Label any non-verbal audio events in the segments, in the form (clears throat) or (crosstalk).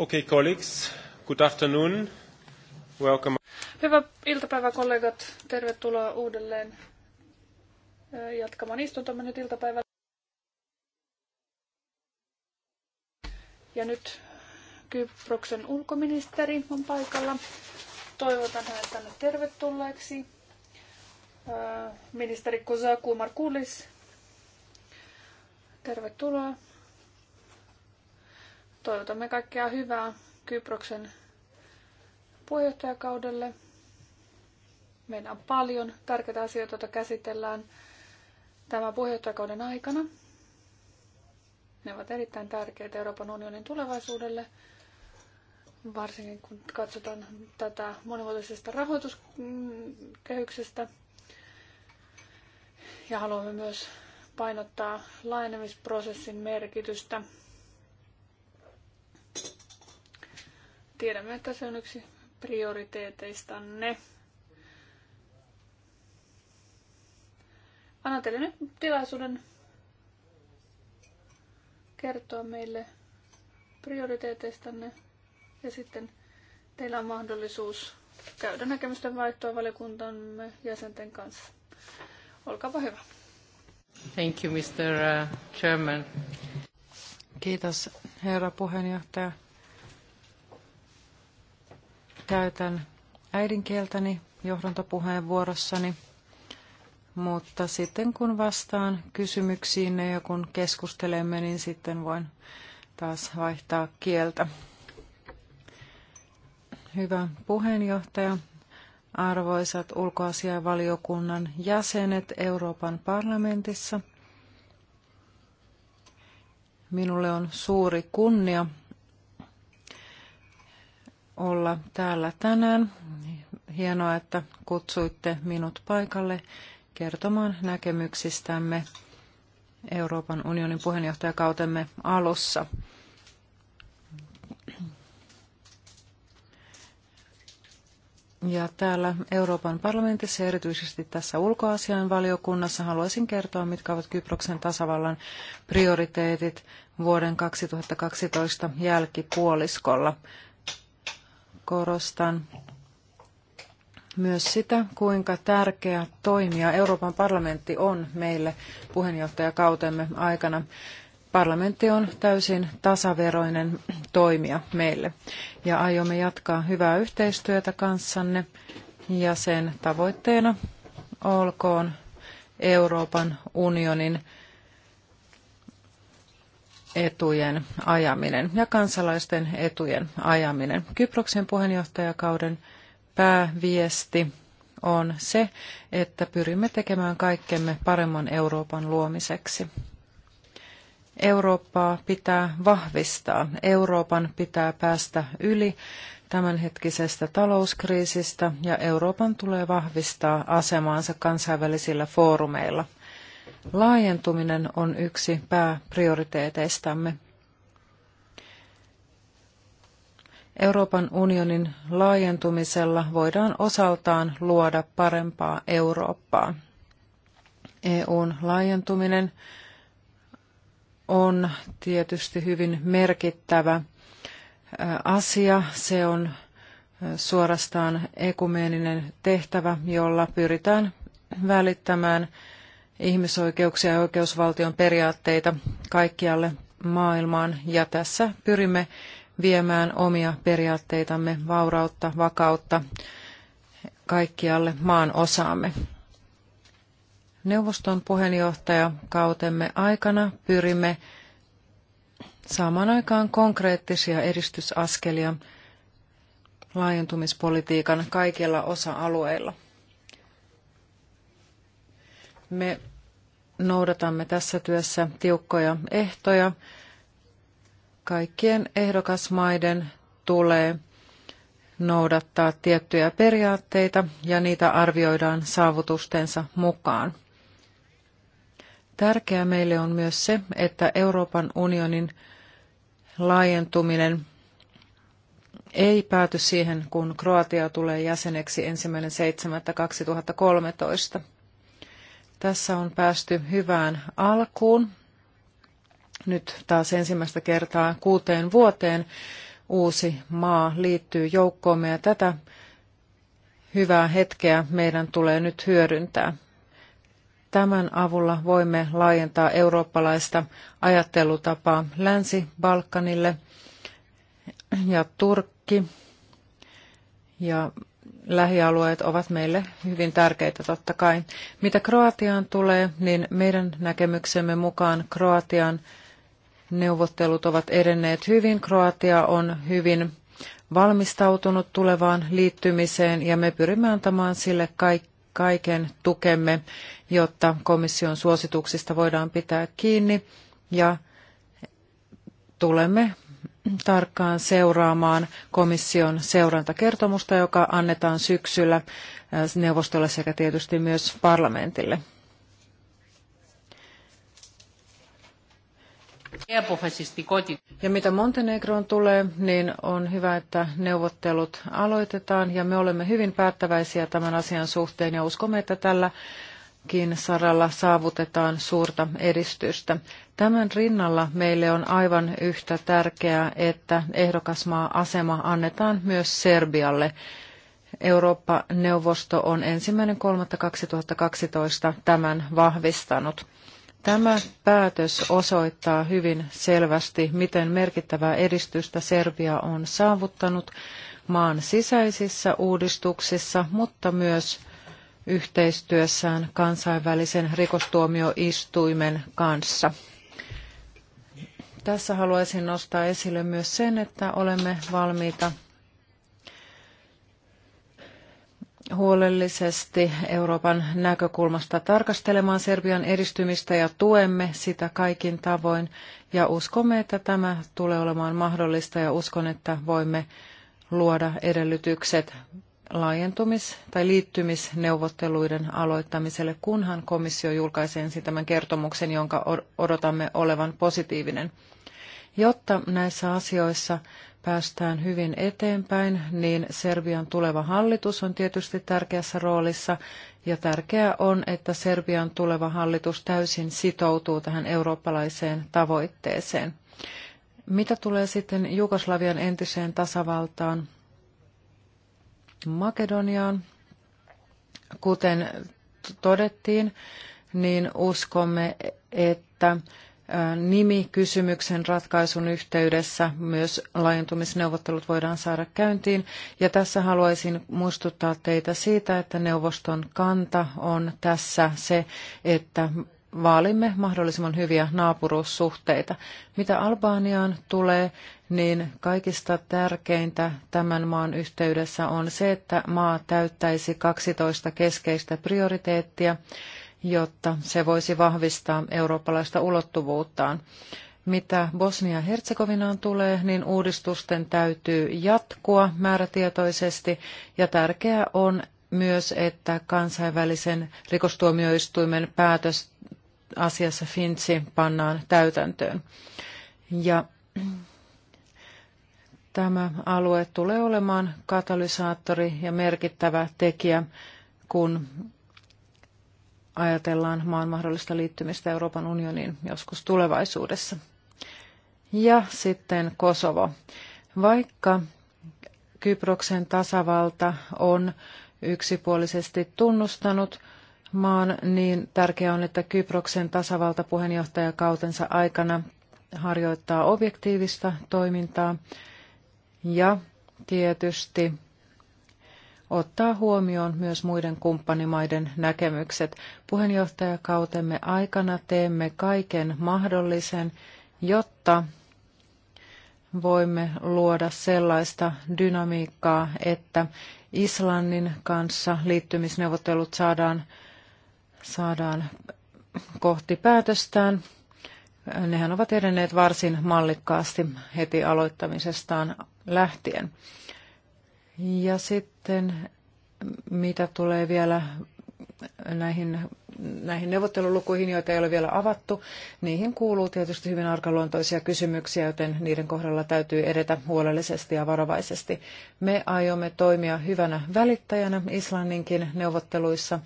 Okay, colleagues, good afternoon. Welcome. kollegat. Tervetuloa uudelleen eh, jatkamaan istuntomme nyt iltapäivällä. Ja nyt Kyproksen ulkoministeri on paikalla. Toivotan hänet tänne tervetulleeksi. Eh, ministeri Kozaku Markulis, tervetuloa. Toivotamme kaikkea hyvää Kyproksen puheenjohtajakaudelle. Meillä on paljon tärkeitä asioita, joita käsitellään tämän puheenjohtajakauden aikana. Ne ovat erittäin tärkeitä Euroopan unionin tulevaisuudelle, varsinkin kun katsotaan tätä monivuotisesta rahoituskehyksestä. Ja haluamme myös painottaa lainemisprosessin merkitystä Tiedämme, että se on yksi prioriteeteistanne. Annan teille nyt tilaisuuden kertoa meille prioriteeteistanne ja sitten teillä on mahdollisuus käydä näkemysten vaihtoa valiokuntamme jäsenten kanssa. Olkaapa hyvä. Thank you, Mr. Uh, chairman. Kiitos, herra puheenjohtaja käytän äidinkieltäni johdantopuheenvuorossani, mutta sitten kun vastaan kysymyksiin ja kun keskustelemme, niin sitten voin taas vaihtaa kieltä. Hyvä puheenjohtaja, arvoisat ulkoasiavaliokunnan jäsenet Euroopan parlamentissa. Minulle on suuri kunnia olla täällä tänään. Hienoa, että kutsuitte minut paikalle kertomaan näkemyksistämme Euroopan unionin puheenjohtajakautemme alussa. Ja täällä Euroopan parlamentissa, erityisesti tässä ulkoasian valiokunnassa, haluaisin kertoa, mitkä ovat Kyproksen tasavallan prioriteetit vuoden 2012 jälkipuoliskolla korostan myös sitä, kuinka tärkeä toimija Euroopan parlamentti on meille puheenjohtajakautemme aikana. Parlamentti on täysin tasaveroinen toimija meille ja aiomme jatkaa hyvää yhteistyötä kanssanne ja sen tavoitteena olkoon Euroopan unionin etujen ajaminen ja kansalaisten etujen ajaminen. Kyproksen puheenjohtajakauden pääviesti on se, että pyrimme tekemään kaikkemme paremman Euroopan luomiseksi. Eurooppaa pitää vahvistaa. Euroopan pitää päästä yli tämänhetkisestä talouskriisistä ja Euroopan tulee vahvistaa asemaansa kansainvälisillä foorumeilla – laajentuminen on yksi pääprioriteeteistamme. Euroopan unionin laajentumisella voidaan osaltaan luoda parempaa Eurooppaa. EUn laajentuminen on tietysti hyvin merkittävä asia. Se on suorastaan ekumeeninen tehtävä, jolla pyritään välittämään ihmisoikeuksia ja oikeusvaltion periaatteita kaikkialle maailmaan. Ja tässä pyrimme viemään omia periaatteitamme, vaurautta, vakautta kaikkialle maan osaamme. Neuvoston puheenjohtajakautemme aikana pyrimme saamaan aikaan konkreettisia edistysaskelia laajentumispolitiikan kaikilla osa-alueilla. Me noudatamme tässä työssä tiukkoja ehtoja. Kaikkien ehdokasmaiden tulee noudattaa tiettyjä periaatteita ja niitä arvioidaan saavutustensa mukaan. Tärkeää meille on myös se, että Euroopan unionin laajentuminen ei pääty siihen, kun Kroatia tulee jäseneksi ensimmäinen 1.7.2013. Tässä on päästy hyvään alkuun. Nyt taas ensimmäistä kertaa kuuteen vuoteen uusi maa liittyy joukkoomme ja tätä hyvää hetkeä meidän tulee nyt hyödyntää. Tämän avulla voimme laajentaa eurooppalaista ajattelutapaa Länsi-Balkanille ja Turkki ja lähialueet ovat meille hyvin tärkeitä totta kai. Mitä Kroatiaan tulee, niin meidän näkemyksemme mukaan Kroatian neuvottelut ovat edenneet hyvin. Kroatia on hyvin valmistautunut tulevaan liittymiseen ja me pyrimme antamaan sille kaiken tukemme, jotta komission suosituksista voidaan pitää kiinni ja tulemme tarkkaan seuraamaan komission seurantakertomusta, joka annetaan syksyllä äh, neuvostolle sekä tietysti myös parlamentille. Ja mitä Montenegroon tulee, niin on hyvä, että neuvottelut aloitetaan ja me olemme hyvin päättäväisiä tämän asian suhteen ja uskomme, että tällä tälläkin saralla saavutetaan suurta edistystä. Tämän rinnalla meille on aivan yhtä tärkeää, että ehdokasmaa-asema annetaan myös Serbialle. Eurooppa-neuvosto on 1.3.2012 tämän vahvistanut. Tämä päätös osoittaa hyvin selvästi, miten merkittävää edistystä Serbia on saavuttanut maan sisäisissä uudistuksissa, mutta myös yhteistyössään kansainvälisen rikostuomioistuimen kanssa. Tässä haluaisin nostaa esille myös sen, että olemme valmiita huolellisesti Euroopan näkökulmasta tarkastelemaan Serbian edistymistä ja tuemme sitä kaikin tavoin. Ja uskomme, että tämä tulee olemaan mahdollista ja uskon, että voimme luoda edellytykset laajentumis- tai liittymisneuvotteluiden aloittamiselle, kunhan komissio julkaisee ensin tämän kertomuksen, jonka odotamme olevan positiivinen. Jotta näissä asioissa päästään hyvin eteenpäin, niin Serbian tuleva hallitus on tietysti tärkeässä roolissa ja tärkeää on, että Serbian tuleva hallitus täysin sitoutuu tähän eurooppalaiseen tavoitteeseen. Mitä tulee sitten Jugoslavian entiseen tasavaltaan, Makedoniaan. Kuten todettiin, niin uskomme, että nimikysymyksen ratkaisun yhteydessä myös laajentumisneuvottelut voidaan saada käyntiin. Ja tässä haluaisin muistuttaa teitä siitä, että neuvoston kanta on tässä se, että vaalimme mahdollisimman hyviä naapuruussuhteita. Mitä Albaniaan tulee, niin kaikista tärkeintä tämän maan yhteydessä on se, että maa täyttäisi 12 keskeistä prioriteettia, jotta se voisi vahvistaa eurooppalaista ulottuvuuttaan. Mitä Bosnia-Herzegovinaan tulee, niin uudistusten täytyy jatkua määrätietoisesti ja tärkeää on myös, että kansainvälisen rikostuomioistuimen päätös asiassa Finsi pannaan täytäntöön. Ja tämä alue tulee olemaan katalysaattori ja merkittävä tekijä, kun ajatellaan maan mahdollista liittymistä Euroopan unioniin joskus tulevaisuudessa. Ja sitten Kosovo. Vaikka Kyproksen tasavalta on yksipuolisesti tunnustanut maan, niin tärkeää on, että Kyproksen tasavalta puheenjohtajakautensa aikana harjoittaa objektiivista toimintaa ja tietysti ottaa huomioon myös muiden kumppanimaiden näkemykset. Puheenjohtajakautemme aikana teemme kaiken mahdollisen, jotta voimme luoda sellaista dynamiikkaa, että Islannin kanssa liittymisneuvottelut saadaan saadaan kohti päätöstään. Nehän ovat edenneet varsin mallikkaasti heti aloittamisestaan lähtien. Ja sitten mitä tulee vielä näihin, näihin neuvottelulukuihin, joita ei ole vielä avattu, niihin kuuluu tietysti hyvin arkaluontoisia kysymyksiä, joten niiden kohdalla täytyy edetä huolellisesti ja varovaisesti. Me aiomme toimia hyvänä välittäjänä Islanninkin neuvotteluissa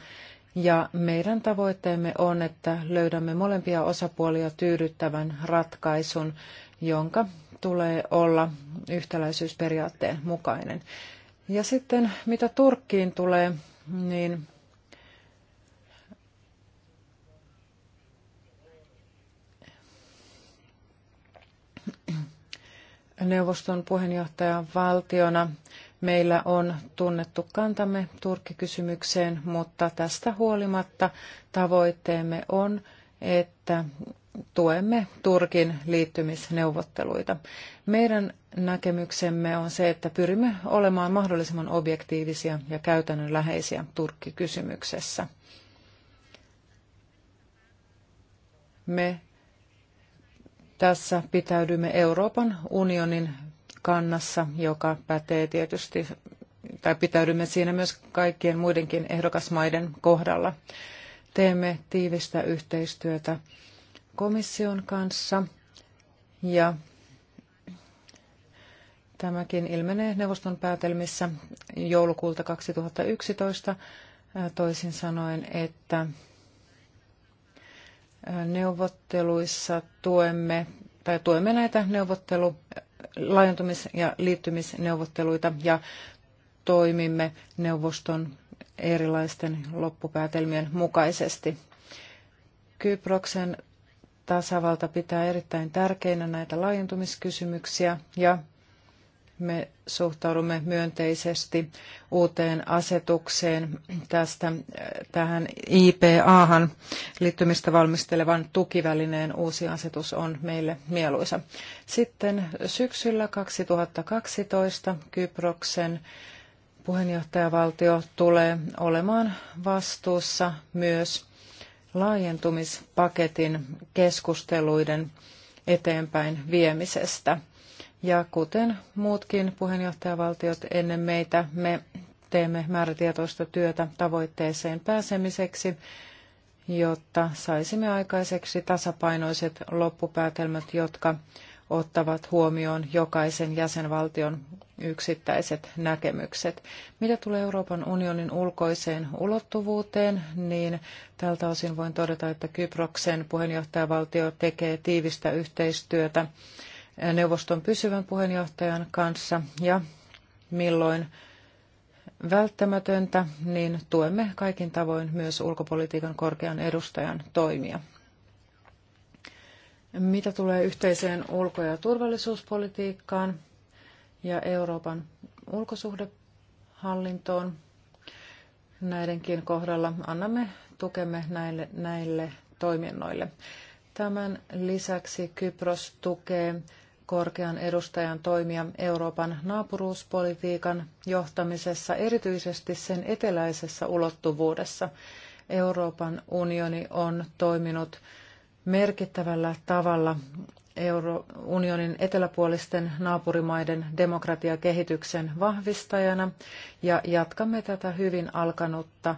ja meidän tavoitteemme on, että löydämme molempia osapuolia tyydyttävän ratkaisun, jonka tulee olla yhtäläisyysperiaatteen mukainen. Ja sitten mitä Turkkiin tulee, niin neuvoston puheenjohtajan valtiona – Meillä on tunnettu kantamme Turkki-kysymykseen, mutta tästä huolimatta tavoitteemme on, että tuemme Turkin liittymisneuvotteluita. Meidän näkemyksemme on se, että pyrimme olemaan mahdollisimman objektiivisia ja käytännönläheisiä Turkki-kysymyksessä. Me tässä pitäydymme Euroopan unionin kannassa, joka pätee tietysti, tai pitäydymme siinä myös kaikkien muidenkin ehdokasmaiden kohdalla. Teemme tiivistä yhteistyötä komission kanssa ja tämäkin ilmenee neuvoston päätelmissä joulukuulta 2011 toisin sanoen, että neuvotteluissa tuemme tai tuemme näitä neuvottelu laajentumis- ja liittymisneuvotteluita ja toimimme neuvoston erilaisten loppupäätelmien mukaisesti. Kyproksen tasavalta pitää erittäin tärkeinä näitä laajentumiskysymyksiä ja me suhtaudumme myönteisesti uuteen asetukseen tästä tähän IPAhan liittymistä valmistelevan tukivälineen uusi asetus on meille mieluisa. Sitten syksyllä 2012 Kyproksen puheenjohtajavaltio tulee olemaan vastuussa myös laajentumispaketin keskusteluiden eteenpäin viemisestä – ja kuten muutkin puheenjohtajavaltiot ennen meitä, me teemme määrätietoista työtä tavoitteeseen pääsemiseksi, jotta saisimme aikaiseksi tasapainoiset loppupäätelmät, jotka ottavat huomioon jokaisen jäsenvaltion yksittäiset näkemykset. Mitä tulee Euroopan unionin ulkoiseen ulottuvuuteen, niin tältä osin voin todeta, että Kyproksen puheenjohtajavaltio tekee tiivistä yhteistyötä neuvoston pysyvän puheenjohtajan kanssa ja milloin välttämätöntä, niin tuemme kaikin tavoin myös ulkopolitiikan korkean edustajan toimia. Mitä tulee yhteiseen ulko- ja turvallisuuspolitiikkaan ja Euroopan ulkosuhdehallintoon, näidenkin kohdalla annamme tukemme näille, näille toiminnoille. Tämän lisäksi Kypros tukee korkean edustajan toimia Euroopan naapuruuspolitiikan johtamisessa, erityisesti sen eteläisessä ulottuvuudessa. Euroopan unioni on toiminut merkittävällä tavalla Euro- unionin eteläpuolisten naapurimaiden demokratiakehityksen vahvistajana ja jatkamme tätä hyvin alkanutta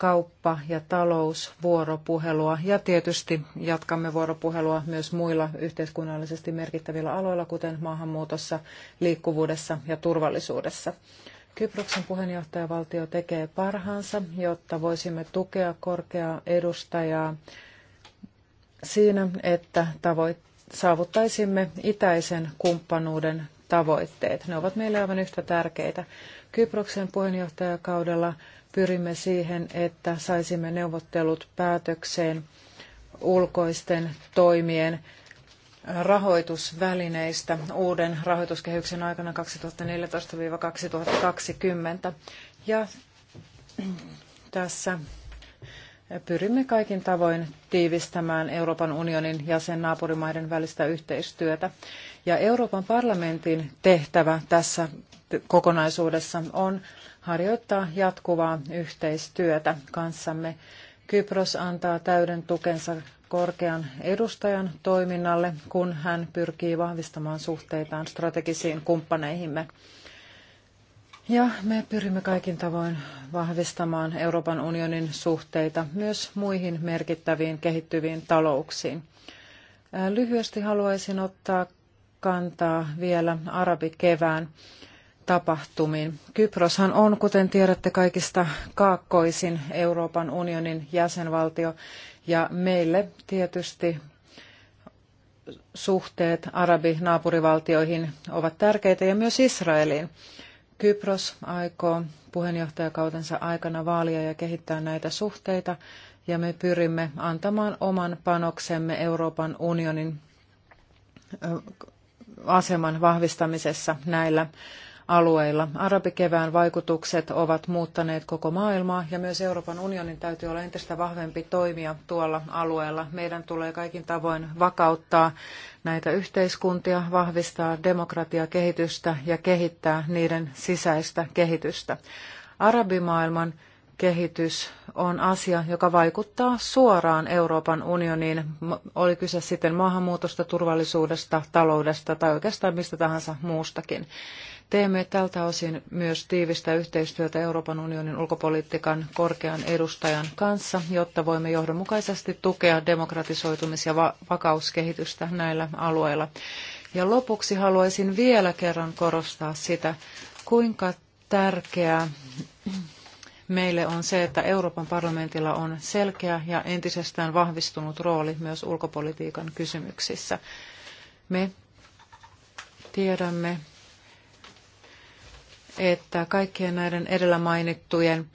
kauppa- ja talousvuoropuhelua ja tietysti jatkamme vuoropuhelua myös muilla yhteiskunnallisesti merkittävillä aloilla, kuten maahanmuutossa, liikkuvuudessa ja turvallisuudessa. Kyproksen puheenjohtajavaltio tekee parhaansa, jotta voisimme tukea korkeaa edustajaa siinä, että tavoit- saavuttaisimme itäisen kumppanuuden tavoitteet. Ne ovat meille aivan yhtä tärkeitä. Kyproksen puheenjohtajakaudella pyrimme siihen, että saisimme neuvottelut päätökseen ulkoisten toimien rahoitusvälineistä uuden rahoituskehyksen aikana 2014-2020. Ja tässä pyrimme kaikin tavoin tiivistämään Euroopan unionin ja sen naapurimaiden välistä yhteistyötä. Ja Euroopan parlamentin tehtävä tässä kokonaisuudessa on harjoittaa jatkuvaa yhteistyötä kanssamme. Kypros antaa täyden tukensa korkean edustajan toiminnalle, kun hän pyrkii vahvistamaan suhteitaan strategisiin kumppaneihimme. Ja me pyrimme kaikin tavoin vahvistamaan Euroopan unionin suhteita myös muihin merkittäviin kehittyviin talouksiin. Äh, lyhyesti haluaisin ottaa kantaa vielä arabikevään tapahtumiin. Kyproshan on, kuten tiedätte, kaikista kaakkoisin Euroopan unionin jäsenvaltio ja meille tietysti suhteet arabinaapurivaltioihin ovat tärkeitä ja myös Israeliin. Kypros aikoo puheenjohtajakautensa aikana vaalia ja kehittää näitä suhteita ja me pyrimme antamaan oman panoksemme Euroopan unionin aseman vahvistamisessa näillä alueilla. Arabikevään vaikutukset ovat muuttaneet koko maailmaa ja myös Euroopan unionin täytyy olla entistä vahvempi toimija tuolla alueella. Meidän tulee kaikin tavoin vakauttaa näitä yhteiskuntia, vahvistaa demokratiakehitystä ja kehittää niiden sisäistä kehitystä. Arabimaailman kehitys on asia, joka vaikuttaa suoraan Euroopan unioniin, oli kyse sitten maahanmuutosta, turvallisuudesta, taloudesta tai oikeastaan mistä tahansa muustakin. Teemme tältä osin myös tiivistä yhteistyötä Euroopan unionin ulkopolitiikan korkean edustajan kanssa, jotta voimme johdonmukaisesti tukea demokratisoitumis- ja vakauskehitystä näillä alueilla. Ja lopuksi haluaisin vielä kerran korostaa sitä, kuinka tärkeää meille on se, että Euroopan parlamentilla on selkeä ja entisestään vahvistunut rooli myös ulkopolitiikan kysymyksissä. Me tiedämme, että kaikkien näiden edellä mainittujen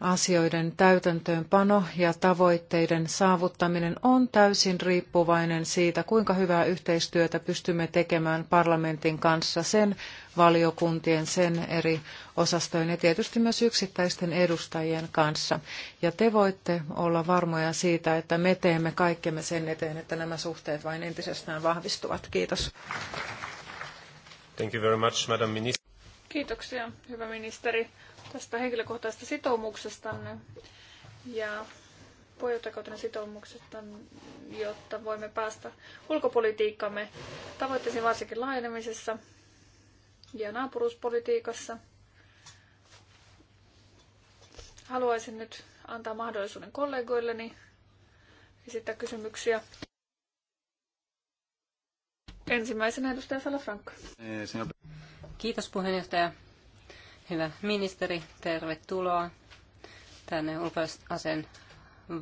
asioiden täytäntöönpano ja tavoitteiden saavuttaminen on täysin riippuvainen siitä, kuinka hyvää yhteistyötä pystymme tekemään parlamentin kanssa, sen valiokuntien, sen eri osastojen ja tietysti myös yksittäisten edustajien kanssa. Ja te voitte olla varmoja siitä, että me teemme kaikkemme sen eteen, että nämä suhteet vain entisestään vahvistuvat. Kiitos. Thank you very much, Madam Minister. Kiitoksia, hyvä ministeri, tästä henkilökohtaisesta sitoumuksestanne ja puheenjohtajakautinen sitoumuksesta, jotta voimme päästä ulkopolitiikkamme tavoitteisiin varsinkin laajenemisessa ja naapuruuspolitiikassa. Haluaisin nyt antaa mahdollisuuden kollegoilleni esittää kysymyksiä. Ensimmäisenä edustaja Salafranca. Eh, Kiitos puheenjohtaja. Hyvä ministeri, tervetuloa tänne ulkoasen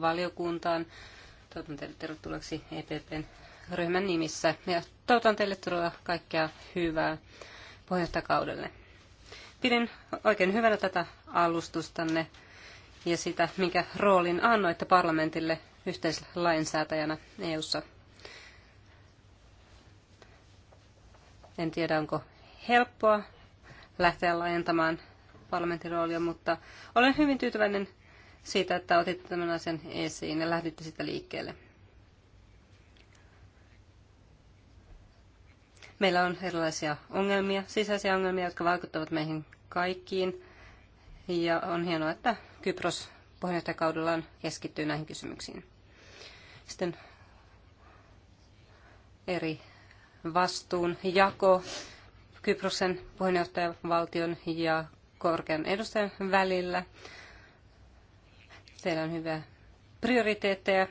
valiokuntaan. Toivotan teille tervetulleeksi EPPn ryhmän nimissä ja toivotan teille todella kaikkea hyvää puheenjohtajakaudelle. Pidin oikein hyvänä tätä alustustanne ja sitä, minkä roolin annoitte parlamentille yhteislainsäätäjänä EU-ssa. En tiedä, onko helppoa lähteä laajentamaan parlamentin roolia, mutta olen hyvin tyytyväinen siitä, että otitte tämän asian esiin ja lähditte sitä liikkeelle. Meillä on erilaisia ongelmia, sisäisiä ongelmia, jotka vaikuttavat meihin kaikkiin. Ja on hienoa, että Kypros puheenjohtajakaudellaan keskittyy näihin kysymyksiin. Sitten eri vastuun jako Kyproksen puheenjohtajavaltion ja korkean edustajan välillä. Teillä on hyviä prioriteetteja.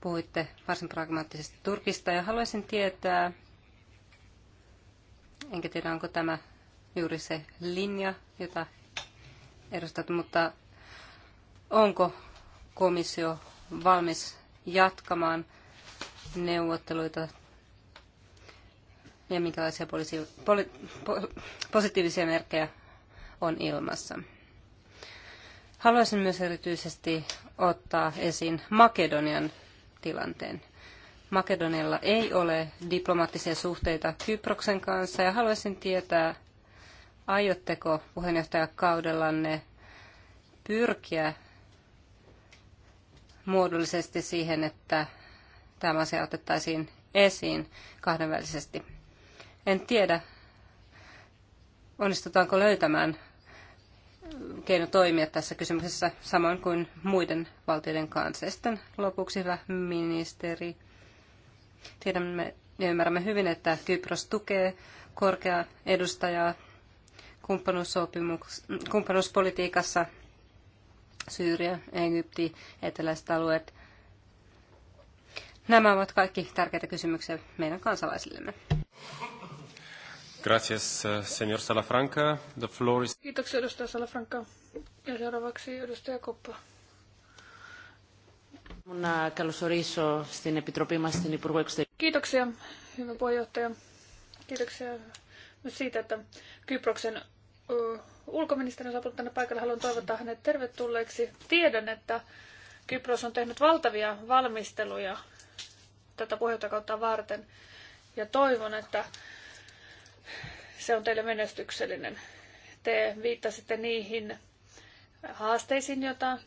Puhuitte varsin pragmaattisesti Turkista ja haluaisin tietää, enkä tiedä onko tämä juuri se linja, jota edustat, mutta onko komissio valmis jatkamaan neuvotteluita ja minkälaisia poli- po- positiivisia merkkejä on ilmassa. Haluaisin myös erityisesti ottaa esiin Makedonian tilanteen. Makedonialla ei ole diplomaattisia suhteita Kyproksen kanssa ja haluaisin tietää, aiotteko puheenjohtajakaudellanne pyrkiä muodollisesti siihen, että tämä asia otettaisiin esiin kahdenvälisesti en tiedä, onnistutaanko löytämään keino toimia tässä kysymyksessä samoin kuin muiden valtioiden kanssa. sitten lopuksi hyvä ministeri. Tiedämme ja ymmärrämme hyvin, että Kypros tukee korkea edustajaa kumppanuuspolitiikassa Syyria, Egypti, eteläiset alueet. Nämä ovat kaikki tärkeitä kysymyksiä meidän kansalaisillemme. Gracias, eh, señor Salafranca. The floor is... Kiitoksia, edustaja Salafranca. Ja seuraavaksi edustaja Koppa. Να καλωσορίσω στην Επιτροπή μας την Υπουργό Εξωτερικών. Kiitoksia, hyvä puheenjohtaja. Kiitoksia myös siitä, että Kyproksen ulkoministeri on saapunut tänne paikalle. Haluan toivottaa hänet tervetulleeksi. Tiedän, että Kypros on tehnyt valtavia valmisteluja tätä puheenjohtajakautta varten. Ja toivon, että se on teille menestyksellinen. Te viittasitte niihin haasteisiin, joita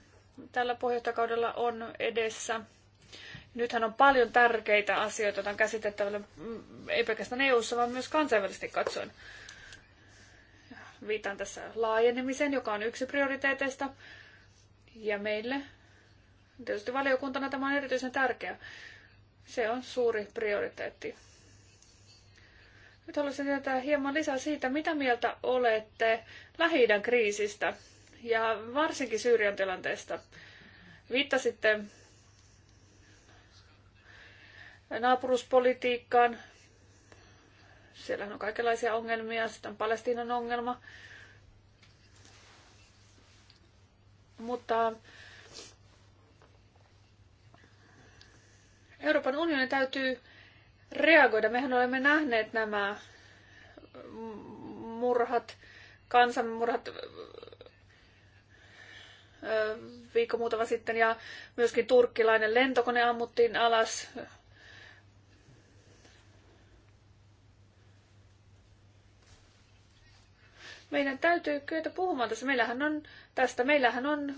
tällä puheenjohtajakaudella on edessä. Nythän on paljon tärkeitä asioita, joita on käsitettävänä mm, ei pelkästään eu vaan myös kansainvälisesti katsoen. Viitan tässä laajenemiseen, joka on yksi prioriteeteista. Ja meille, tietysti valiokuntana tämä on erityisen tärkeä. Se on suuri prioriteetti. Nyt haluaisin tietää hieman lisää siitä, mitä mieltä olette lähi kriisistä ja varsinkin Syyrian tilanteesta. Viittasitte naapuruspolitiikkaan. Siellä on kaikenlaisia ongelmia, sitten on Palestiinan ongelma. Mutta Euroopan unionin täytyy reagoida. Mehän olemme nähneet nämä murhat, kansanmurhat viikko muutama sitten ja myöskin turkkilainen lentokone ammuttiin alas. Meidän täytyy kyetä puhumaan tässä. Meillähän on, tästä meillähän on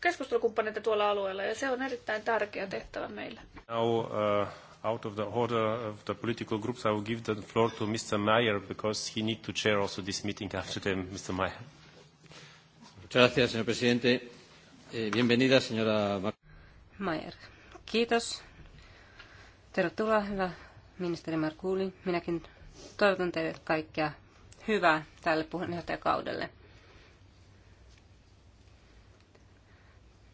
keskustelukumppaneita tuolla alueella ja se on erittäin tärkeä tehtävä meillä. Now, uh out of the order of the political groups, I will give the floor to Mr. Mayer because he needs to chair also this meeting after them. Mr. Mayer. gracias, señor presidente. Eh, bienvenida, señora Mayer. Kiitos. Tervetuloa, hyvä ministeri Markuuli. Minäkin toivotan teille kaikkea hyvää tälle puheenjohtajakaudelle.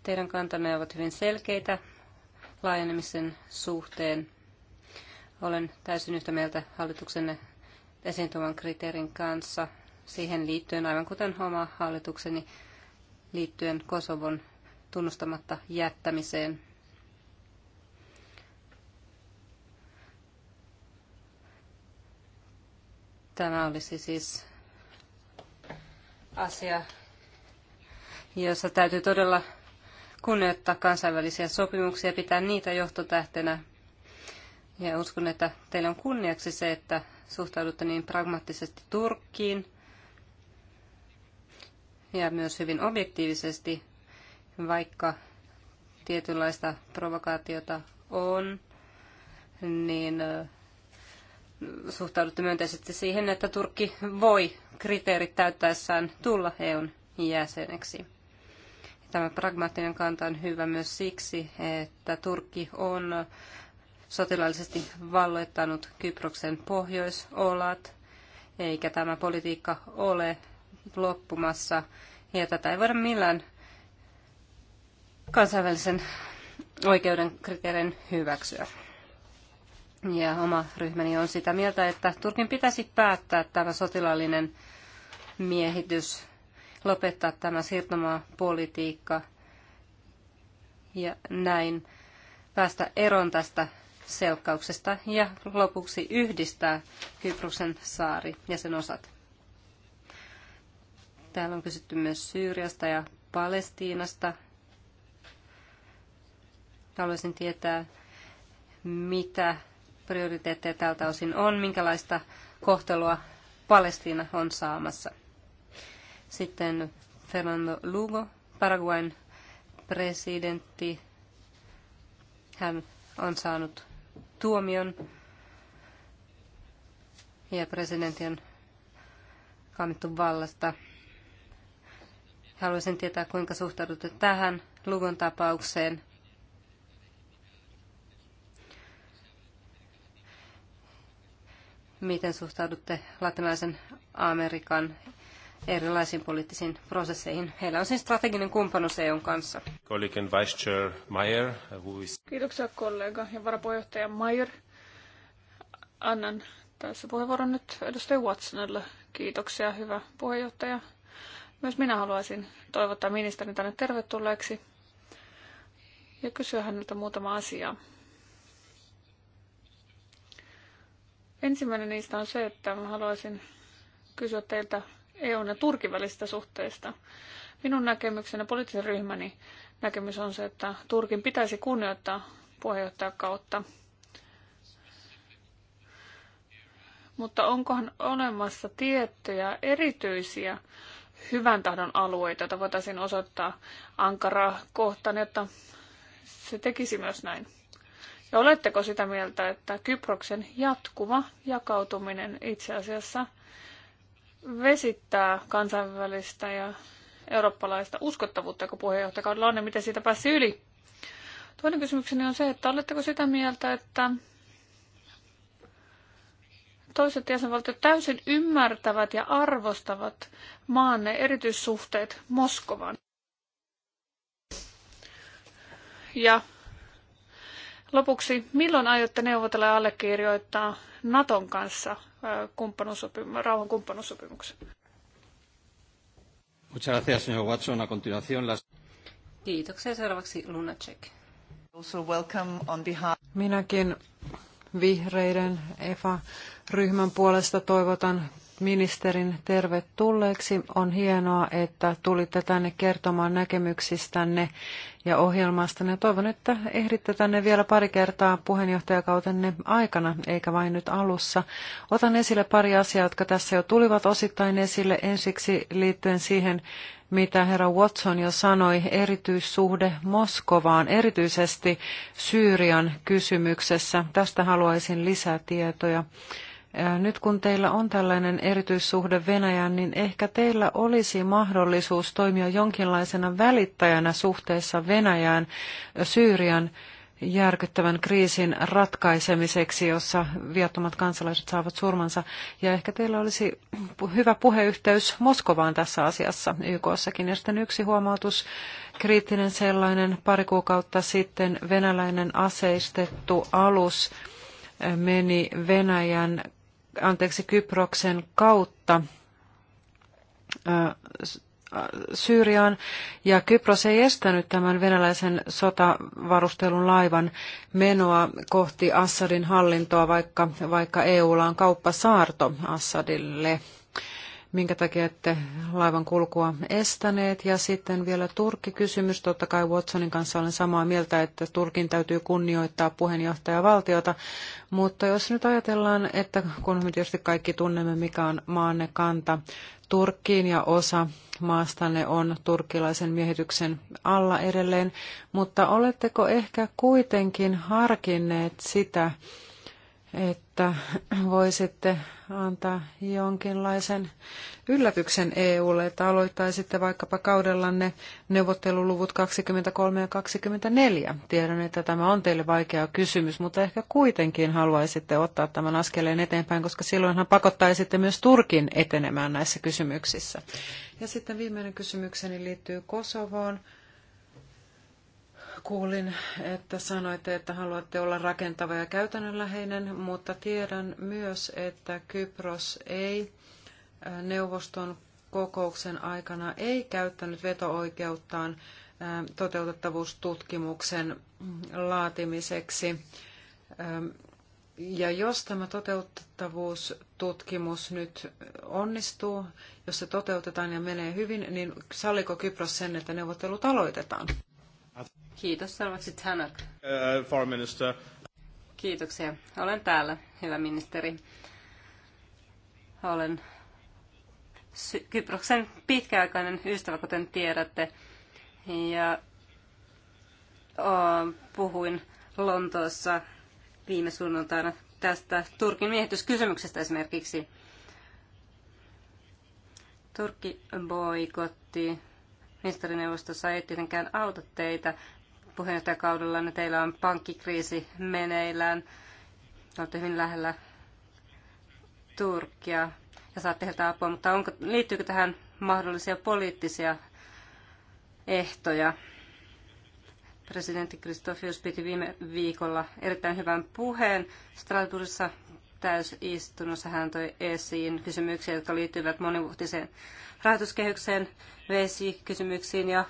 Teidän kantanne ovat hyvin selkeitä laajenemisen suhteen. Olen täysin yhtä mieltä hallituksen esiin kriteerin kanssa siihen liittyen, aivan kuten oma hallitukseni liittyen Kosovon tunnustamatta jättämiseen. Tämä olisi siis asia, jossa täytyy todella kunnioittaa kansainvälisiä sopimuksia, pitää niitä johtotähtenä ja uskon, että teillä on kunniaksi se, että suhtaudutte niin pragmaattisesti Turkkiin ja myös hyvin objektiivisesti, vaikka tietynlaista provokaatiota on, niin suhtaudutte myönteisesti siihen, että Turkki voi kriteerit täyttäessään tulla EUn jäseneksi. Tämä pragmaattinen kanta on hyvä myös siksi, että Turkki on sotilaallisesti valloittanut Kyproksen pohjoisolat, eikä tämä politiikka ole loppumassa. Ja tätä ei voida millään kansainvälisen oikeuden kriteerin hyväksyä. Ja oma ryhmäni on sitä mieltä, että Turkin pitäisi päättää tämä sotilaallinen miehitys, lopettaa tämä siirtomaapolitiikka ja näin päästä eroon tästä selkkauksesta ja lopuksi yhdistää Kyproksen saari ja sen osat. Täällä on kysytty myös Syyriasta ja Palestiinasta. Haluaisin tietää, mitä prioriteetteja tältä osin on, minkälaista kohtelua Palestiina on saamassa. Sitten Fernando Lugo, Paraguayn presidentti. Hän on saanut tuomion ja presidentti on kaamittu vallasta. Haluaisin tietää, kuinka suhtaudutte tähän luvun tapaukseen. Miten suhtaudutte latinalaisen Amerikan erilaisiin poliittisiin prosesseihin. Heillä on siis strateginen kumppanuus EUn kanssa. Vice Chair Mayer, who is... Kiitoksia kollega ja varapuheenjohtaja Mayer. Annan tässä puheenvuoron nyt edustaja Watsonille. Kiitoksia, hyvä puheenjohtaja. Myös minä haluaisin toivottaa ministerin tänne tervetulleeksi ja kysyä häneltä muutama asia. Ensimmäinen niistä on se, että haluaisin kysyä teiltä EUn ja Turkin välisistä suhteista. Minun näkemykseni ja poliittisen ryhmäni näkemys on se, että Turkin pitäisi kunnioittaa puheenjohtajakautta. Mutta onkohan olemassa tiettyjä erityisiä hyvän tahdon alueita, joita voitaisiin osoittaa ankaraa kohtaan, jotta se tekisi myös näin? Ja oletteko sitä mieltä, että Kyproksen jatkuva jakautuminen itse asiassa – vesittää kansainvälistä ja eurooppalaista uskottavuutta, kun puheenjohtajakaudella on, ja miten siitä pääsi yli. Toinen kysymykseni on se, että oletteko sitä mieltä, että toiset jäsenvaltiot täysin ymmärtävät ja arvostavat maanne erityissuhteet Moskovan. Ja lopuksi, milloin aiotte neuvotella ja allekirjoittaa Naton kanssa rauhan kumppanuussopimuksen. Muchas gracias, señor Watson. A continuación, las... Kiitoksia. Seuraavaksi Lunacek. Minäkin vihreiden EFA-ryhmän puolesta toivotan ministerin tervetulleeksi. On hienoa, että tulitte tänne kertomaan näkemyksistänne ja ohjelmastanne. Toivon, että ehditte tänne vielä pari kertaa puheenjohtajakautenne aikana, eikä vain nyt alussa. Otan esille pari asiaa, jotka tässä jo tulivat osittain esille. Ensiksi liittyen siihen, mitä herra Watson jo sanoi, erityissuhde Moskovaan, erityisesti Syyrian kysymyksessä. Tästä haluaisin lisätietoja. tietoja. Nyt kun teillä on tällainen erityissuhde Venäjään, niin ehkä teillä olisi mahdollisuus toimia jonkinlaisena välittäjänä suhteessa Venäjään Syyrian järkyttävän kriisin ratkaisemiseksi, jossa viattomat kansalaiset saavat surmansa. Ja ehkä teillä olisi (clears throat) hyvä puheyhteys Moskovaan tässä asiassa YKssakin. Ja sitten yksi huomautus, kriittinen sellainen, pari kuukautta sitten venäläinen aseistettu alus meni Venäjän anteeksi, Kyproksen kautta Syyriaan, ja Kypros ei estänyt tämän venäläisen sotavarustelun laivan menoa kohti Assadin hallintoa, vaikka, vaikka EUlla on kauppasaarto Assadille minkä takia ette laivan kulkua estäneet. Ja sitten vielä Turkki-kysymys. Totta kai Watsonin kanssa olen samaa mieltä, että Turkin täytyy kunnioittaa puheenjohtajavaltiota. Mutta jos nyt ajatellaan, että kun me tietysti kaikki tunnemme, mikä on maanne kanta Turkkiin ja osa maastanne on turkkilaisen miehityksen alla edelleen, mutta oletteko ehkä kuitenkin harkinneet sitä, että voisitte antaa jonkinlaisen yllätyksen EUlle, että aloittaisitte vaikkapa kaudellanne neuvotteluluvut 23 ja 24. Tiedän, että tämä on teille vaikea kysymys, mutta ehkä kuitenkin haluaisitte ottaa tämän askeleen eteenpäin, koska silloinhan pakottaisitte myös Turkin etenemään näissä kysymyksissä. Ja sitten viimeinen kysymykseni liittyy Kosovoon. Kuulin, että sanoitte, että haluatte olla rakentava ja käytännönläheinen, mutta tiedän myös, että Kypros ei neuvoston kokouksen aikana ei käyttänyt veto-oikeuttaan toteutettavuustutkimuksen mm, laatimiseksi. Ja jos tämä toteutettavuustutkimus nyt onnistuu, jos se toteutetaan ja menee hyvin, niin salliko Kypros sen, että neuvottelut aloitetaan? Kiitos. Seuraavaksi Tanak. Uh, foreign minister. Kiitoksia. Olen täällä, hyvä ministeri. Olen Sy- Kyproksen pitkäaikainen ystävä, kuten tiedätte. Ja puhuin Lontoossa viime sunnuntaina tästä Turkin miehityskysymyksestä esimerkiksi. Turkki boikotti ministerineuvostossa ei tietenkään auta teitä, puheenjohtajakaudellanne teillä on pankkikriisi meneillään. Olette hyvin lähellä Turkkia ja saatte heiltä apua, mutta onko, liittyykö tähän mahdollisia poliittisia ehtoja? Presidentti Kristofius piti viime viikolla erittäin hyvän puheen Strasbourgissa täysistunnossa hän toi esiin kysymyksiä, jotka liittyvät monivuotiseen rahoituskehykseen, vesi kysymyksiin ja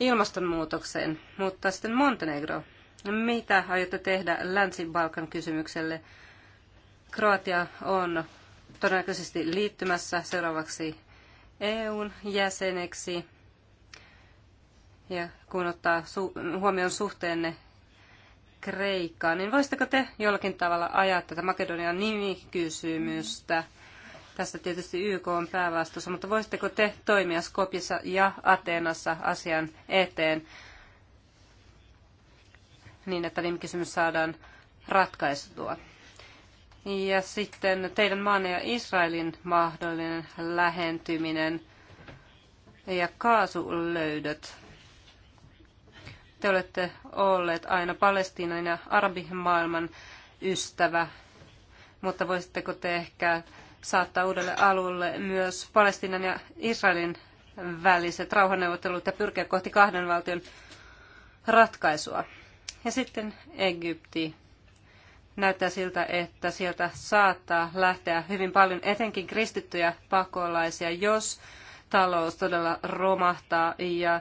ilmastonmuutokseen. Mutta sitten Montenegro. Mitä aiotte tehdä Länsi-Balkan kysymykselle? Kroatia on todennäköisesti liittymässä seuraavaksi EUn jäseneksi. Ja kun ottaa su- huomioon suhteenne Kreikkaan, niin voisitteko te jollakin tavalla ajaa tätä Makedonian nimikysymystä? Tästä tietysti YK on päävastuussa, mutta voisitteko te toimia Skopissa ja Ateenassa asian eteen niin, että viime kysymys saadaan ratkaistua? Ja sitten teidän maanne ja Israelin mahdollinen lähentyminen ja kaasulöydöt. Te olette olleet aina Palestiinan ja arabimaailman ystävä, mutta voisitteko te ehkä saattaa uudelle alulle myös Palestinan ja Israelin väliset rauhanneuvottelut ja pyrkiä kohti kahden valtion ratkaisua. Ja sitten Egypti. Näyttää siltä, että sieltä saattaa lähteä hyvin paljon etenkin kristittyjä pakolaisia, jos talous todella romahtaa ja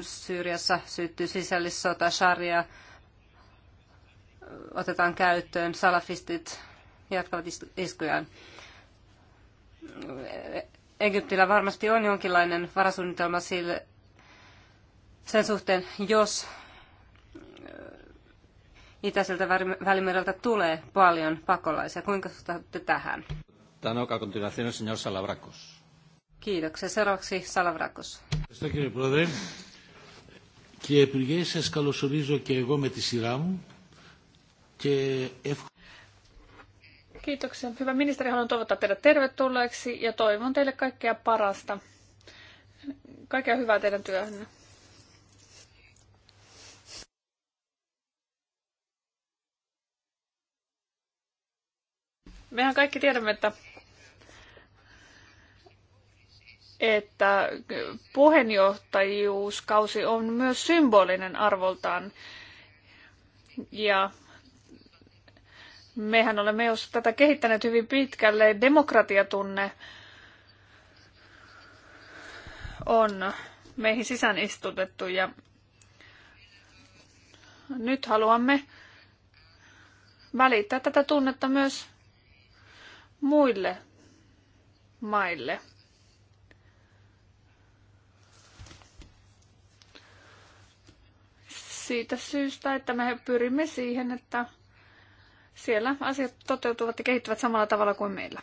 Syyriassa syttyy sisällissota, sharia otetaan käyttöön, salafistit jatkavat iskujaan. Egyptillä varmasti on jonkinlainen varasuunnitelma sille, sen suhteen, jos äh, itäiseltä välimereltä tulee paljon pakolaisia. Kuinka suhtaudutte tähän? Tanoka, continuación el señor Salavrakos. Kiitoksia. Seuraavaksi Salavrakos. Κύριε Πρόεδρε, κύριε Υπουργέ, σας καλωσορίζω και εγώ με τη σειρά μου και εύχομαι... Kiitoksia. Hyvä ministeri, haluan toivottaa teidät tervetulleeksi ja toivon teille kaikkea parasta. Kaikkea hyvää teidän työhönne. Mehän kaikki tiedämme, että, että puheenjohtajuuskausi on myös symbolinen arvoltaan. Ja Mehän olemme jo tätä kehittäneet hyvin pitkälle. Demokratiatunne on meihin sisään istutettu ja nyt haluamme välittää tätä tunnetta myös muille maille. Siitä syystä, että me pyrimme siihen, että siellä asiat toteutuvat ja kehittyvät samalla tavalla kuin meillä.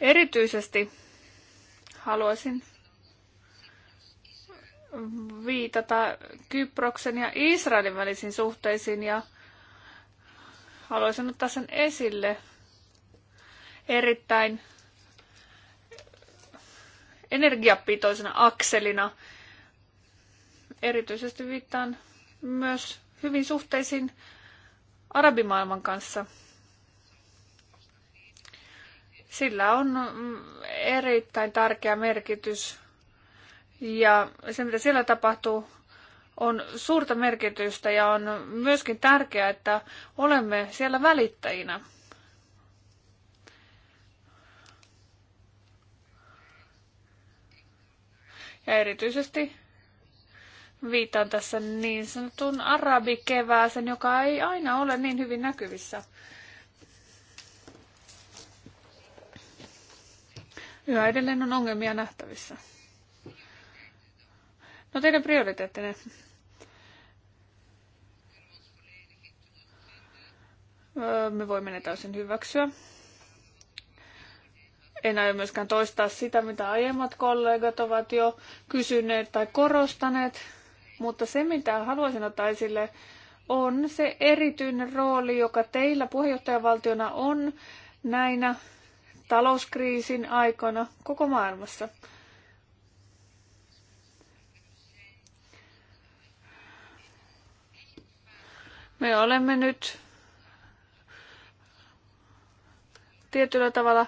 Erityisesti haluaisin viitata Kyproksen ja Israelin välisiin suhteisiin ja haluaisin ottaa sen esille erittäin energiapitoisena akselina. Erityisesti viittaan myös hyvin suhteisiin arabimaailman kanssa. Sillä on mm, erittäin tärkeä merkitys ja se, mitä siellä tapahtuu, on suurta merkitystä ja on myöskin tärkeää, että olemme siellä välittäjinä. Ja erityisesti Viitaan tässä niin sanotun arabikevääsen, joka ei aina ole niin hyvin näkyvissä. Yhä edelleen on ongelmia nähtävissä. No teidän prioriteettinne. Me voimme ne täysin hyväksyä. En aio myöskään toistaa sitä, mitä aiemmat kollegat ovat jo kysyneet tai korostaneet. Mutta se, mitä haluaisin ottaa esille, on se erityinen rooli, joka teillä puheenjohtajavaltiona on näinä talouskriisin aikoina koko maailmassa. Me olemme nyt tietyllä tavalla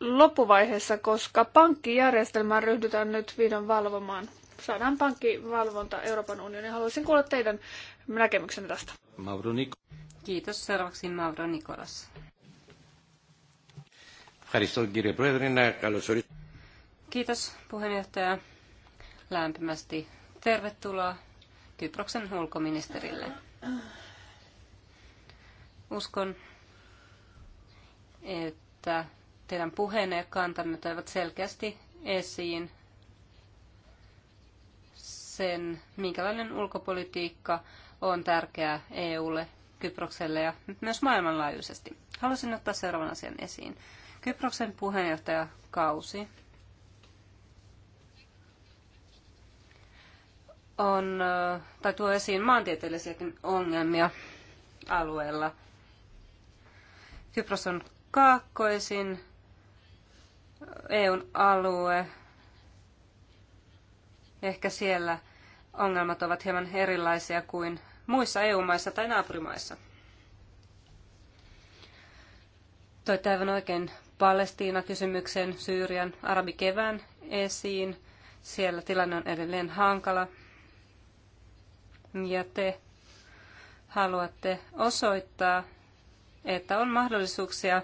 loppuvaiheessa, koska pankkijärjestelmää ryhdytään nyt vihdoin valvomaan saadaan pankkivalvonta Euroopan unioniin. Haluaisin kuulla teidän näkemyksenne tästä. Mauro Nik- Kiitos. Seuraavaksi Mauro Nikolas. Kiitos puheenjohtaja. Lämpimästi tervetuloa Kyproksen ulkoministerille. Uskon, että teidän puheenne ja kantanne toivat selkeästi esiin sen, minkälainen ulkopolitiikka on tärkeää EUlle, Kyprokselle ja myös maailmanlaajuisesti. Haluaisin ottaa seuraavan asian esiin. Kyproksen puheenjohtajakausi on, tai tuo esiin maantieteellisiäkin ongelmia alueella. Kypros on kaakkoisin EUn alue. Ehkä siellä ongelmat ovat hieman erilaisia kuin muissa EU-maissa tai naapurimaissa. Toit aivan oikein Palestiina-kysymyksen, Syyrian, arabikevään esiin. Siellä tilanne on edelleen hankala. Ja te haluatte osoittaa, että on mahdollisuuksia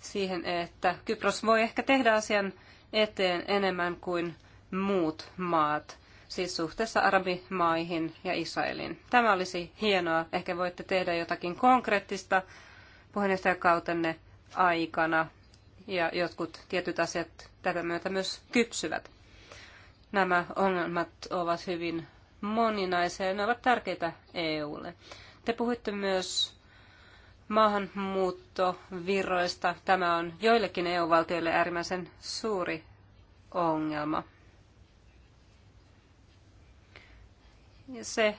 siihen, että Kypros voi ehkä tehdä asian eteen enemmän kuin muut maat siis suhteessa arabimaihin ja Israeliin. Tämä olisi hienoa. Ehkä voitte tehdä jotakin konkreettista puheenjohtajakautenne aikana ja jotkut tietyt asiat tätä myötä myös kypsyvät. Nämä ongelmat ovat hyvin moninaisia ja ne ovat tärkeitä EUlle. Te puhuitte myös maahanmuuttovirroista. Tämä on joillekin EU-valtioille äärimmäisen suuri ongelma. se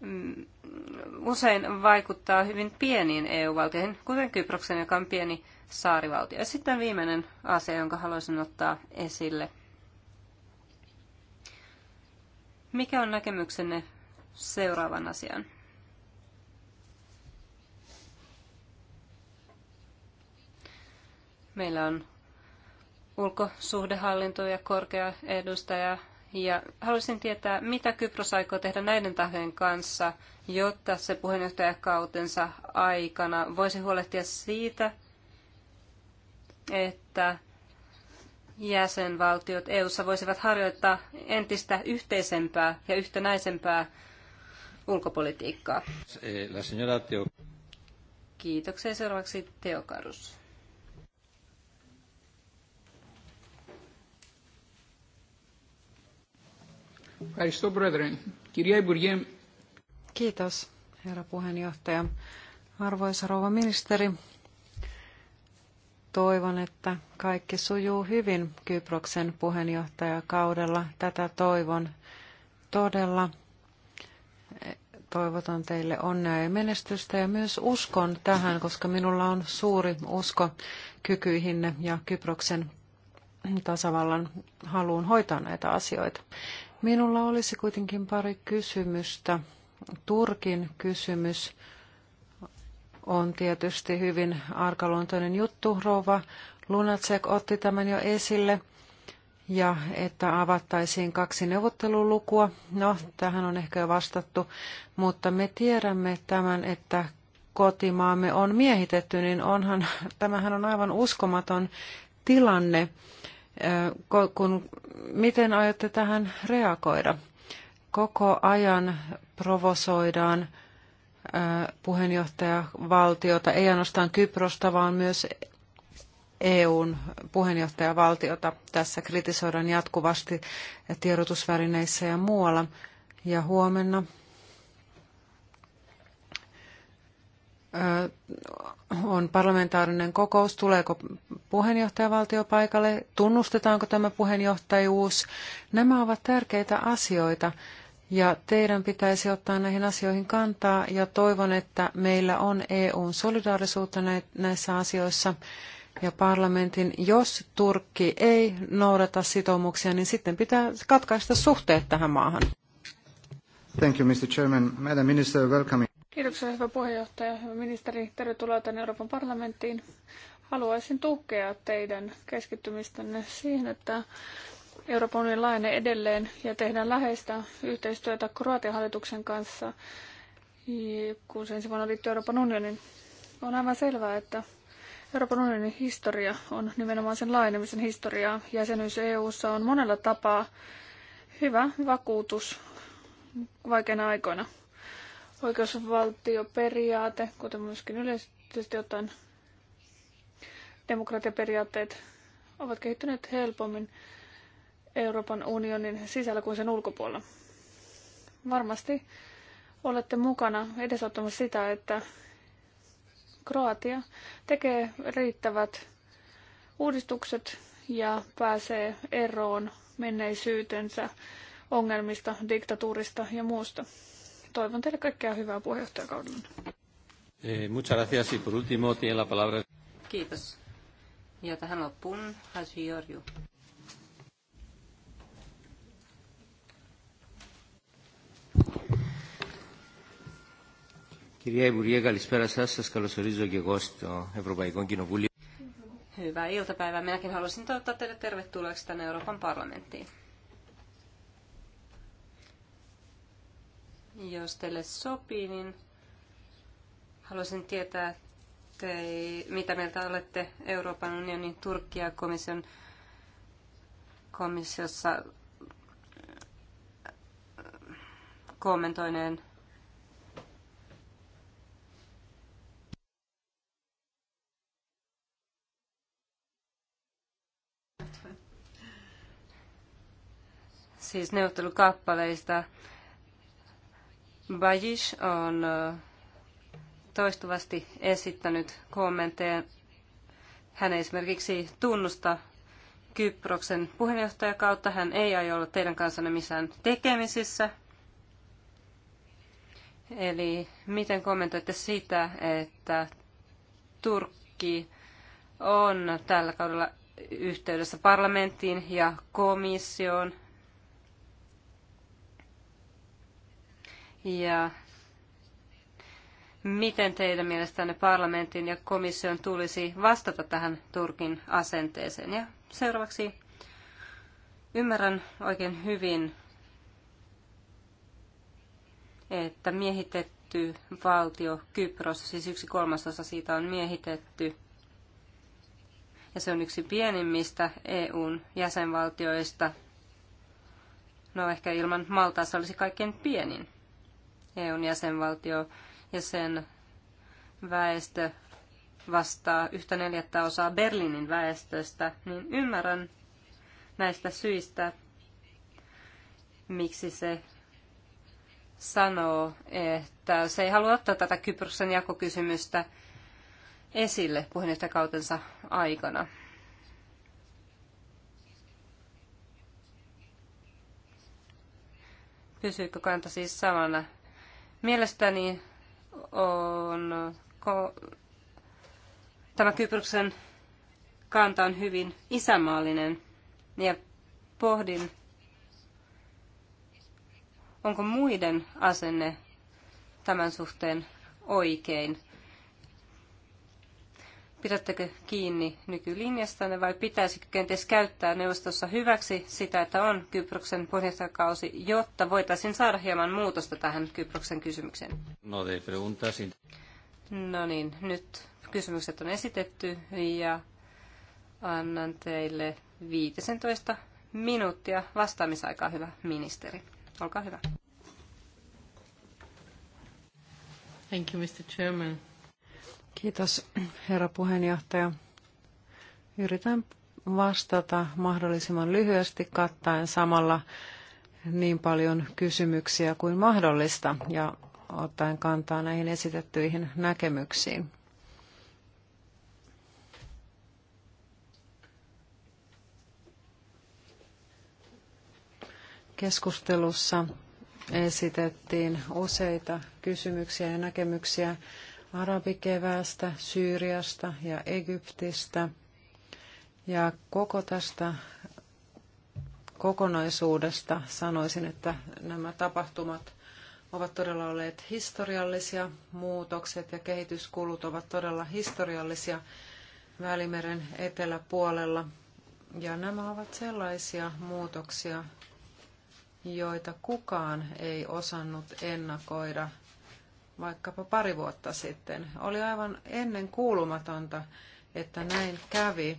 mm, usein vaikuttaa hyvin pieniin EU-valtioihin, kuten Kyproksen, joka on pieni saarivaltio. Ja sitten viimeinen asia, jonka haluaisin ottaa esille. Mikä on näkemyksenne seuraavan asian? Meillä on ulkosuhdehallinto ja korkea edustaja ja haluaisin tietää, mitä Kypros aikoo tehdä näiden tahojen kanssa, jotta se puheenjohtajakautensa aikana voisi huolehtia siitä, että jäsenvaltiot EU:ssa voisivat harjoittaa entistä yhteisempää ja yhtenäisempää ulkopolitiikkaa. Eh, Kiitoksia. Seuraavaksi Teokarus. Ευχαριστώ, Πρόεδρε. Kiitos, herra puheenjohtaja. Arvoisa rouva ministeri, toivon, että kaikki sujuu hyvin Kyproksen puheenjohtajakaudella. Tätä toivon todella. Toivotan teille onnea ja menestystä ja myös uskon tähän, koska minulla on suuri usko kykyihinne ja Kyproksen tasavallan haluun hoitaa näitä asioita. Minulla olisi kuitenkin pari kysymystä. Turkin kysymys on tietysti hyvin arkaluontoinen juttu. Rouva Lunacek otti tämän jo esille ja että avattaisiin kaksi neuvottelulukua. No, tähän on ehkä jo vastattu, mutta me tiedämme tämän, että kotimaamme on miehitetty, niin onhan, (laughs) tämähän on aivan uskomaton tilanne kun, miten aiotte tähän reagoida? Koko ajan provosoidaan puheenjohtajavaltiota, ei ainoastaan Kyprosta, vaan myös EUn puheenjohtajavaltiota. Tässä kritisoidaan jatkuvasti tiedotusvälineissä ja muualla. Ja huomenna on parlamentaarinen kokous, tuleeko puheenjohtajavaltio paikalle, tunnustetaanko tämä puheenjohtajuus. Nämä ovat tärkeitä asioita ja teidän pitäisi ottaa näihin asioihin kantaa ja toivon, että meillä on EUn solidaarisuutta näissä asioissa ja parlamentin, jos Turkki ei noudata sitoumuksia, niin sitten pitää katkaista suhteet tähän maahan. Thank you, Mr. Chairman. Madam Minister, welcome. Kiitoksia, hyvä puheenjohtaja. Hyvä ministeri, tervetuloa tänne Euroopan parlamenttiin. Haluaisin tukea teidän keskittymistänne siihen, että Euroopan unionin laajenee edelleen ja tehdään läheistä yhteistyötä Kroatian hallituksen kanssa, kun se ensi vuonna liittyy Euroopan unionin. On aivan selvää, että Euroopan unionin historia on nimenomaan sen laajenemisen historiaa. Jäsenyys EU:ssa on monella tapaa hyvä vakuutus vaikeina aikoina oikeusvaltioperiaate, kuten myöskin yleisesti ottaen demokratiaperiaatteet, ovat kehittyneet helpommin Euroopan unionin sisällä kuin sen ulkopuolella. Varmasti olette mukana edesauttamassa sitä, että Kroatia tekee riittävät uudistukset ja pääsee eroon menneisyytensä ongelmista, diktatuurista ja muusta. Toivon teille kaikkea hyvää puheenjohtajakauden. Eh, muchas gracias y por último tiene la palabra. Kiitos. Ja tähän loppuun Hasi Jorju. Κυρία Υπουργέ, καλησπέρα σας. καλωσορίζω και εγώ στο Ευρωπαϊκό Κοινοβούλιο. Hyvää iltapäivää. Minäkin haluaisin toivottaa teille tervetulleeksi tänne Euroopan parlamenttiin. Jos teille sopii, niin haluaisin tietää, te, mitä mieltä olette Euroopan unionin Turkkia komission komissiossa äh, kommentoineen siis neuvottelukappaleista Bajish on toistuvasti esittänyt kommentteja. Hän ei esimerkiksi tunnusta Kyproksen puheenjohtajakautta. Hän ei aio olla teidän kanssanne missään tekemisissä. Eli miten kommentoitte sitä, että Turkki on tällä kaudella yhteydessä parlamenttiin ja komissioon Ja miten teidän mielestänne parlamentin ja komission tulisi vastata tähän Turkin asenteeseen? Ja seuraavaksi ymmärrän oikein hyvin, että miehitetty valtio Kypros, siis yksi kolmasosa siitä on miehitetty, ja se on yksi pienimmistä EUn jäsenvaltioista. No ehkä ilman Maltaa se olisi kaikkein pienin. EUn jäsenvaltio ja sen väestö vastaa yhtä neljättä osaa Berliinin väestöstä, niin ymmärrän näistä syistä, miksi se sanoo, että se ei halua ottaa tätä Kyproksen jakokysymystä esille puheenjohtajakautensa aikana. Pysyykö kanta siis samana Mielestäni on, tämä Kyproksen kanta on hyvin isämaallinen ja pohdin, onko muiden asenne tämän suhteen oikein. Pidättekö kiinni nykylinjastanne vai pitäisikö kenties käyttää neuvostossa hyväksi sitä, että on Kyproksen puheenjohtajakausi, jotta voitaisiin saada hieman muutosta tähän Kyproksen kysymykseen? No, de niin, preguntasin. No niin, nyt kysymykset on esitetty ja annan teille 15 minuuttia vastaamisaikaa, hyvä ministeri. Olkaa hyvä. Thank you, Mr. Chairman. Kiitos, herra puheenjohtaja. Yritän vastata mahdollisimman lyhyesti kattaen samalla niin paljon kysymyksiä kuin mahdollista ja ottaen kantaa näihin esitettyihin näkemyksiin. Keskustelussa esitettiin useita kysymyksiä ja näkemyksiä arabikeväästä, Syyriasta ja Egyptistä ja koko tästä kokonaisuudesta sanoisin, että nämä tapahtumat ovat todella olleet historiallisia, muutokset ja kehityskulut ovat todella historiallisia Välimeren eteläpuolella. Ja nämä ovat sellaisia muutoksia, joita kukaan ei osannut ennakoida – vaikkapa pari vuotta sitten. Oli aivan ennen kuulumatonta, että näin kävi.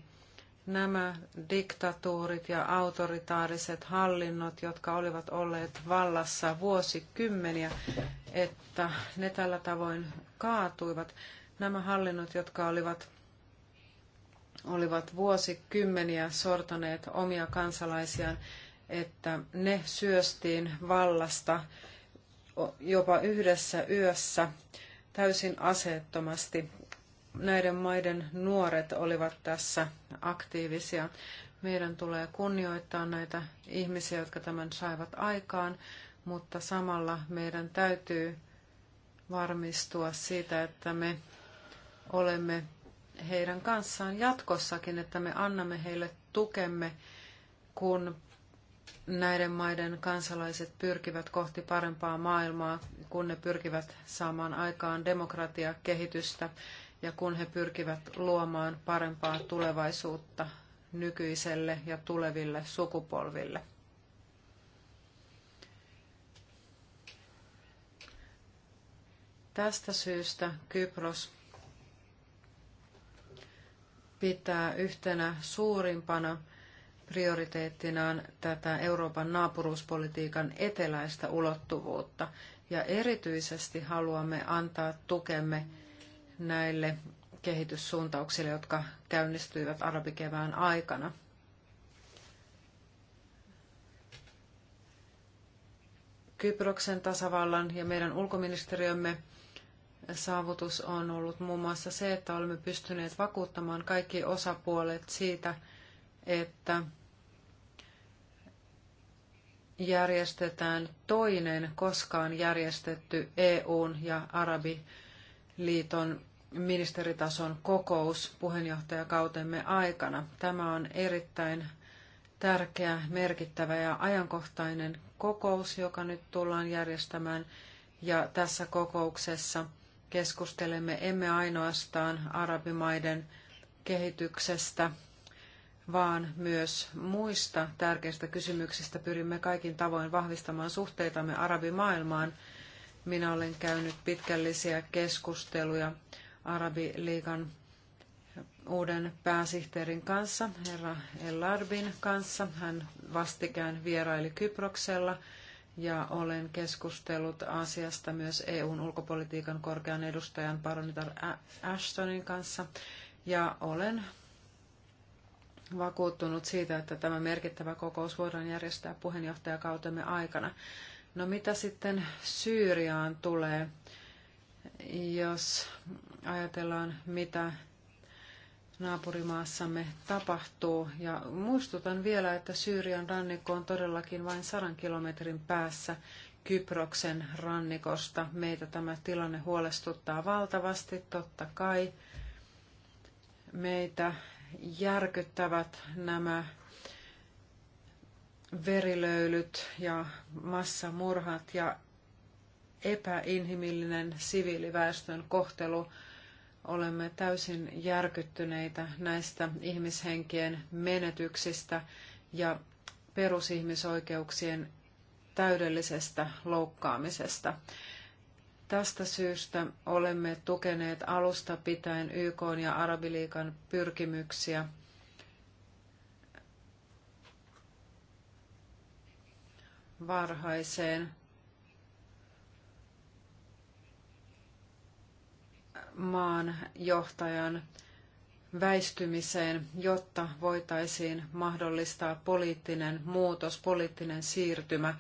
Nämä diktatuurit ja autoritaariset hallinnot, jotka olivat olleet vallassa vuosikymmeniä, että ne tällä tavoin kaatuivat. Nämä hallinnot, jotka olivat, olivat vuosikymmeniä sortaneet omia kansalaisiaan, että ne syöstiin vallasta jopa yhdessä yössä täysin aseettomasti. Näiden maiden nuoret olivat tässä aktiivisia. Meidän tulee kunnioittaa näitä ihmisiä, jotka tämän saivat aikaan, mutta samalla meidän täytyy varmistua siitä, että me olemme heidän kanssaan jatkossakin, että me annamme heille tukemme, kun näiden maiden kansalaiset pyrkivät kohti parempaa maailmaa, kun ne pyrkivät saamaan aikaan demokratiakehitystä ja kun he pyrkivät luomaan parempaa tulevaisuutta nykyiselle ja tuleville sukupolville. Tästä syystä Kypros pitää yhtenä suurimpana prioriteettinaan tätä Euroopan naapuruuspolitiikan eteläistä ulottuvuutta. Ja erityisesti haluamme antaa tukemme näille kehityssuuntauksille, jotka käynnistyivät arabikevään aikana. Kyproksen tasavallan ja meidän ulkoministeriömme saavutus on ollut muun muassa se, että olemme pystyneet vakuuttamaan kaikki osapuolet siitä, että järjestetään toinen koskaan järjestetty EUn ja Arabiliiton ministeritason kokous puheenjohtajakautemme aikana. Tämä on erittäin tärkeä, merkittävä ja ajankohtainen kokous, joka nyt tullaan järjestämään. Ja tässä kokouksessa keskustelemme emme ainoastaan arabimaiden kehityksestä vaan myös muista tärkeistä kysymyksistä pyrimme kaikin tavoin vahvistamaan suhteitamme arabimaailmaan. Minä olen käynyt pitkällisiä keskusteluja Arabiliikan uuden pääsihteerin kanssa, herra Elardin kanssa. Hän vastikään vieraili Kyproksella ja olen keskustellut asiasta myös EUn ulkopolitiikan korkean edustajan Baronitar Ashtonin kanssa ja olen vakuuttunut siitä, että tämä merkittävä kokous voidaan järjestää puheenjohtajakautemme aikana. No mitä sitten Syyriaan tulee, jos ajatellaan mitä naapurimaassamme tapahtuu. Ja muistutan vielä, että Syyrian rannikko on todellakin vain sadan kilometrin päässä Kyproksen rannikosta. Meitä tämä tilanne huolestuttaa valtavasti, totta kai. Meitä järkyttävät nämä verilöylyt ja massamurhat ja epäinhimillinen siviiliväestön kohtelu. Olemme täysin järkyttyneitä näistä ihmishenkien menetyksistä ja perusihmisoikeuksien täydellisestä loukkaamisesta. Tästä syystä olemme tukeneet alusta pitäen YK ja Arabiliikan pyrkimyksiä varhaiseen maan johtajan väistymiseen, jotta voitaisiin mahdollistaa poliittinen muutos, poliittinen siirtymä,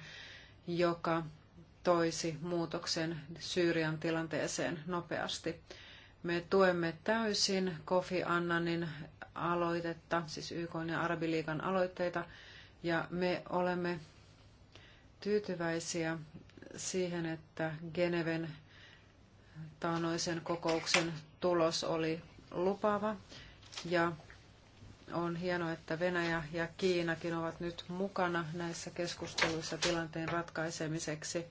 joka toisi muutoksen Syyrian tilanteeseen nopeasti. Me tuemme täysin Kofi Annanin aloitetta, siis YK ja Arabiliikan aloitteita, ja me olemme tyytyväisiä siihen, että Geneven taanoisen kokouksen tulos oli lupaava ja on hienoa, että Venäjä ja Kiinakin ovat nyt mukana näissä keskusteluissa tilanteen ratkaisemiseksi.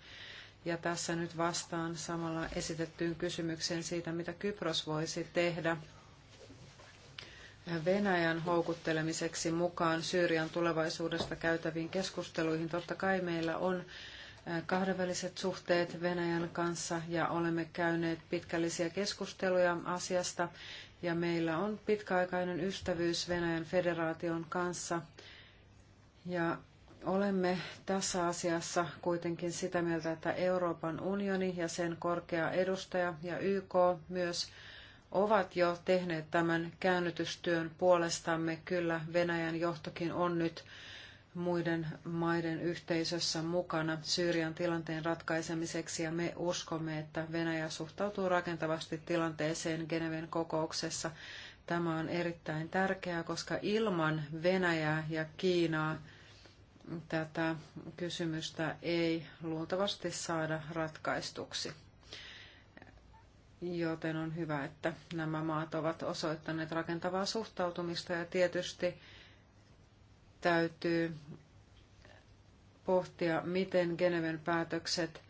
Ja tässä nyt vastaan samalla esitettyyn kysymykseen siitä, mitä Kypros voisi tehdä Venäjän houkuttelemiseksi mukaan Syyrian tulevaisuudesta käytäviin keskusteluihin. Totta kai meillä on kahdenväliset suhteet Venäjän kanssa ja olemme käyneet pitkällisiä keskusteluja asiasta ja meillä on pitkäaikainen ystävyys Venäjän federaation kanssa. Ja olemme tässä asiassa kuitenkin sitä mieltä, että Euroopan unioni ja sen korkea edustaja ja YK myös ovat jo tehneet tämän käännytystyön puolestamme. Kyllä Venäjän johtokin on nyt muiden maiden yhteisössä mukana Syyrian tilanteen ratkaisemiseksi ja me uskomme, että Venäjä suhtautuu rakentavasti tilanteeseen Geneven kokouksessa. Tämä on erittäin tärkeää, koska ilman Venäjää ja Kiinaa tätä kysymystä ei luultavasti saada ratkaistuksi. Joten on hyvä, että nämä maat ovat osoittaneet rakentavaa suhtautumista ja tietysti täytyy pohtia, miten Geneven päätökset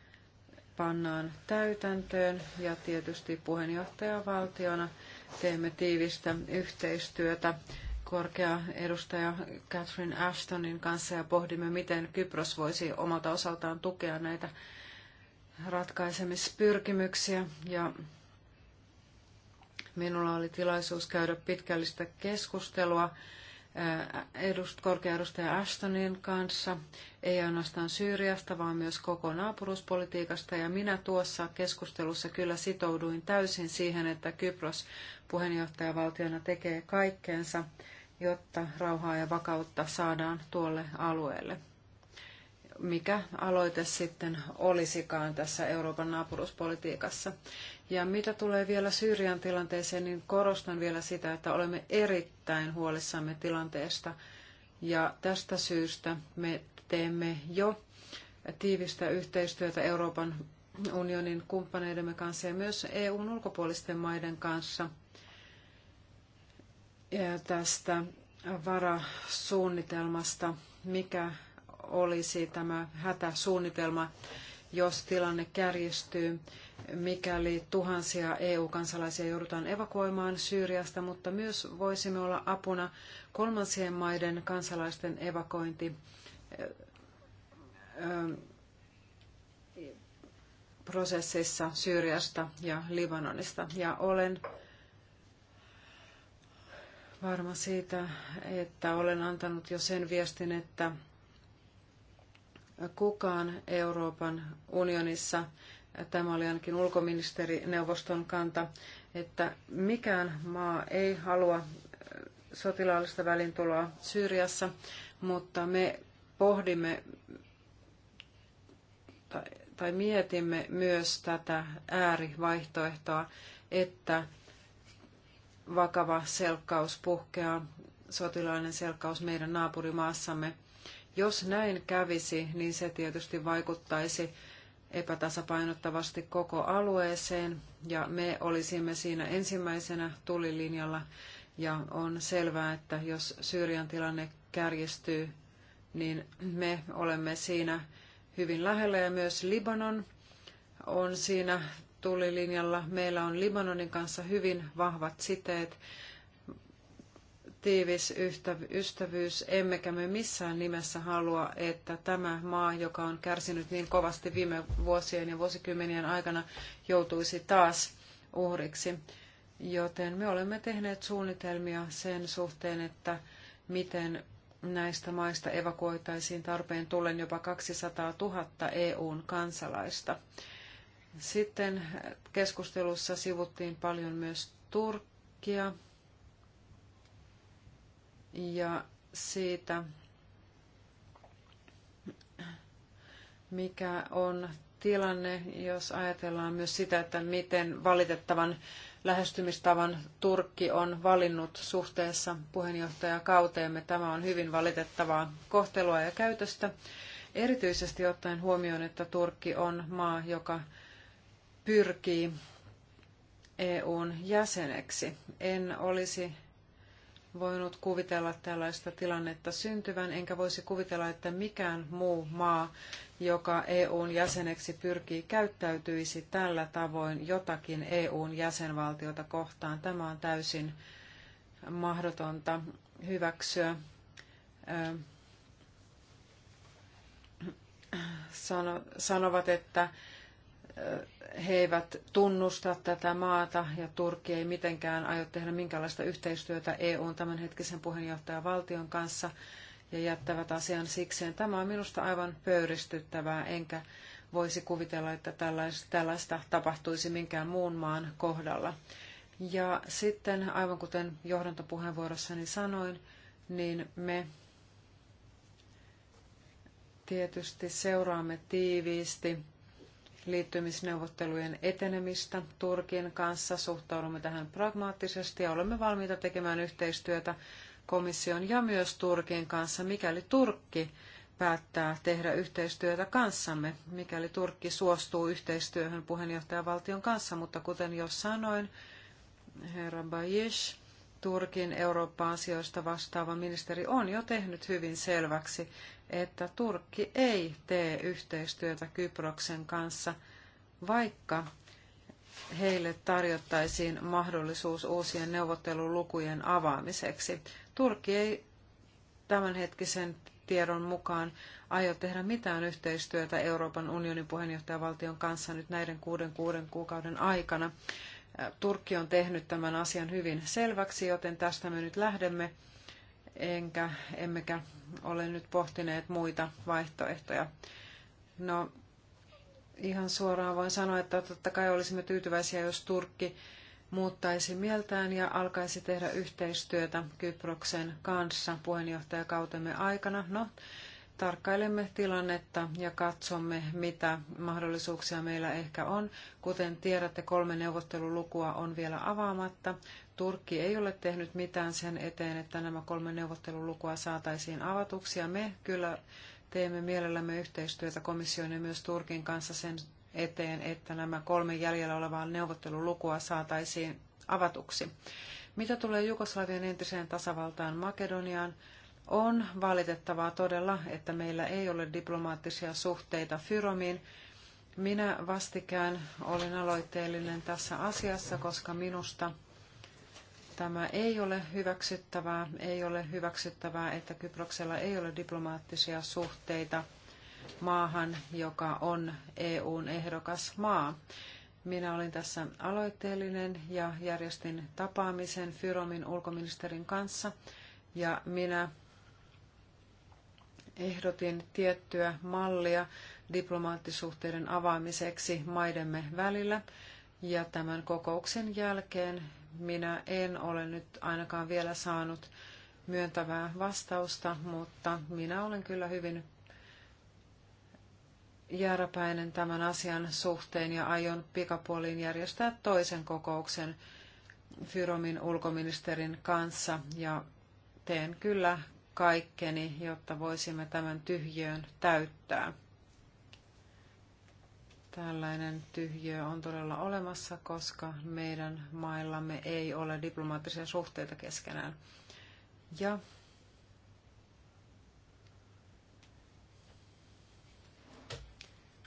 pannaan täytäntöön ja tietysti puheenjohtajavaltiona teemme tiivistä yhteistyötä korkea edustaja Catherine Ashtonin kanssa ja pohdimme, miten Kypros voisi omalta osaltaan tukea näitä ratkaisemispyrkimyksiä. Ja minulla oli tilaisuus käydä pitkällistä keskustelua edust, korkea-edustaja Ashtonin kanssa, ei ainoastaan Syyriasta, vaan myös koko naapuruspolitiikasta. Ja minä tuossa keskustelussa kyllä sitouduin täysin siihen, että Kypros puheenjohtajavaltiona tekee kaikkeensa, jotta rauhaa ja vakautta saadaan tuolle alueelle. Mikä aloite sitten olisikaan tässä Euroopan naapuruspolitiikassa. Ja mitä tulee vielä Syyrian tilanteeseen, niin korostan vielä sitä, että olemme erittäin huolissamme tilanteesta. Ja tästä syystä me teemme jo tiivistä yhteistyötä Euroopan unionin kumppaneidemme kanssa ja myös EUn ulkopuolisten maiden kanssa ja tästä varasuunnitelmasta, mikä olisi tämä hätäsuunnitelma, jos tilanne kärjistyy mikäli tuhansia EU-kansalaisia joudutaan evakuoimaan Syyriasta, mutta myös voisimme olla apuna kolmansien maiden kansalaisten evakuointi prosessissa Syyriasta ja Libanonista. Ja olen varma siitä, että olen antanut jo sen viestin, että kukaan Euroopan unionissa tämä oli ainakin ulkoministerineuvoston kanta, että mikään maa ei halua sotilaallista välintuloa Syyriassa, mutta me pohdimme tai, tai mietimme myös tätä äärivaihtoehtoa, että vakava selkkaus puhkeaa, sotilaallinen selkkaus meidän naapurimaassamme. Jos näin kävisi, niin se tietysti vaikuttaisi epätasapainottavasti koko alueeseen ja me olisimme siinä ensimmäisenä tulilinjalla ja on selvää, että jos Syyrian tilanne kärjistyy, niin me olemme siinä hyvin lähellä ja myös Libanon on siinä tulilinjalla. Meillä on Libanonin kanssa hyvin vahvat siteet tiivis ystävyys, emmekä me missään nimessä halua, että tämä maa, joka on kärsinyt niin kovasti viime vuosien ja vuosikymmenien aikana, joutuisi taas uhriksi. Joten me olemme tehneet suunnitelmia sen suhteen, että miten näistä maista evakuoitaisiin tarpeen tullen jopa 200 000 EUn kansalaista. Sitten keskustelussa sivuttiin paljon myös Turkkia ja siitä, mikä on tilanne, jos ajatellaan myös sitä, että miten valitettavan lähestymistavan Turkki on valinnut suhteessa puheenjohtajakauteemme. Tämä on hyvin valitettavaa kohtelua ja käytöstä, erityisesti ottaen huomioon, että Turkki on maa, joka pyrkii EUn jäseneksi. En olisi voinut kuvitella tällaista tilannetta syntyvän, enkä voisi kuvitella, että mikään muu maa, joka EUn jäseneksi pyrkii, käyttäytyisi tällä tavoin jotakin EUn jäsenvaltiota kohtaan. Tämä on täysin mahdotonta hyväksyä. Sanovat, että he eivät tunnusta tätä maata ja Turkki ei mitenkään aio tehdä minkäänlaista yhteistyötä EUn tämänhetkisen puheenjohtajavaltion kanssa ja jättävät asian sikseen. Tämä on minusta aivan pöyristyttävää, enkä voisi kuvitella, että tällaista tapahtuisi minkään muun maan kohdalla. Ja sitten, aivan kuten johdantopuheenvuorossani sanoin, niin me tietysti seuraamme tiiviisti liittymisneuvottelujen etenemistä Turkin kanssa. Suhtaudumme tähän pragmaattisesti ja olemme valmiita tekemään yhteistyötä komission ja myös Turkin kanssa, mikäli Turkki päättää tehdä yhteistyötä kanssamme, mikäli Turkki suostuu yhteistyöhön puheenjohtajavaltion kanssa. Mutta kuten jo sanoin, herra Bayish, Turkin Eurooppa-asioista vastaava ministeri on jo tehnyt hyvin selväksi, että Turkki ei tee yhteistyötä Kyproksen kanssa, vaikka heille tarjottaisiin mahdollisuus uusien neuvottelulukujen avaamiseksi. Turkki ei tämänhetkisen tiedon mukaan aio tehdä mitään yhteistyötä Euroopan unionin puheenjohtajavaltion kanssa nyt näiden kuuden, kuuden kuukauden aikana. Turkki on tehnyt tämän asian hyvin selväksi, joten tästä me nyt lähdemme enkä, emmekä ole nyt pohtineet muita vaihtoehtoja. No, ihan suoraan voin sanoa, että totta kai olisimme tyytyväisiä, jos Turkki muuttaisi mieltään ja alkaisi tehdä yhteistyötä Kyproksen kanssa puheenjohtajakautemme aikana. No, tarkkailemme tilannetta ja katsomme, mitä mahdollisuuksia meillä ehkä on. Kuten tiedätte, kolme neuvottelulukua on vielä avaamatta. Turkki ei ole tehnyt mitään sen eteen, että nämä kolme neuvottelulukua saataisiin avatuksi ja Me kyllä teemme mielellämme yhteistyötä komission ja myös Turkin kanssa sen eteen, että nämä kolme jäljellä olevaa neuvottelulukua saataisiin avatuksi. Mitä tulee Jugoslavian entiseen tasavaltaan Makedoniaan, on valitettavaa todella, että meillä ei ole diplomaattisia suhteita Fyromiin. Minä vastikään olin aloitteellinen tässä asiassa, koska minusta Tämä ei ole hyväksyttävää. Ei ole hyväksyttävää, että Kyproksella ei ole diplomaattisia suhteita maahan, joka on EUn ehdokas maa. Minä olin tässä aloitteellinen ja järjestin tapaamisen Fyromin ulkoministerin kanssa ja minä ehdotin tiettyä mallia diplomaattisuhteiden avaamiseksi maidemme välillä. Ja tämän kokouksen jälkeen minä en ole nyt ainakaan vielä saanut myöntävää vastausta, mutta minä olen kyllä hyvin jääräpäinen tämän asian suhteen ja aion pikapuoliin järjestää toisen kokouksen Fyromin ulkoministerin kanssa ja teen kyllä kaikkeni, jotta voisimme tämän tyhjön täyttää tällainen tyhjö on todella olemassa, koska meidän maillamme ei ole diplomaattisia suhteita keskenään. Ja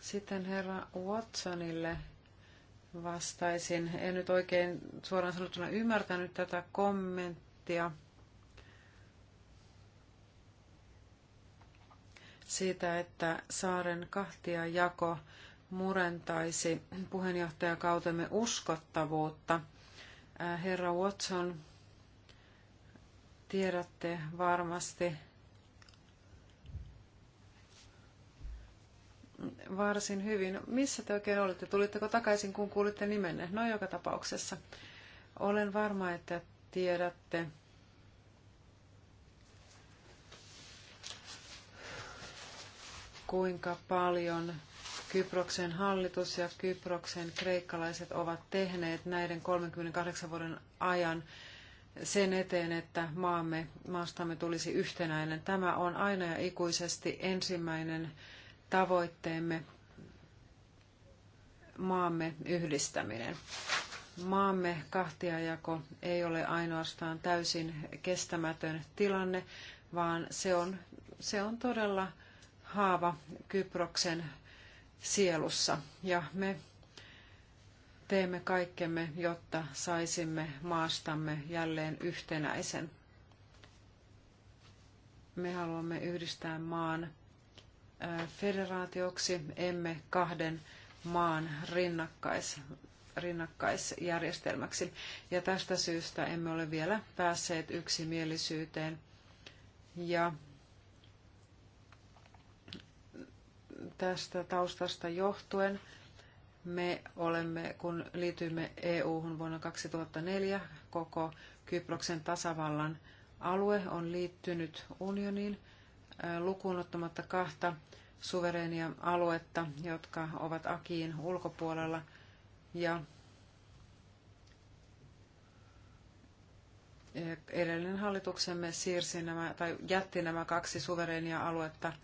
sitten herra Watsonille vastaisin. En nyt oikein suoraan sanottuna ymmärtänyt tätä kommenttia. siitä, että saaren kahtia jako murentaisi puheenjohtajakautemme uskottavuutta. Äh, herra Watson, tiedätte varmasti varsin hyvin. Missä te oikein olette Tulitteko takaisin, kun kuulitte nimenne? No joka tapauksessa. Olen varma, että tiedätte. Kuinka paljon Kyproksen hallitus ja Kyproksen kreikkalaiset ovat tehneet näiden 38 vuoden ajan sen eteen, että maamme, maastamme tulisi yhtenäinen. Tämä on aina ja ikuisesti ensimmäinen tavoitteemme maamme yhdistäminen. Maamme kahtiajako ei ole ainoastaan täysin kestämätön tilanne, vaan se on, se on todella haava Kyproksen sielussa. Ja me teemme kaikkemme, jotta saisimme maastamme jälleen yhtenäisen. Me haluamme yhdistää maan federaatioksi, emme kahden maan rinnakkais, rinnakkaisjärjestelmäksi. Ja tästä syystä emme ole vielä päässeet yksimielisyyteen. Ja tästä taustasta johtuen me olemme, kun liityimme EU-hun vuonna 2004, koko Kyproksen tasavallan alue on liittynyt unioniin lukuun ottamatta kahta suvereenia aluetta, jotka ovat Akiin ulkopuolella. Ja e, edellinen hallituksemme siirsi nämä, tai jätti nämä kaksi suvereenia aluetta –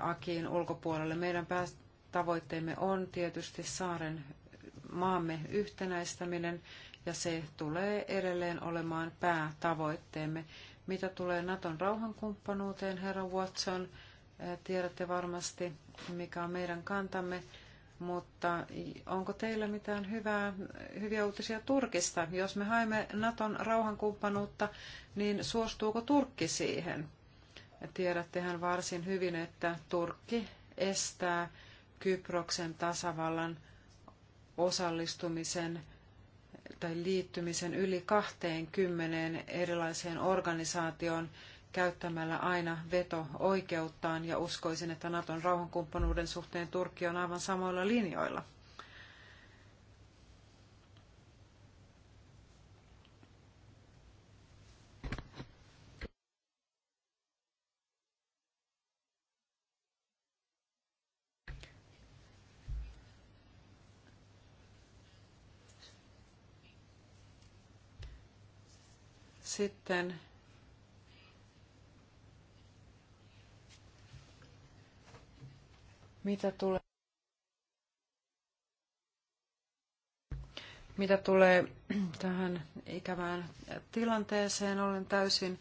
Akiin ulkopuolelle. Meidän päätavoitteemme on tietysti saaren maamme yhtenäistäminen ja se tulee edelleen olemaan päätavoitteemme. Mitä tulee Naton rauhankumppanuuteen, herra Watson, eh, tiedätte varmasti, mikä on meidän kantamme, mutta onko teillä mitään hyvää, hyviä uutisia Turkista? Jos me haemme Naton rauhankumppanuutta, niin suostuuko Turkki siihen? Tiedättehän varsin hyvin, että Turkki estää Kyproksen tasavallan osallistumisen tai liittymisen yli 20 erilaiseen organisaatioon käyttämällä aina veto-oikeuttaan ja uskoisin, että Naton rauhankumppanuuden suhteen Turkki on aivan samoilla linjoilla. Sitten mitä tulee Mitä tulee tähän ikävään tilanteeseen, olen täysin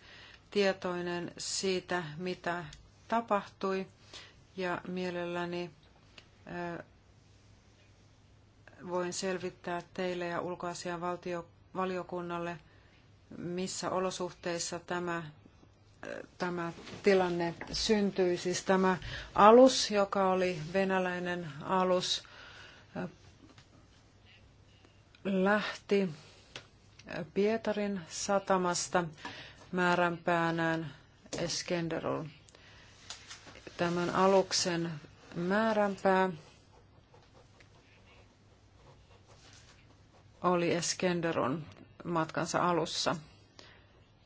tietoinen siitä, mitä tapahtui ja mielelläni voin selvittää teille ja ulkoasian valiokunnalle missä olosuhteissa tämä, tämä tilanne syntyi. Siis tämä alus, joka oli venäläinen alus, lähti Pietarin satamasta määränpäänään Eskenderol. Tämän aluksen määränpää oli Eskenderon matkansa alussa.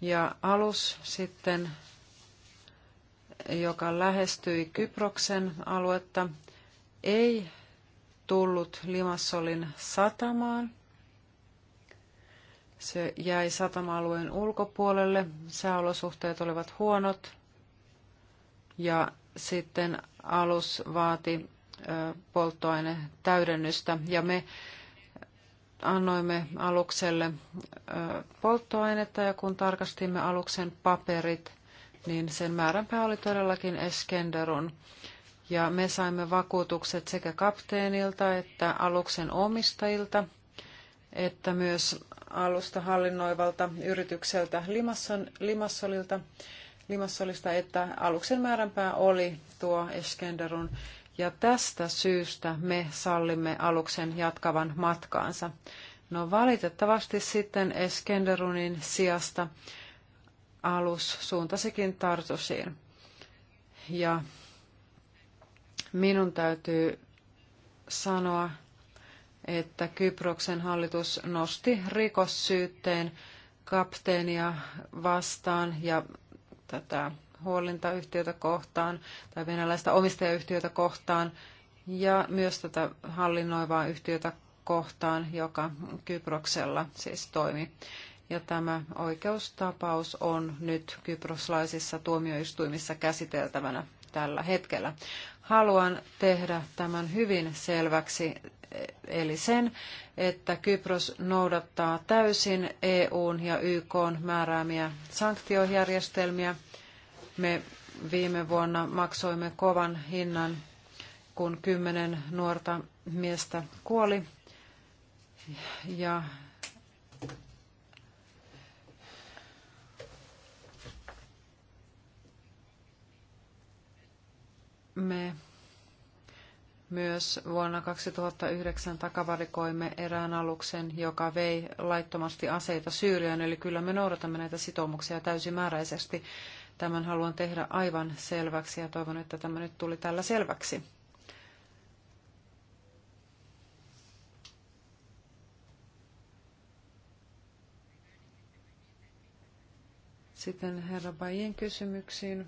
Ja alus sitten, joka lähestyi Kyproksen aluetta, ei tullut Limassolin satamaan. Se jäi satama-alueen ulkopuolelle, sääolosuhteet olivat huonot ja sitten alus vaati polttoaine täydennystä ja me annoimme alukselle polttoainetta ja kun tarkastimme aluksen paperit, niin sen määränpää oli todellakin Eskenderun. Ja me saimme vakuutukset sekä kapteenilta että aluksen omistajilta, että myös alusta hallinnoivalta yritykseltä Limasson, Limassolilta, Limassolista, että aluksen määränpää oli tuo Eskenderun. Ja tästä syystä me sallimme aluksen jatkavan matkaansa. No valitettavasti sitten Eskenderunin sijasta alus suuntasikin Tartusiin. Ja minun täytyy sanoa, että Kyproksen hallitus nosti rikossyytteen kapteenia vastaan ja tätä hallintayhtiötä kohtaan tai venäläistä omistajayhtiötä kohtaan ja myös tätä hallinnoivaa yhtiötä kohtaan, joka Kyproksella siis toimi. Ja tämä oikeustapaus on nyt kyproslaisissa tuomioistuimissa käsiteltävänä tällä hetkellä. Haluan tehdä tämän hyvin selväksi, eli sen, että Kypros noudattaa täysin EUn ja YKn määräämiä sanktiojärjestelmiä me viime vuonna maksoimme kovan hinnan, kun kymmenen nuorta miestä kuoli. Ja me myös vuonna 2009 takavarikoimme erään aluksen, joka vei laittomasti aseita Syyriaan, eli kyllä me noudatamme näitä sitoumuksia täysimääräisesti. Tämän haluan tehdä aivan selväksi ja toivon, että tämä nyt tuli tällä selväksi. Sitten herra Bajin kysymyksiin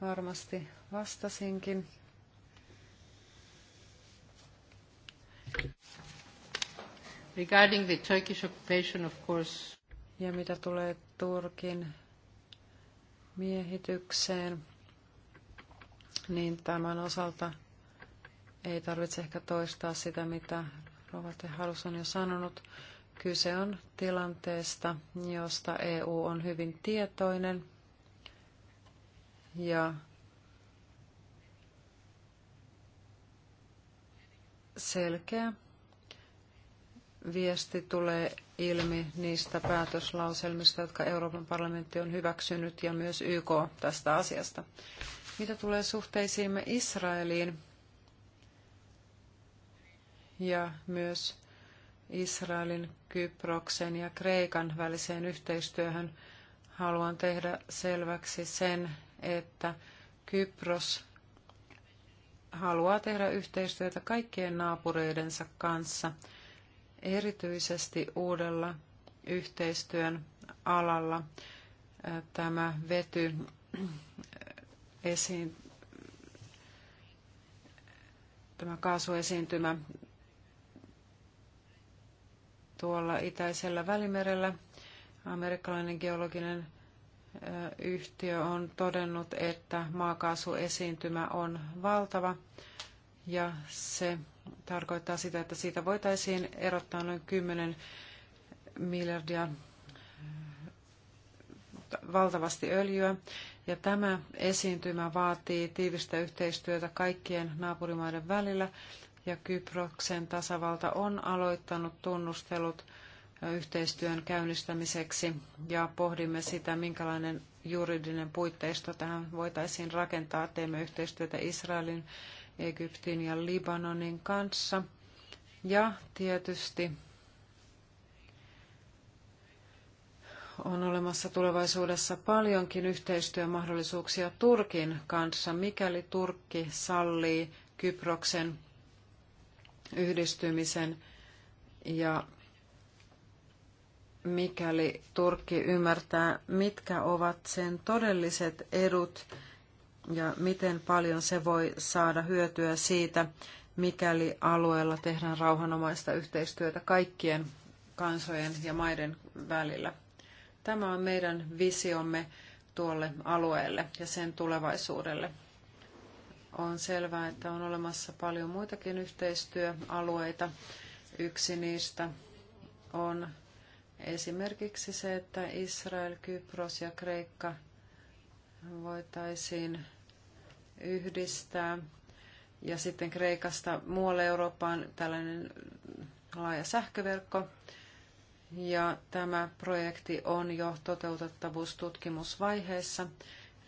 varmasti vastasinkin. Regarding the Turkish occupation, of course. Ja mitä tulee Turkin miehitykseen, niin tämän osalta ei tarvitse ehkä toistaa sitä, mitä Robert Harus on jo sanonut. Kyse on tilanteesta, josta EU on hyvin tietoinen ja selkeä viesti tulee ilmi niistä päätöslauselmista, jotka Euroopan parlamentti on hyväksynyt ja myös YK tästä asiasta. Mitä tulee suhteisiimme Israeliin ja myös Israelin, Kyproksen ja Kreikan väliseen yhteistyöhön, haluan tehdä selväksi sen, että Kypros haluaa tehdä yhteistyötä kaikkien naapureidensa kanssa – Erityisesti uudella yhteistyön alalla tämä vety (clears throat) esiin, tämä kaasuesiintymä tuolla itäisellä välimerellä. Amerikkalainen geologinen yhtiö on todennut, että maakaasuesiintymä on valtava ja se tarkoittaa sitä, että siitä voitaisiin erottaa noin 10 miljardia äh, valtavasti öljyä. Ja tämä esiintymä vaatii tiivistä yhteistyötä kaikkien naapurimaiden välillä. Ja Kyproksen tasavalta on aloittanut tunnustelut äh, yhteistyön käynnistämiseksi ja pohdimme sitä, minkälainen juridinen puitteisto tähän voitaisiin rakentaa. Teemme yhteistyötä Israelin Egyptin ja Libanonin kanssa. Ja tietysti on olemassa tulevaisuudessa paljonkin yhteistyömahdollisuuksia Turkin kanssa, mikäli Turkki sallii Kyproksen yhdistymisen ja mikäli Turkki ymmärtää, mitkä ovat sen todelliset edut ja miten paljon se voi saada hyötyä siitä, mikäli alueella tehdään rauhanomaista yhteistyötä kaikkien kansojen ja maiden välillä. Tämä on meidän visiomme tuolle alueelle ja sen tulevaisuudelle. On selvää, että on olemassa paljon muitakin yhteistyöalueita. Yksi niistä on esimerkiksi se, että Israel, Kypros ja Kreikka voitaisiin yhdistää. Ja sitten Kreikasta muualle Eurooppaan tällainen laaja sähköverkko. Ja tämä projekti on jo toteutettavuustutkimusvaiheessa.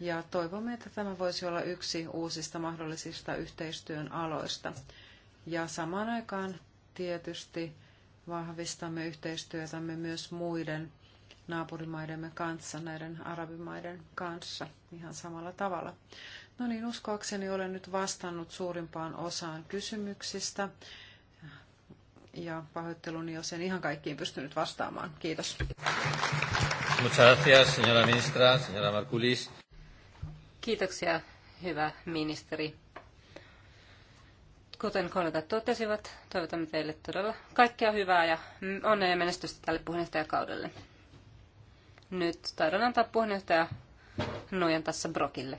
Ja toivomme, että tämä voisi olla yksi uusista mahdollisista yhteistyön aloista. Ja samaan aikaan tietysti vahvistamme yhteistyötämme myös muiden naapurimaidemme kanssa, näiden arabimaiden kanssa ihan samalla tavalla. No niin, uskoakseni olen nyt vastannut suurimpaan osaan kysymyksistä. Ja pahoitteluni, jos en ihan kaikkiin pystynyt vastaamaan. Kiitos. Muchas gracias, señora ministra, señora Markulis. Kiitoksia, hyvä ministeri. Kuten kollegat totesivat, toivotamme teille todella kaikkea hyvää ja onnea ja menestystä tälle puheenjohtajakaudelle. Nyt taidan antaa puheenjohtaja Nojan tässä Brokille.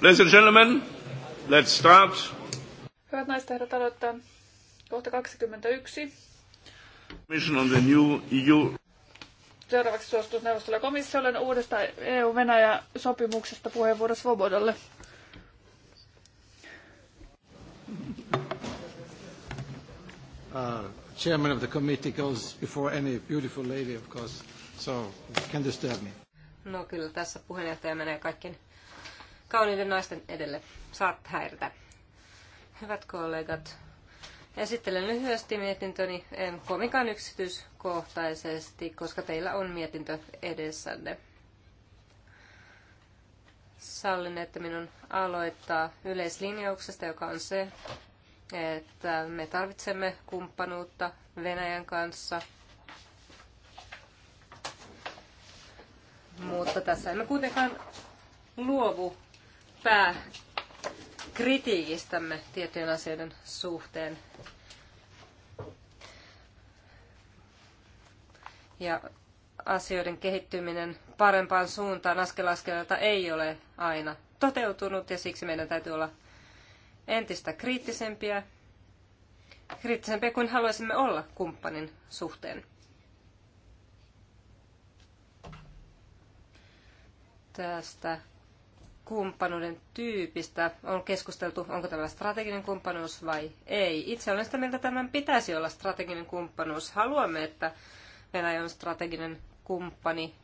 Ladies and gentlemen, let's start. Hyvät naiset herrat, aloittaa kohta 21. Mission on the new EU. Seuraavaksi suositus neuvostolle komissiolle uudesta EU-Venäjä-sopimuksesta puheenvuoro Svobodalle. Uh, chairman of the committee goes before any beautiful lady, of course, so can disturb me. No kyllä tässä puheenjohtaja menee kaikkien kauniiden naisten edelle. Saat häiritä. Hyvät kollegat, esittelen lyhyesti mietintöni, en kovinkaan yksityiskohtaisesti, koska teillä on mietintö edessänne. Sallin, että minun aloittaa yleislinjauksesta, joka on se, että me tarvitsemme kumppanuutta Venäjän kanssa. Mutta tässä emme kuitenkaan luovu pääkritiikistämme tiettyjen asioiden suhteen. Ja asioiden kehittyminen parempaan suuntaan askel askeleelta ei ole aina toteutunut ja siksi meidän täytyy olla entistä kriittisempiä, kriittisempiä kuin haluaisimme olla kumppanin suhteen. Tästä kumppanuuden tyypistä on keskusteltu, onko tämä strateginen kumppanuus vai ei. Itse olen sitä mieltä, tämän pitäisi olla strateginen kumppanuus. Haluamme, että Venäjä on strateginen kumppani,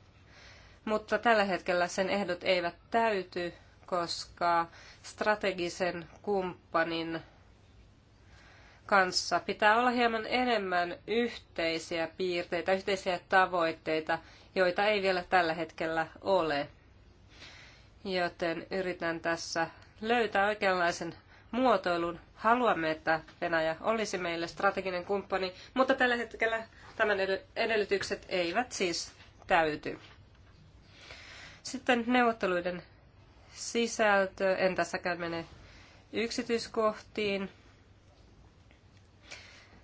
mutta tällä hetkellä sen ehdot eivät täyty, koska strategisen kumppanin kanssa pitää olla hieman enemmän yhteisiä piirteitä, yhteisiä tavoitteita, joita ei vielä tällä hetkellä ole joten yritän tässä löytää oikeanlaisen muotoilun. Haluamme, että Venäjä olisi meille strateginen kumppani, mutta tällä hetkellä tämän edellytykset eivät siis täyty. Sitten neuvotteluiden sisältö. En tässäkään mene yksityiskohtiin.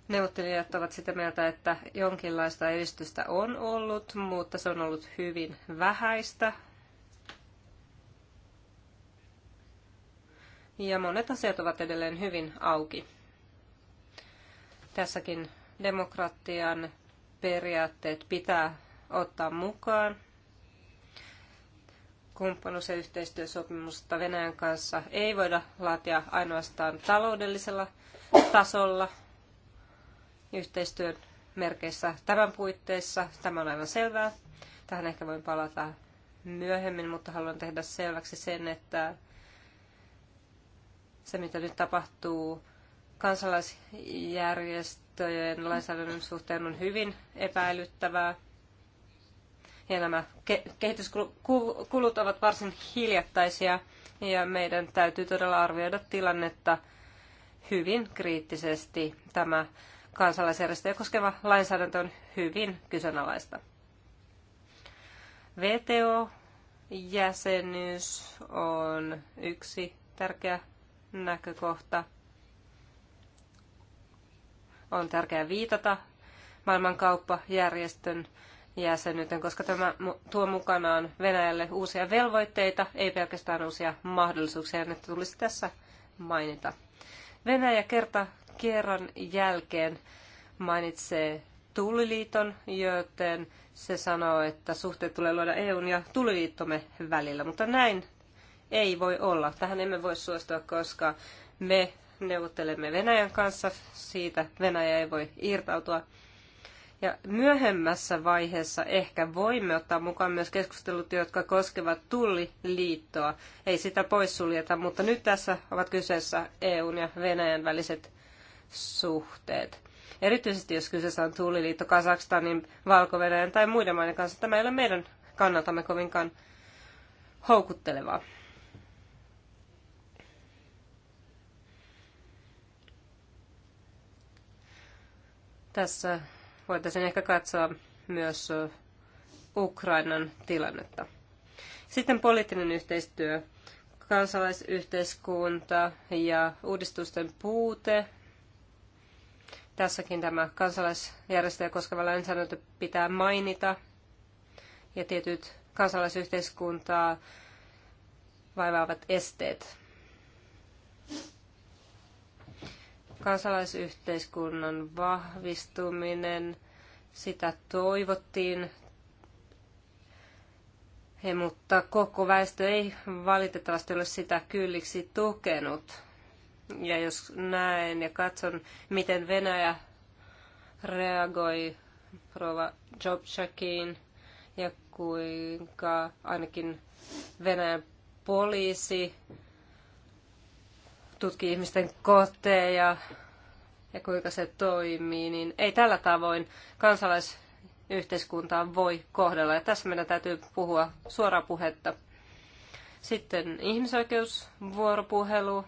Neuvottelijat ovat sitä mieltä, että jonkinlaista edistystä on ollut, mutta se on ollut hyvin vähäistä ja monet asiat ovat edelleen hyvin auki. Tässäkin demokratian periaatteet pitää ottaa mukaan. Kumppanuus- ja yhteistyösopimusta Venäjän kanssa ei voida laatia ainoastaan taloudellisella tasolla yhteistyön merkeissä tämän puitteissa. Tämä on aivan selvää. Tähän ehkä voin palata myöhemmin, mutta haluan tehdä selväksi sen, että se, mitä nyt tapahtuu kansalaisjärjestöjen lainsäädännön suhteen, on hyvin epäilyttävää. Ja nämä kehityskulut ovat varsin hiljattaisia ja meidän täytyy todella arvioida tilannetta hyvin kriittisesti. Tämä kansalaisjärjestöjä koskeva lainsäädäntö on hyvin kyseenalaista. VTO-jäsenyys on yksi tärkeä näkökohta. On tärkeää viitata maailmankauppajärjestön jäsenyyteen, koska tämä tuo mukanaan Venäjälle uusia velvoitteita, ei pelkästään uusia mahdollisuuksia, ja ne tulisi tässä mainita. Venäjä kerta kerran jälkeen mainitsee tulliliiton, joten se sanoo, että suhteet tulee luoda EUn ja tulliliittomme välillä, mutta näin ei voi olla. Tähän emme voi suostua, koska me neuvottelemme Venäjän kanssa siitä. Venäjä ei voi irtautua. Ja myöhemmässä vaiheessa ehkä voimme ottaa mukaan myös keskustelut, jotka koskevat tulliliittoa. Ei sitä poissuljeta, mutta nyt tässä ovat kyseessä EUn ja Venäjän väliset suhteet. Erityisesti jos kyseessä on tulliliitto Kazakstanin, valko tai muiden maiden kanssa, tämä ei ole meidän kannaltamme kovinkaan houkuttelevaa. Tässä voitaisiin ehkä katsoa myös Ukrainan tilannetta. Sitten poliittinen yhteistyö, kansalaisyhteiskunta ja uudistusten puute. Tässäkin tämä kansalaisjärjestöjä koskeva lainsäädäntö pitää mainita. Ja tietyt kansalaisyhteiskuntaa vaivaavat esteet kansalaisyhteiskunnan vahvistuminen, sitä toivottiin, he, mutta koko väestö ei valitettavasti ole sitä kylliksi tukenut. Ja jos näen ja katson, miten Venäjä reagoi Rova Jobchakiin ja kuinka ainakin Venäjän poliisi tutki ihmisten koteja ja kuinka se toimii, niin ei tällä tavoin kansalaisyhteiskuntaa voi kohdella. Ja tässä meidän täytyy puhua suoraa puhetta. Sitten ihmisoikeusvuoropuhelu.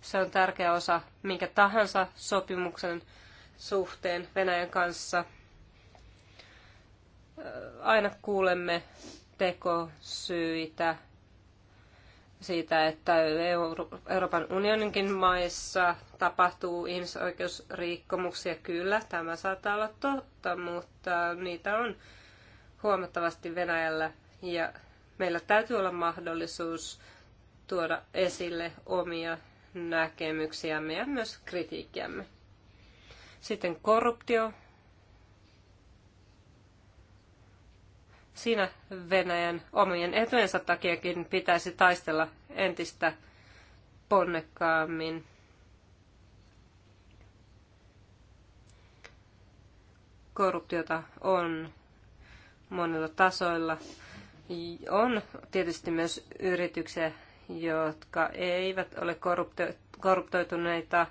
Se on tärkeä osa minkä tahansa sopimuksen suhteen Venäjän kanssa. Aina kuulemme tekosyitä siitä, että Euroopan unioninkin maissa tapahtuu ihmisoikeusrikkomuksia. Kyllä, tämä saattaa olla totta, mutta niitä on huomattavasti Venäjällä ja meillä täytyy olla mahdollisuus tuoda esille omia näkemyksiämme ja myös kritiikkiämme. Sitten korruptio, Siinä Venäjän omien etujensa takiakin pitäisi taistella entistä ponnekkaammin. Korruptiota on monilla tasoilla. On tietysti myös yrityksiä, jotka eivät ole korruptoituneita.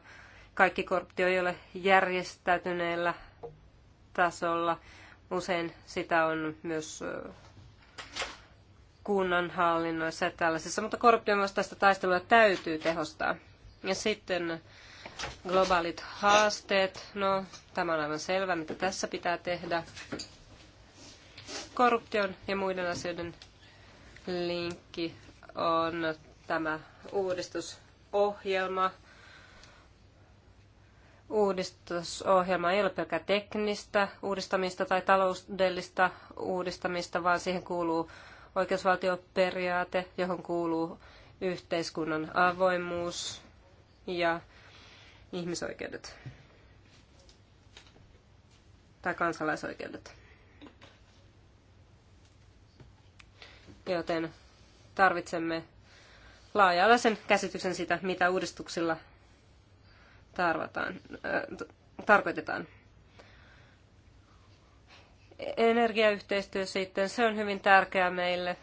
Kaikki korruptio ei ole järjestäytyneellä tasolla. Usein sitä on myös kunnan hallinnoissa ja tällaisissa, mutta korruption vastaista taistelua täytyy tehostaa. Ja sitten globaalit haasteet. No, tämä on aivan selvä, mitä tässä pitää tehdä. Korruption ja muiden asioiden linkki on tämä uudistusohjelma, Uudistusohjelma ei ole pelkä teknistä uudistamista tai taloudellista uudistamista, vaan siihen kuuluu oikeusvaltioperiaate, johon kuuluu yhteiskunnan avoimuus ja ihmisoikeudet tai kansalaisoikeudet. Joten tarvitsemme laaja-alaisen käsityksen sitä, mitä uudistuksilla tarvataan, äh, tarkoitetaan. Energiayhteistyö sitten, se on hyvin tärkeää meille,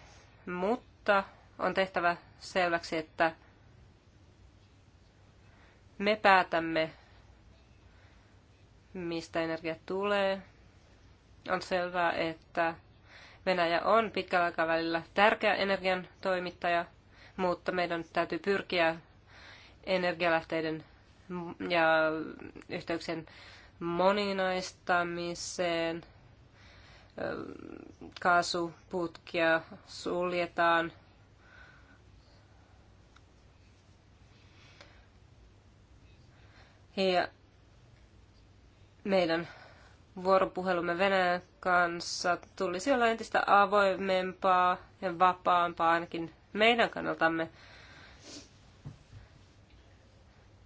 mutta on tehtävä selväksi, että me päätämme, mistä energia tulee. On selvää, että Venäjä on pitkällä aikavälillä tärkeä energian toimittaja, mutta meidän täytyy pyrkiä energialähteiden ja yhteyksien moninaistamiseen. Kaasuputkia suljetaan. Ja meidän vuoropuhelumme Venäjän kanssa tulisi olla entistä avoimempaa ja vapaampaa ainakin meidän kannaltamme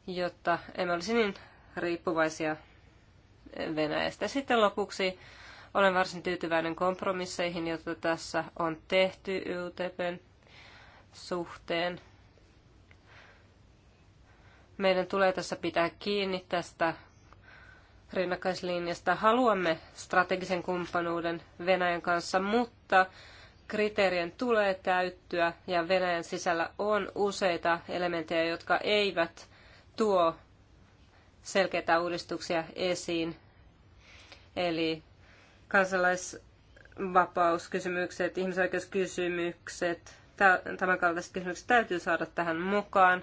jotta emme olisi niin riippuvaisia Venäjästä. Sitten lopuksi olen varsin tyytyväinen kompromisseihin, joita tässä on tehty YTPn suhteen. Meidän tulee tässä pitää kiinni tästä rinnakkaislinjasta. Haluamme strategisen kumppanuuden Venäjän kanssa, mutta kriteerien tulee täyttyä ja Venäjän sisällä on useita elementtejä, jotka eivät tuo selkeitä uudistuksia esiin. Eli kansalaisvapauskysymykset, ihmisoikeuskysymykset, kaltaiset kysymykset täytyy saada tähän mukaan.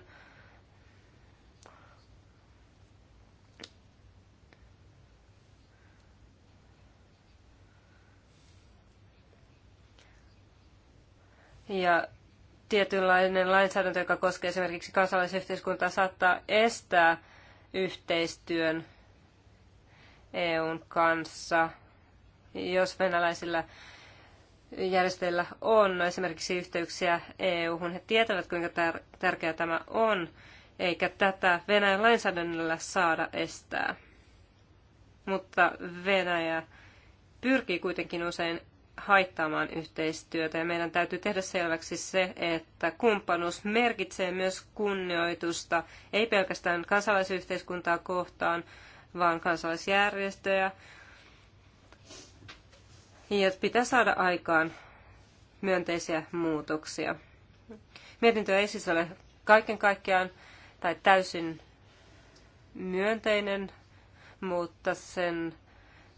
Ja tietynlainen lainsäädäntö, joka koskee esimerkiksi kansalaisyhteiskuntaa, saattaa estää yhteistyön EUn kanssa, jos venäläisillä järjestöillä on esimerkiksi yhteyksiä EU-hun. He tietävät, kuinka tär- tärkeää tämä on, eikä tätä Venäjän lainsäädännöllä saada estää. Mutta Venäjä pyrkii kuitenkin usein haittaamaan yhteistyötä ja meidän täytyy tehdä selväksi se, että kumppanuus merkitsee myös kunnioitusta, ei pelkästään kansalaisyhteiskuntaa kohtaan, vaan kansalaisjärjestöjä. Ja pitää saada aikaan myönteisiä muutoksia. Mietintö ei siis ole kaiken kaikkiaan tai täysin myönteinen, mutta sen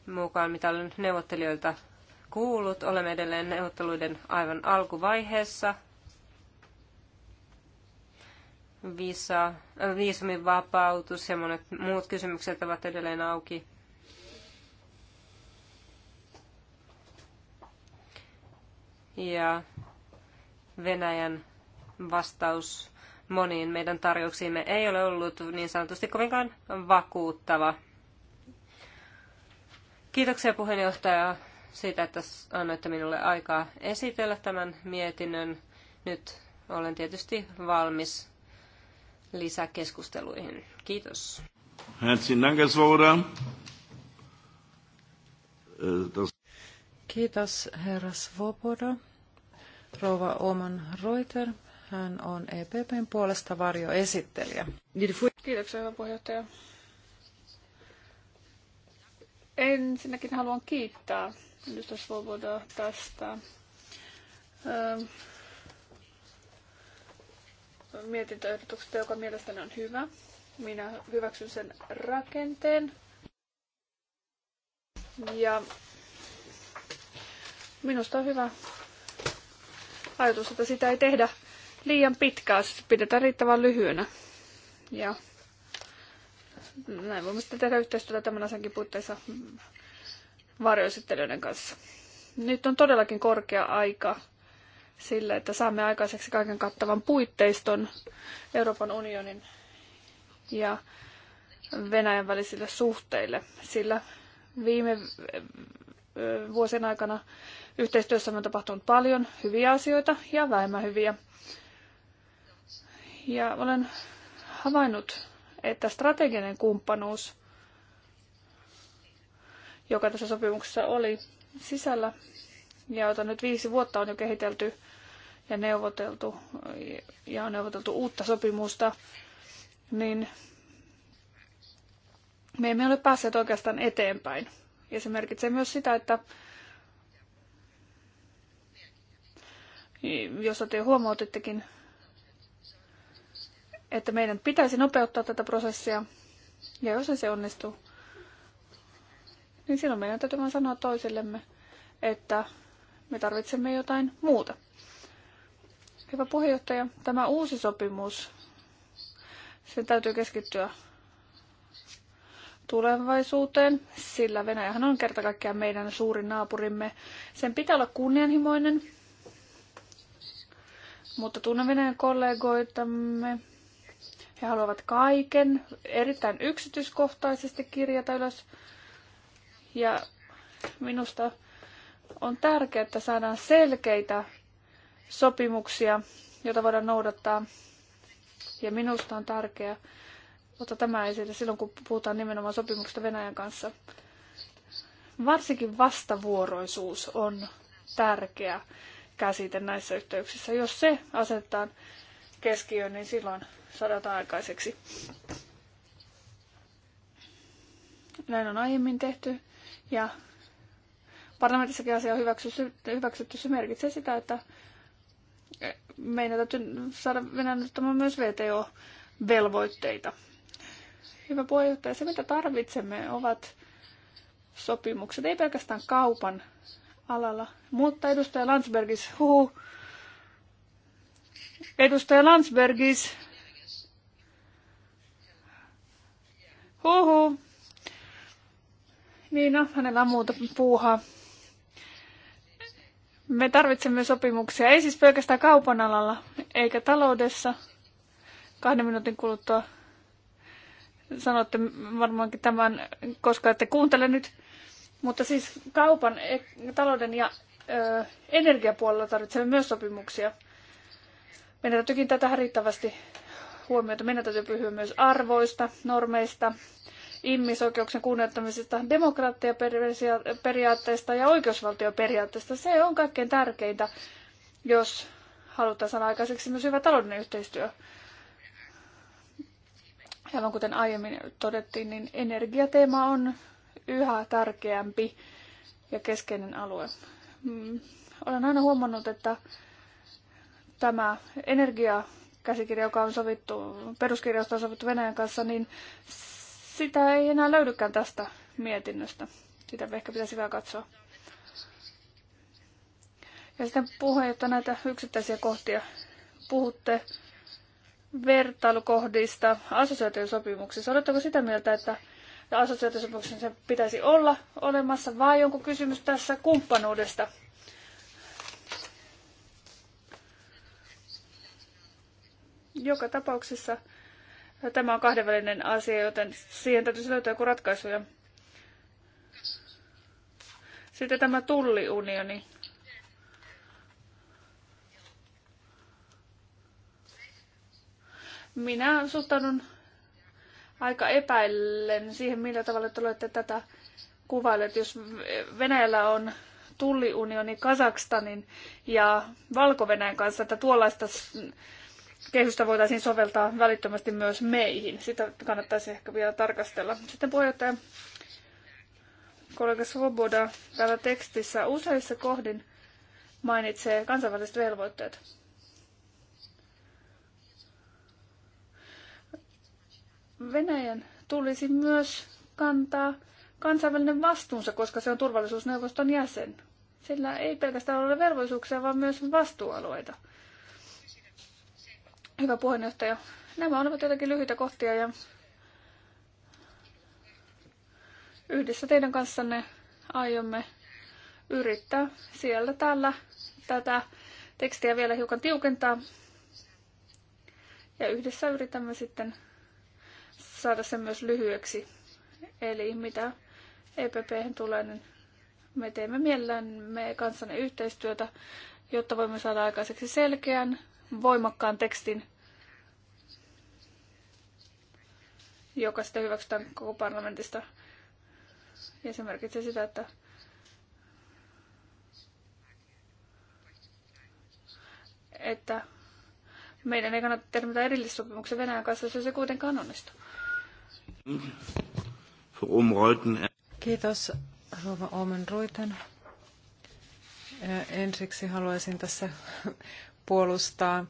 mukaan, mitä olen neuvottelijoilta kuullut. Olemme edelleen neuvotteluiden aivan alkuvaiheessa. Visa, äh, viisumin vapautus ja monet muut kysymykset ovat edelleen auki. Ja Venäjän vastaus moniin meidän tarjouksiimme ei ole ollut niin sanotusti kovinkaan vakuuttava. Kiitoksia puheenjohtaja siitä, että annoitte minulle aikaa esitellä tämän mietinnön. Nyt olen tietysti valmis lisäkeskusteluihin. Kiitos. Äh, Kiitos herra Svoboda. Rova Oman Reuter, hän on EPPn puolesta varjoesittelijä. Kiitoksia hyvä puheenjohtaja. Ensinnäkin haluan kiittää on Svoboda tästä ähm, mietintöehdotuksesta, joka mielestäni on hyvä. Minä hyväksyn sen rakenteen. Ja minusta on hyvä ajatus, että sitä ei tehdä liian pitkää, se siis pidetään riittävän lyhyenä. Ja näin voimme sitten tehdä yhteistyötä tämän asiankin puitteissa varjoesittelijöiden kanssa. Nyt on todellakin korkea aika sille, että saamme aikaiseksi kaiken kattavan puitteiston Euroopan unionin ja Venäjän välisille suhteille, sillä viime vuosien aikana yhteistyössä on tapahtunut paljon hyviä asioita ja vähemmän hyviä. Ja olen havainnut, että strateginen kumppanuus joka tässä sopimuksessa oli sisällä. Ja jota nyt viisi vuotta on jo kehitelty ja neuvoteltu ja on neuvoteltu uutta sopimusta, niin me emme ole päässeet oikeastaan eteenpäin. Ja se merkitsee myös sitä, että jos te huomautittekin, että meidän pitäisi nopeuttaa tätä prosessia, ja jos ei se onnistuu niin silloin meidän täytyy vain sanoa toisillemme, että me tarvitsemme jotain muuta. Hyvä puheenjohtaja, tämä uusi sopimus, sen täytyy keskittyä tulevaisuuteen, sillä Venäjähän on kerta kaikkiaan meidän suurin naapurimme. Sen pitää olla kunnianhimoinen, mutta tunnen Venäjän kollegoitamme. He haluavat kaiken erittäin yksityiskohtaisesti kirjata ylös. Ja minusta on tärkeää, että saadaan selkeitä sopimuksia, joita voidaan noudattaa. Ja minusta on tärkeää ottaa tämä esille silloin, kun puhutaan nimenomaan sopimuksesta Venäjän kanssa. Varsinkin vastavuoroisuus on tärkeä käsite näissä yhteyksissä. Jos se asetetaan keskiöön, niin silloin saadaan aikaiseksi. Näin on aiemmin tehty ja parlamentissakin asia on hyväksytty. Se merkitsee sitä, että meidän täytyy saada Venäjän myös VTO-velvoitteita. Hyvä puheenjohtaja, se mitä tarvitsemme ovat sopimukset, ei pelkästään kaupan alalla, mutta edustaja Landsbergis, huu, edustaja Landsbergis, huhu, niin, no, hänellä on muuta puuhaa. Me tarvitsemme sopimuksia, ei siis pelkästään kaupan alalla, eikä taloudessa. Kahden minuutin kuluttua sanotte varmaankin tämän, koska ette kuuntele nyt. Mutta siis kaupan, e, talouden ja ö, energiapuolella tarvitsemme myös sopimuksia. Meidän täytyykin tätä riittävästi huomiota. Meidän täytyy pyhyä myös arvoista, normeista, ihmisoikeuksien kunnioittamisesta, demokratiaperiaatteesta ja oikeusvaltioperiaatteesta. Se on kaikkein tärkeintä, jos halutaan saada aikaiseksi myös hyvä taloudellinen yhteistyö. Aivan kuten aiemmin todettiin, niin energiateema on yhä tärkeämpi ja keskeinen alue. Mm, olen aina huomannut, että tämä energia käsikirja, joka on sovittu, peruskirjasta on sovittu Venäjän kanssa, niin sitä ei enää löydykään tästä mietinnöstä. Sitä ehkä pitäisi vielä katsoa. Ja sitten jotta näitä yksittäisiä kohtia. Puhutte vertailukohdista assosiaatiosopimuksissa. Oletteko sitä mieltä, että assosiaatiosopimuksen se pitäisi olla olemassa vai onko kysymys tässä kumppanuudesta? Joka tapauksessa Tämä on kahdenvälinen asia, joten siihen täytyisi löytää joku ratkaisuja. Sitten tämä tulliunioni. Minä suhtaudun aika epäillen siihen, millä tavalla te olette tätä kuvailleet. Jos Venäjällä on tulliunioni Kazakstanin ja valko kanssa, että tuollaista kehystä voitaisiin soveltaa välittömästi myös meihin. Sitä kannattaisi ehkä vielä tarkastella. Sitten puheenjohtaja kollega Svoboda täällä tekstissä useissa kohdin mainitsee kansainväliset velvoitteet. Venäjän tulisi myös kantaa kansainvälinen vastuunsa, koska se on turvallisuusneuvoston jäsen. Sillä ei pelkästään ole velvollisuuksia, vaan myös vastuualueita. Hyvä puheenjohtaja. Nämä olivat jotakin lyhyitä kohtia ja yhdessä teidän kanssanne aiomme yrittää siellä täällä tätä tekstiä vielä hiukan tiukentaa. Ja yhdessä yritämme sitten saada sen myös lyhyeksi. Eli mitä EPP tulee, niin me teemme me kanssanne yhteistyötä, jotta voimme saada aikaiseksi selkeän, voimakkaan tekstin, joka sitä hyväksytään koko parlamentista. Ja se merkitsee sitä, että että meidän ei kannata tehdä mitään erillissopimuksia Venäjän kanssa, jos se kuitenkaan onnistu. Kiitos Rova Omen Ruiten. Ensiksi haluaisin tässä puolustaa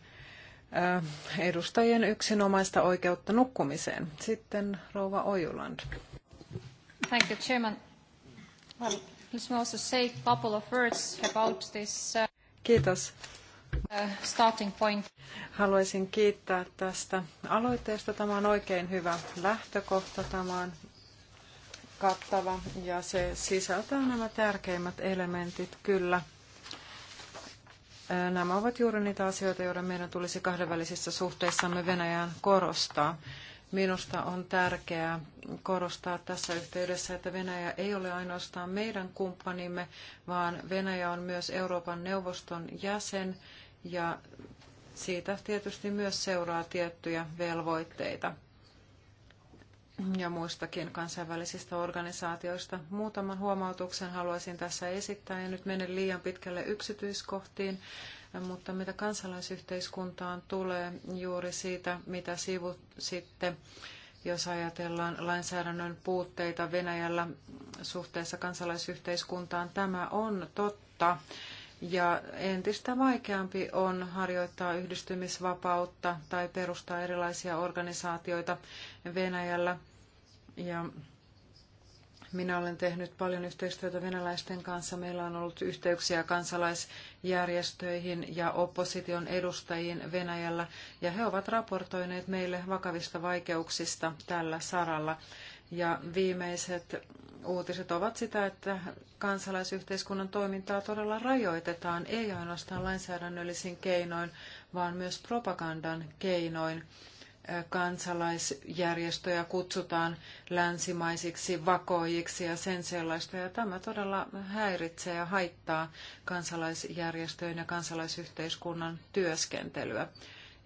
Äh, edustajien yksinomaista oikeutta nukkumiseen. Sitten rouva Ojuland. Thank you, Chairman. Well, let me also say a couple of words about this uh, Kiitos. Uh, starting point. Haluaisin kiittää tästä aloitteesta. Tämä on oikein hyvä lähtökohta. Tämä on kattava ja se sisältää nämä tärkeimmät elementit kyllä. Nämä ovat juuri niitä asioita, joita meidän tulisi kahdenvälisissä suhteissamme Venäjään korostaa. Minusta on tärkeää korostaa tässä yhteydessä, että Venäjä ei ole ainoastaan meidän kumppanimme, vaan Venäjä on myös Euroopan neuvoston jäsen ja siitä tietysti myös seuraa tiettyjä velvoitteita ja muistakin kansainvälisistä organisaatioista. Muutaman huomautuksen haluaisin tässä esittää, ja nyt menen liian pitkälle yksityiskohtiin, mutta mitä kansalaisyhteiskuntaan tulee juuri siitä, mitä sitten jos ajatellaan lainsäädännön puutteita Venäjällä suhteessa kansalaisyhteiskuntaan, tämä on totta. Ja entistä vaikeampi on harjoittaa yhdistymisvapautta tai perustaa erilaisia organisaatioita Venäjällä. Ja minä olen tehnyt paljon yhteistyötä venäläisten kanssa. Meillä on ollut yhteyksiä kansalaisjärjestöihin ja opposition edustajiin Venäjällä, ja he ovat raportoineet meille vakavista vaikeuksista tällä saralla. Ja viimeiset uutiset ovat sitä, että kansalaisyhteiskunnan toimintaa todella rajoitetaan, ei ainoastaan lainsäädännöllisin keinoin, vaan myös propagandan keinoin. Kansalaisjärjestöjä kutsutaan länsimaisiksi vakoijiksi ja sen sellaista, ja tämä todella häiritsee ja haittaa kansalaisjärjestöjen ja kansalaisyhteiskunnan työskentelyä.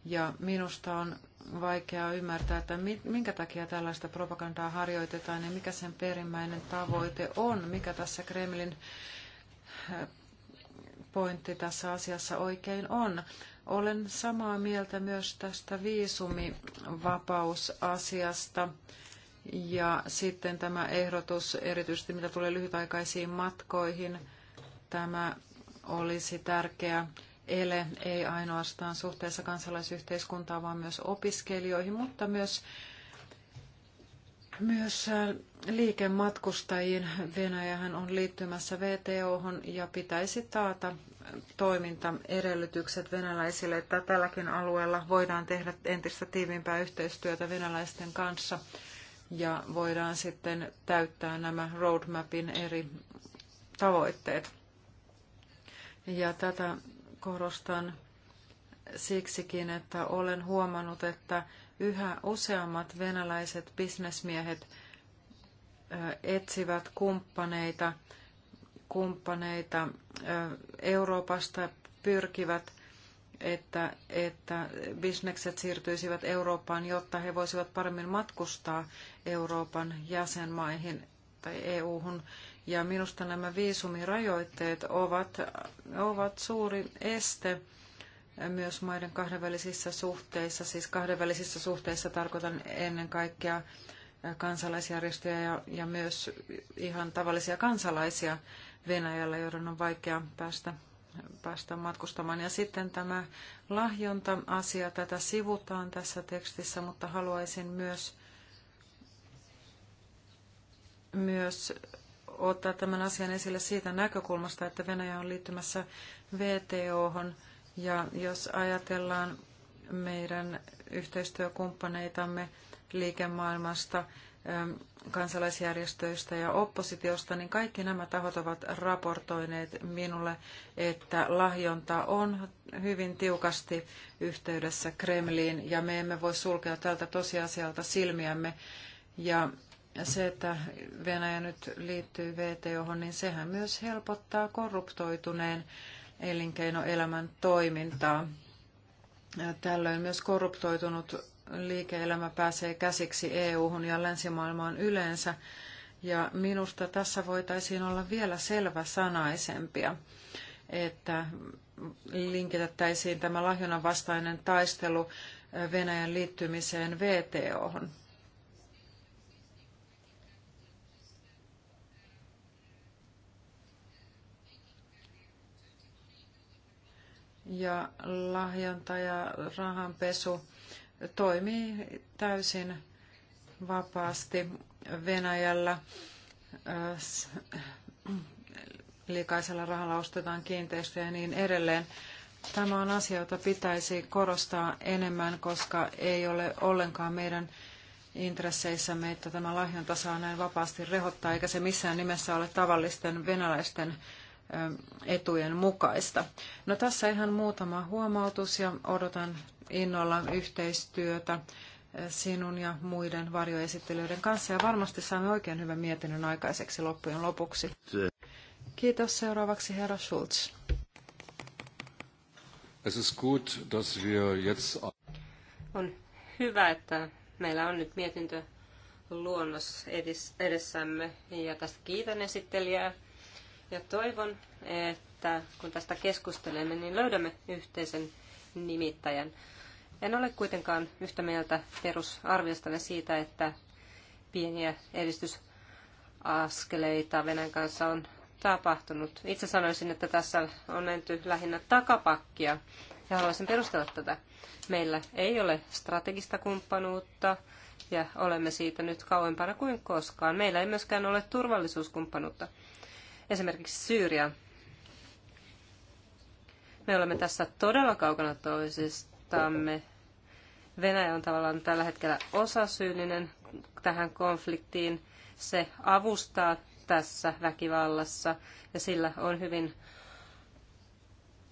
Ja minusta on vaikeaa ymmärtää, että minkä takia tällaista propagandaa harjoitetaan ja mikä sen perimmäinen tavoite on, mikä tässä Kremlin äh, pointti tässä asiassa oikein on. Olen samaa mieltä myös tästä viisumivapausasiasta. Ja sitten tämä ehdotus, erityisesti mitä tulee lyhytaikaisiin matkoihin, tämä olisi tärkeä ele ei ainoastaan suhteessa kansalaisyhteiskuntaan, vaan myös opiskelijoihin, mutta myös, myös äh, liikematkustajiin. Venäjähän on liittymässä VTO ja pitäisi taata äh, toimintaedellytykset venäläisille, että tälläkin alueella voidaan tehdä entistä tiiviimpää yhteistyötä venäläisten kanssa ja voidaan sitten täyttää nämä roadmapin eri tavoitteet. Ja tätä korostan siksikin, että olen huomannut, että yhä useammat venäläiset bisnesmiehet etsivät kumppaneita, kumppaneita Euroopasta, pyrkivät, että, että bisnekset siirtyisivät Eurooppaan, jotta he voisivat paremmin matkustaa Euroopan jäsenmaihin tai EU-hun. Ja minusta nämä viisumirajoitteet ovat, ovat suuri este myös maiden kahdenvälisissä suhteissa. Siis kahdenvälisissä suhteissa tarkoitan ennen kaikkea kansalaisjärjestöjä ja, ja myös ihan tavallisia kansalaisia Venäjällä, joiden on vaikea päästä, päästä matkustamaan. Ja sitten tämä lahjonta-asia, tätä sivutaan tässä tekstissä, mutta haluaisin myös, myös ottaa tämän asian esille siitä näkökulmasta, että Venäjä on liittymässä VTOhon. Ja jos ajatellaan meidän yhteistyökumppaneitamme liikemaailmasta, kansalaisjärjestöistä ja oppositiosta, niin kaikki nämä tahot ovat raportoineet minulle, että lahjonta on hyvin tiukasti yhteydessä Kremliin ja me emme voi sulkea tältä tosiasialta silmiämme. Ja se, että Venäjä nyt liittyy VTO, niin sehän myös helpottaa korruptoituneen elinkeinoelämän toimintaa. Tällöin myös korruptoitunut liike-elämä pääsee käsiksi EU-hun ja länsimaailmaan yleensä, ja minusta tässä voitaisiin olla vielä selväsanaisempia, että linkitettäisiin tämä lahjonnan vastainen taistelu Venäjän liittymiseen VTOhon. ja lahjonta ja rahanpesu toimii täysin vapaasti Venäjällä. Äh, likaisella rahalla ostetaan kiinteistöjä ja niin edelleen. Tämä on asia, jota pitäisi korostaa enemmän, koska ei ole ollenkaan meidän intresseissämme, että tämä lahjonta saa näin vapaasti rehottaa, eikä se missään nimessä ole tavallisten venäläisten etujen mukaista. No tässä ihan muutama huomautus ja odotan innolla yhteistyötä sinun ja muiden varjoesittelyiden kanssa ja varmasti saamme oikein hyvän mietinnön aikaiseksi loppujen lopuksi. Kiitos seuraavaksi herra Schulz. On hyvä, että meillä on nyt mietintö luonnos edessämme ja tästä kiitän esittelijää ja toivon, että kun tästä keskustelemme, niin löydämme yhteisen nimittäjän. En ole kuitenkaan yhtä mieltä perusarviostanne siitä, että pieniä edistysaskeleita Venäjän kanssa on tapahtunut. Itse sanoisin, että tässä on menty lähinnä takapakkia ja haluaisin perustella tätä. Meillä ei ole strategista kumppanuutta ja olemme siitä nyt kauempana kuin koskaan. Meillä ei myöskään ole turvallisuuskumppanuutta esimerkiksi Syyria. Me olemme tässä todella kaukana toisistamme. Venäjä on tavallaan tällä hetkellä osasyyllinen tähän konfliktiin. Se avustaa tässä väkivallassa ja sillä on hyvin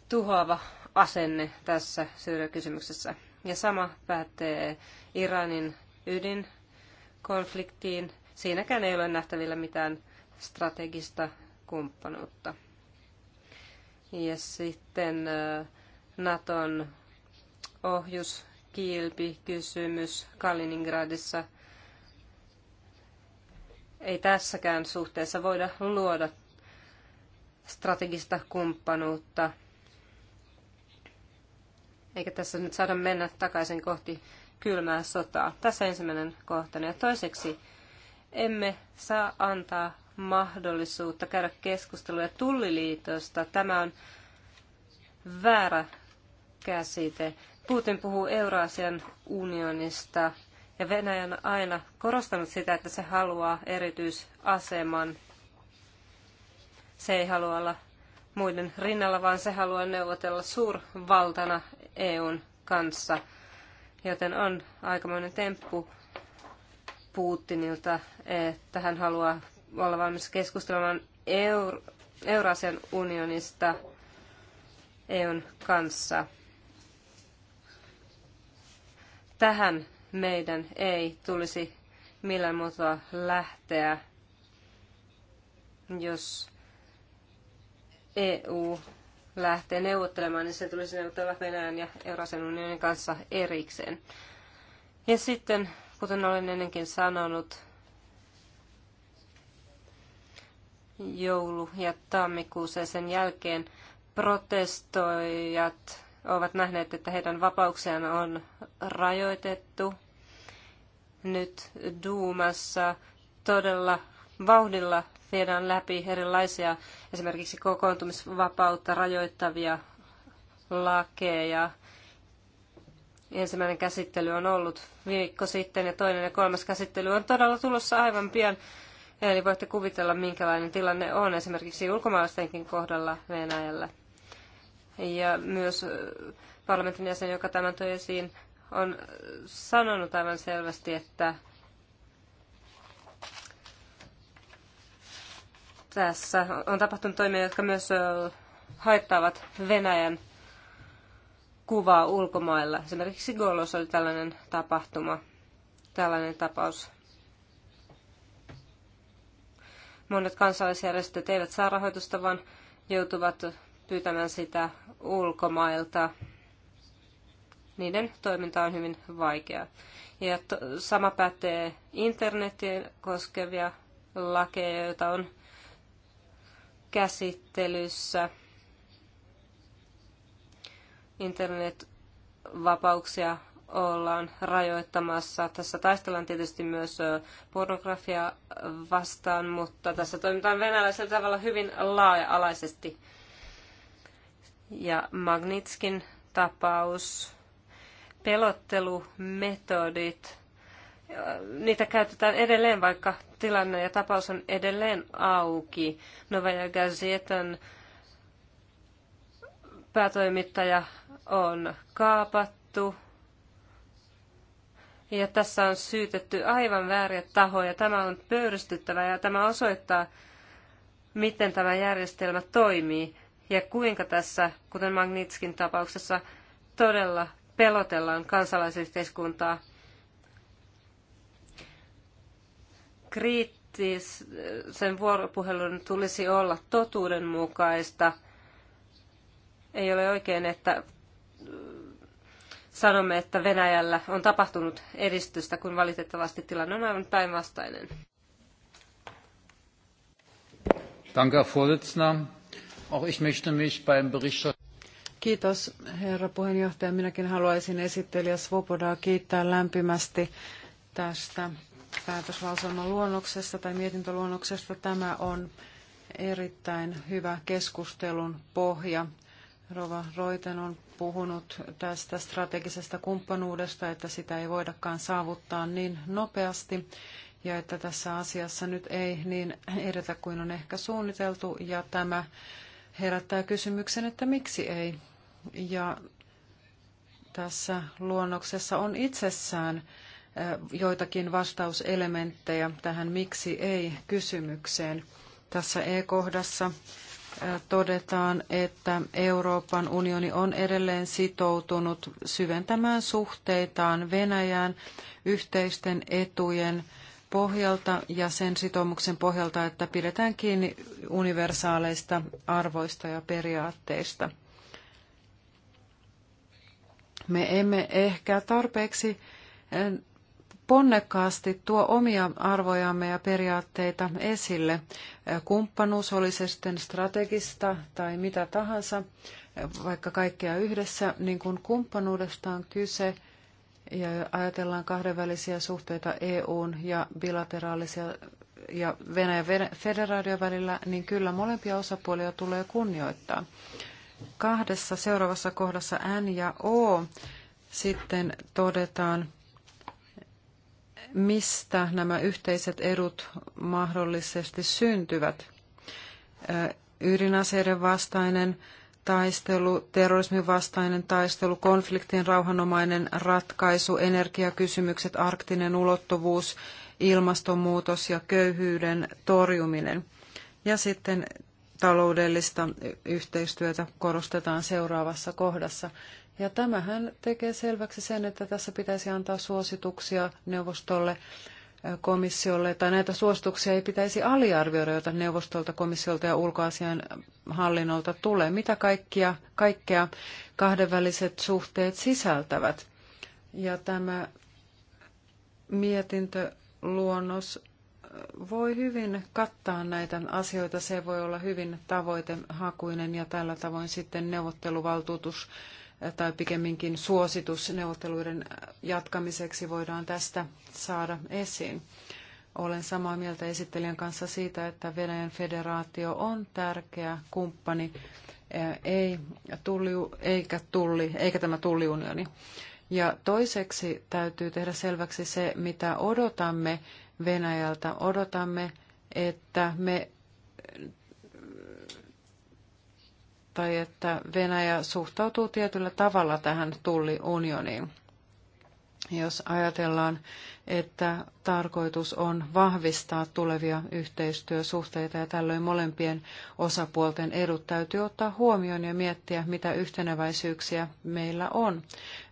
tuhoava asenne tässä Syyriakysymyksessä. Ja sama pätee Iranin ydinkonfliktiin. Siinäkään ei ole nähtävillä mitään strategista kumppanuutta. Ja sitten Naton ohjuskilpi kysymys Kaliningradissa. Ei tässäkään suhteessa voida luoda strategista kumppanuutta. Eikä tässä nyt saada mennä takaisin kohti kylmää sotaa. Tässä ensimmäinen kohta. Ja toiseksi emme saa antaa mahdollisuutta käydä keskusteluja tulliliitosta. Tämä on väärä käsite. Putin puhuu Euroasian unionista ja Venäjä on aina korostanut sitä, että se haluaa erityisaseman. Se ei halua olla muiden rinnalla, vaan se haluaa neuvotella suurvaltana EUn kanssa. Joten on aikamoinen temppu Putinilta, että hän haluaa olla valmis keskustelemaan Euro- Euroasian unionista EUn kanssa. Tähän meidän ei tulisi millään muotoa lähteä, jos EU lähtee neuvottelemaan, niin se tulisi neuvotella Venäjän ja Euroopan unionin kanssa erikseen. Ja sitten, kuten olen ennenkin sanonut, joulu- ja tammikuussa ja sen jälkeen protestoijat ovat nähneet, että heidän vapauksiaan on rajoitettu. Nyt Duumassa todella vauhdilla viedään läpi erilaisia esimerkiksi kokoontumisvapautta rajoittavia lakeja. Ensimmäinen käsittely on ollut viikko sitten ja toinen ja kolmas käsittely on todella tulossa aivan pian. Eli voitte kuvitella, minkälainen tilanne on esimerkiksi ulkomaalaistenkin kohdalla Venäjällä. Ja myös parlamentin jäsen, joka tämän toi esiin, on sanonut aivan selvästi, että tässä on tapahtunut toimia, jotka myös haittaavat Venäjän kuvaa ulkomailla. Esimerkiksi Golos oli tällainen tapahtuma, tällainen tapaus. Monet kansalaisjärjestöt eivät saa rahoitusta, vaan joutuvat pyytämään sitä ulkomailta. Niiden toiminta on hyvin vaikeaa. Ja to, sama pätee internetin koskevia lakeja, joita on käsittelyssä. Internetvapauksia ollaan rajoittamassa. Tässä taistellaan tietysti myös pornografia vastaan, mutta tässä toimitaan venäläisellä tavalla hyvin laaja-alaisesti. Ja Magnitskin tapaus, pelottelumetodit, niitä käytetään edelleen, vaikka tilanne ja tapaus on edelleen auki. Novaya Gazetan päätoimittaja on kaapattu ja tässä on syytetty aivan vääriä tahoja. Tämä on pöyristyttävä ja tämä osoittaa, miten tämä järjestelmä toimii ja kuinka tässä, kuten Magnitskin tapauksessa, todella pelotellaan kansalaisyhteiskuntaa. Kriittisen vuoropuhelun tulisi olla totuudenmukaista. Ei ole oikein, että sanomme, että Venäjällä on tapahtunut edistystä, kun valitettavasti tilanne on aivan päinvastainen. Danke, Vorsitzender. Auch ich möchte mich beim Kiitos, herra puheenjohtaja. Minäkin haluaisin esittelijä Svobodaa kiittää lämpimästi tästä päätöslauselman luonnoksesta tai mietintöluonnoksesta. Tämä on erittäin hyvä keskustelun pohja. Rova Roiten on puhunut tästä strategisesta kumppanuudesta, että sitä ei voidakaan saavuttaa niin nopeasti ja että tässä asiassa nyt ei niin edetä kuin on ehkä suunniteltu ja tämä herättää kysymyksen, että miksi ei. Ja tässä luonnoksessa on itsessään eh, joitakin vastauselementtejä tähän miksi ei kysymykseen. Tässä e-kohdassa todetaan, että Euroopan unioni on edelleen sitoutunut syventämään suhteitaan Venäjään yhteisten etujen pohjalta ja sen sitoumuksen pohjalta, että pidetään kiinni universaaleista arvoista ja periaatteista. Me emme ehkä tarpeeksi ponnekkaasti tuo omia arvojamme ja periaatteita esille. Kumppanuus oli se sitten strategista tai mitä tahansa, vaikka kaikkea yhdessä, niin kun kumppanuudesta on kyse ja ajatellaan kahdenvälisiä suhteita EUn ja bilateraalisia ja Venäjän federaation välillä, niin kyllä molempia osapuolia tulee kunnioittaa. Kahdessa seuraavassa kohdassa N ja O sitten todetaan, mistä nämä yhteiset edut mahdollisesti syntyvät. Ydinaseiden vastainen taistelu, terrorismin vastainen taistelu, konfliktin rauhanomainen ratkaisu, energiakysymykset, arktinen ulottuvuus, ilmastonmuutos ja köyhyyden torjuminen. Ja sitten taloudellista yhteistyötä korostetaan seuraavassa kohdassa. Ja tämähän tekee selväksi sen, että tässä pitäisi antaa suosituksia neuvostolle, komissiolle, tai näitä suosituksia ei pitäisi aliarvioida, joita neuvostolta, komissiolta ja ulkoasian hallinnolta tulee. Mitä kaikkia, kaikkea kahdenväliset suhteet sisältävät? Ja tämä mietintöluonnos voi hyvin kattaa näitä asioita. Se voi olla hyvin tavoitehakuinen ja tällä tavoin sitten neuvotteluvaltuutus tai pikemminkin suositus neuvotteluiden jatkamiseksi voidaan tästä saada esiin. Olen samaa mieltä esittelijän kanssa siitä, että Venäjän federaatio on tärkeä kumppani, ei tulli, eikä, tulli, eikä tämä tulliunioni. Ja toiseksi täytyy tehdä selväksi se, mitä odotamme Venäjältä. Odotamme, että me tai että Venäjä suhtautuu tietyllä tavalla tähän tulliunioniin. Jos ajatellaan että tarkoitus on vahvistaa tulevia yhteistyösuhteita ja tällöin molempien osapuolten edut täytyy ottaa huomioon ja miettiä, mitä yhteneväisyyksiä meillä on.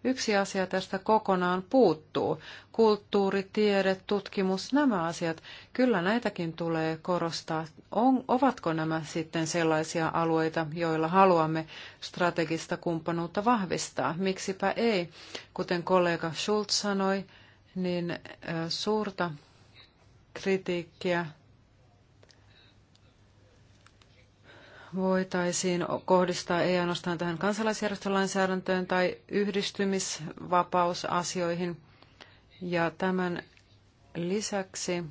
Yksi asia tästä kokonaan puuttuu. Kulttuuri, tiede, tutkimus, nämä asiat, kyllä näitäkin tulee korostaa. On, ovatko nämä sitten sellaisia alueita, joilla haluamme strategista kumppanuutta vahvistaa? Miksipä ei? Kuten kollega Schulz sanoi, niin suurta kritiikkiä voitaisiin kohdistaa ei ainoastaan tähän kansalaisjärjestölainsäädäntöön tai yhdistymisvapausasioihin. Ja tämän lisäksi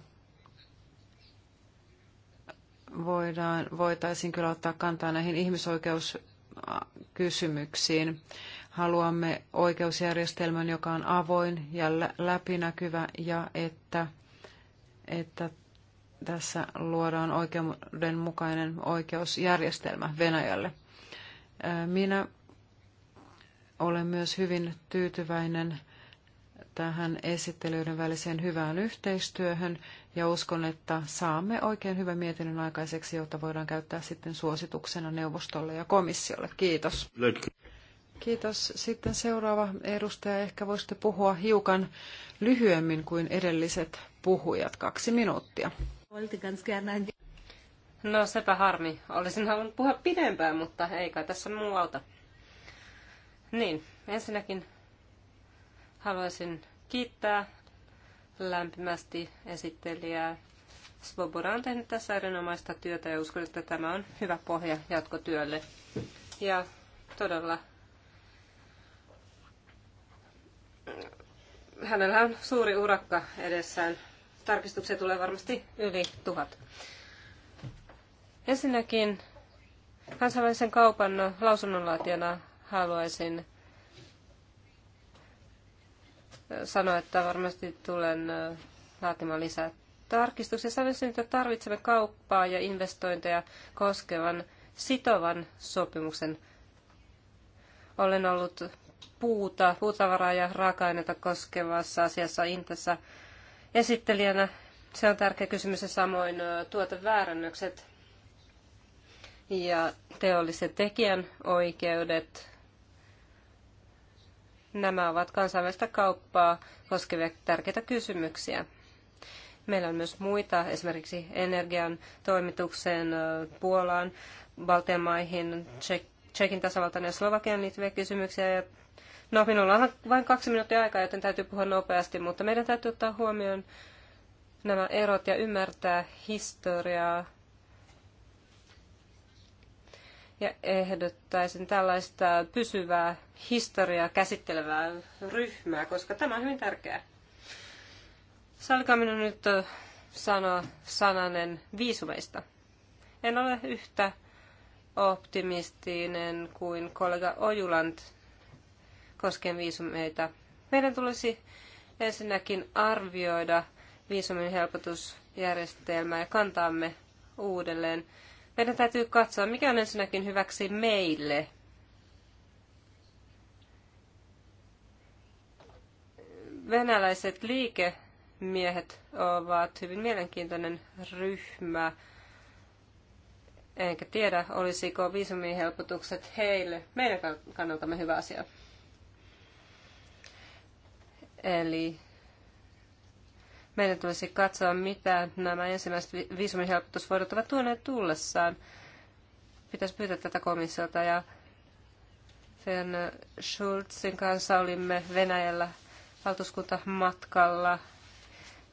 voidaan, voitaisiin kyllä ottaa kantaa näihin ihmisoikeuskysymyksiin. Haluamme oikeusjärjestelmän, joka on avoin ja läpinäkyvä ja että, että tässä luodaan oikeudenmukainen oikeusjärjestelmä Venäjälle. Minä olen myös hyvin tyytyväinen tähän esittelyiden väliseen hyvään yhteistyöhön ja uskon, että saamme oikein hyvän mietinnön aikaiseksi, jota voidaan käyttää sitten suosituksena neuvostolle ja komissiolle. Kiitos. Kiitos. Sitten seuraava edustaja. Ehkä voisitte puhua hiukan lyhyemmin kuin edelliset puhujat. Kaksi minuuttia. No sepä harmi. Olisin halunnut puhua pidempään, mutta ei kai tässä muu auta. Niin, ensinnäkin haluaisin kiittää lämpimästi esittelijää. Svoboda on tehnyt tässä erinomaista työtä ja uskon, että tämä on hyvä pohja jatkotyölle. Ja todella hänellä on suuri urakka edessään. Tarkistuksia tulee varmasti yli tuhat. Ensinnäkin kansainvälisen kaupan lausunnonlaatijana haluaisin sanoa, että varmasti tulen laatimaan lisää tarkistuksia. Sanoisin, että tarvitsemme kauppaa ja investointeja koskevan sitovan sopimuksen. Olen ollut puuta, puutavaraa ja raaka-aineita koskevassa asiassa intessa. esittelijänä. Se on tärkeä kysymys ja samoin tuoteväärännökset ja teolliset tekijän oikeudet. Nämä ovat kansainvälistä kauppaa koskevia tärkeitä kysymyksiä. Meillä on myös muita, esimerkiksi energian toimitukseen Puolaan, Baltian maihin, Tsekin tasavaltaan ja Slovakian liittyviä kysymyksiä ja No, minulla on vain kaksi minuuttia aikaa, joten täytyy puhua nopeasti, mutta meidän täytyy ottaa huomioon nämä erot ja ymmärtää historiaa. Ja ehdottaisin tällaista pysyvää historiaa käsittelevää ryhmää, koska tämä on hyvin tärkeää. Salkaa minun nyt sanoa sananen viisumeista. En ole yhtä optimistinen kuin kollega Ojuland koskien viisumeita. Meidän tulisi ensinnäkin arvioida viisumin helpotusjärjestelmää ja kantaamme uudelleen. Meidän täytyy katsoa, mikä on ensinnäkin hyväksi meille. Venäläiset liikemiehet ovat hyvin mielenkiintoinen ryhmä. Enkä tiedä, olisiko viisumihelpotukset heille meidän kannaltamme hyvä asia. Eli meidän tulisi katsoa, mitä nämä ensimmäiset viisumihelpotusvuodot ovat tuoneet tullessaan. Pitäisi pyytää tätä komissiota ja sen Schulzin kanssa olimme Venäjällä valtuuskuntamatkalla.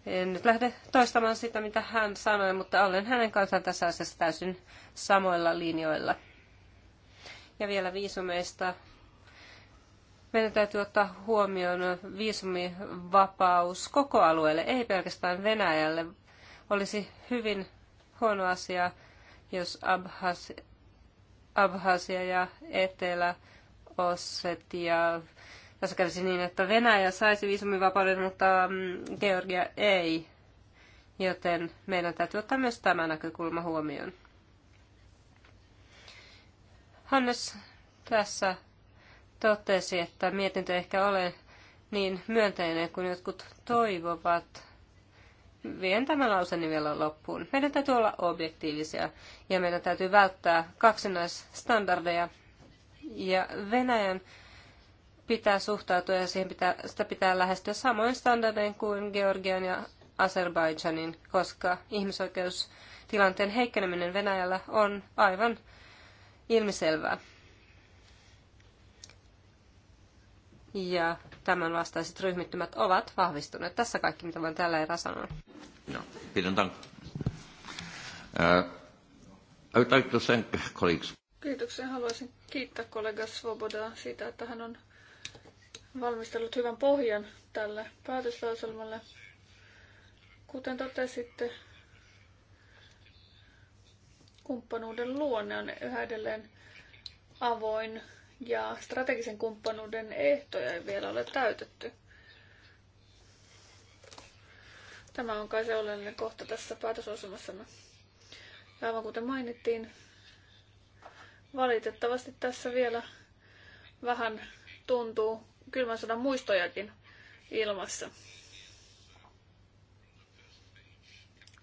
En nyt lähde toistamaan sitä, mitä hän sanoi, mutta olen hänen kanssaan tässä asiassa täysin samoilla linjoilla. Ja vielä viisumeista meidän täytyy ottaa huomioon viisumivapaus koko alueelle, ei pelkästään Venäjälle. Olisi hyvin huono asia, jos Abhasia, Abhasia ja Etelä-Ossetia tässä kävisi niin, että Venäjä saisi viisumivapauden, mutta mm, Georgia ei. Joten meidän täytyy ottaa myös tämä näkökulma huomioon. Hannes, tässä totesi, että mietintö ehkä ole niin myönteinen kuin jotkut toivovat. Vien tämän lauseni vielä loppuun. Meidän täytyy olla objektiivisia ja meidän täytyy välttää kaksinaisstandardeja. Ja Venäjän pitää suhtautua ja siihen pitää, sitä pitää lähestyä samoin standardein kuin Georgian ja Azerbaidžanin, koska ihmisoikeustilanteen heikkeneminen Venäjällä on aivan ilmiselvää. ja tämän vastaiset ryhmittymät ovat vahvistuneet. Tässä kaikki, mitä voin tällä erää sanoa. No, pidän äh, Kiitoksia. Haluaisin kiittää kollega Svobodaa siitä, että hän on valmistellut hyvän pohjan tälle päätöslauselmalle. Kuten totesitte, kumppanuuden luonne on yhä edelleen avoin ja strategisen kumppanuuden ehtoja ei vielä ole täytetty. Tämä on kai se oleellinen kohta tässä päätösosumassamme. Ja aivan kuten mainittiin, valitettavasti tässä vielä vähän tuntuu kylmän sodan muistojakin ilmassa.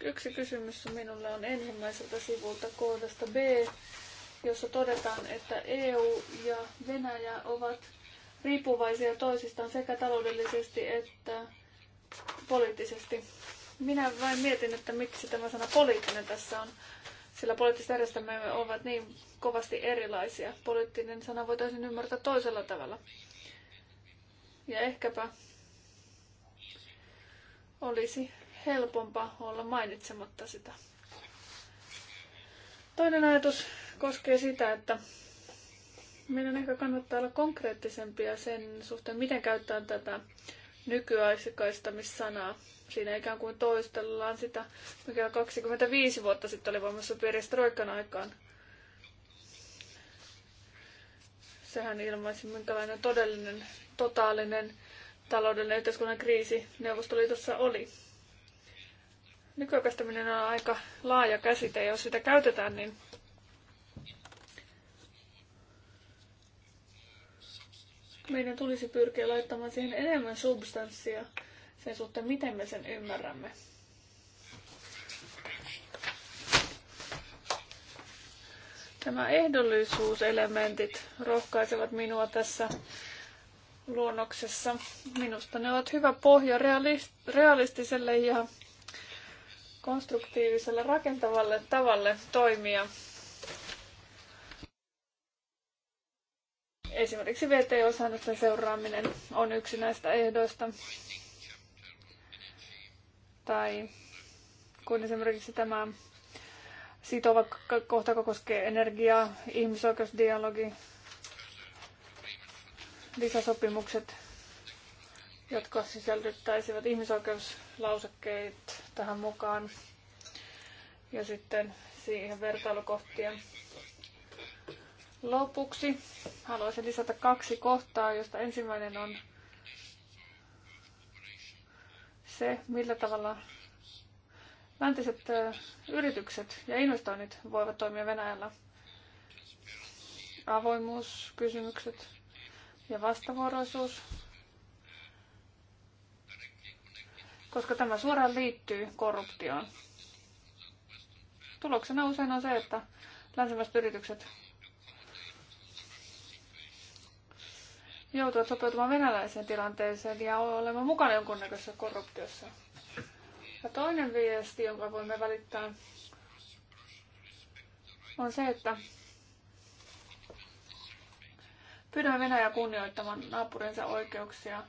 Yksi kysymys minulle on ensimmäiseltä sivulta kohdasta B jossa todetaan, että EU ja Venäjä ovat riippuvaisia toisistaan sekä taloudellisesti että poliittisesti. Minä vain mietin, että miksi tämä sana poliittinen tässä on, sillä poliittiset järjestelmämme ovat niin kovasti erilaisia. Poliittinen sana voitaisiin ymmärtää toisella tavalla. Ja ehkäpä olisi helpompaa olla mainitsematta sitä. Toinen ajatus koskee sitä, että meidän ehkä kannattaa olla konkreettisempia sen suhteen, miten käyttää tätä nykyaikaistamissanaa. Siinä ikään kuin toistellaan sitä, mikä 25 vuotta sitten oli voimassa perestroikan aikaan. Sehän ilmaisi, minkälainen todellinen, totaalinen taloudellinen yhteiskunnan kriisi Neuvostoliitossa oli. Nykyaikaistaminen on aika laaja käsite, ja jos sitä käytetään, niin Meidän tulisi pyrkiä laittamaan siihen enemmän substanssia sen suhteen, miten me sen ymmärrämme. Nämä ehdollisuuselementit rohkaisevat minua tässä luonnoksessa. Minusta ne ovat hyvä pohja realistiselle ja konstruktiiviselle rakentavalle tavalle toimia Esimerkiksi VTO-säännösten seuraaminen on yksi näistä ehdoista. Tai kun esimerkiksi tämä sitova kohta, joka koskee energiaa, ihmisoikeusdialogi, lisäsopimukset, jotka sisällyttäisivät ihmisoikeuslausekkeet tähän mukaan ja sitten siihen vertailukohtien Lopuksi haluaisin lisätä kaksi kohtaa, josta ensimmäinen on se, millä tavalla läntiset yritykset ja investoinnit voivat toimia Venäjällä. Avoimuuskysymykset ja vastavuoroisuus. Koska tämä suoraan liittyy korruptioon. Tuloksena usein on se, että länsimaiset yritykset joutua sopeutumaan venäläiseen tilanteeseen ja olemaan mukana jonkunnäköisessä korruptiossa. Ja toinen viesti, jonka voimme välittää, on se, että pyydämme Venäjä kunnioittamaan naapurinsa oikeuksia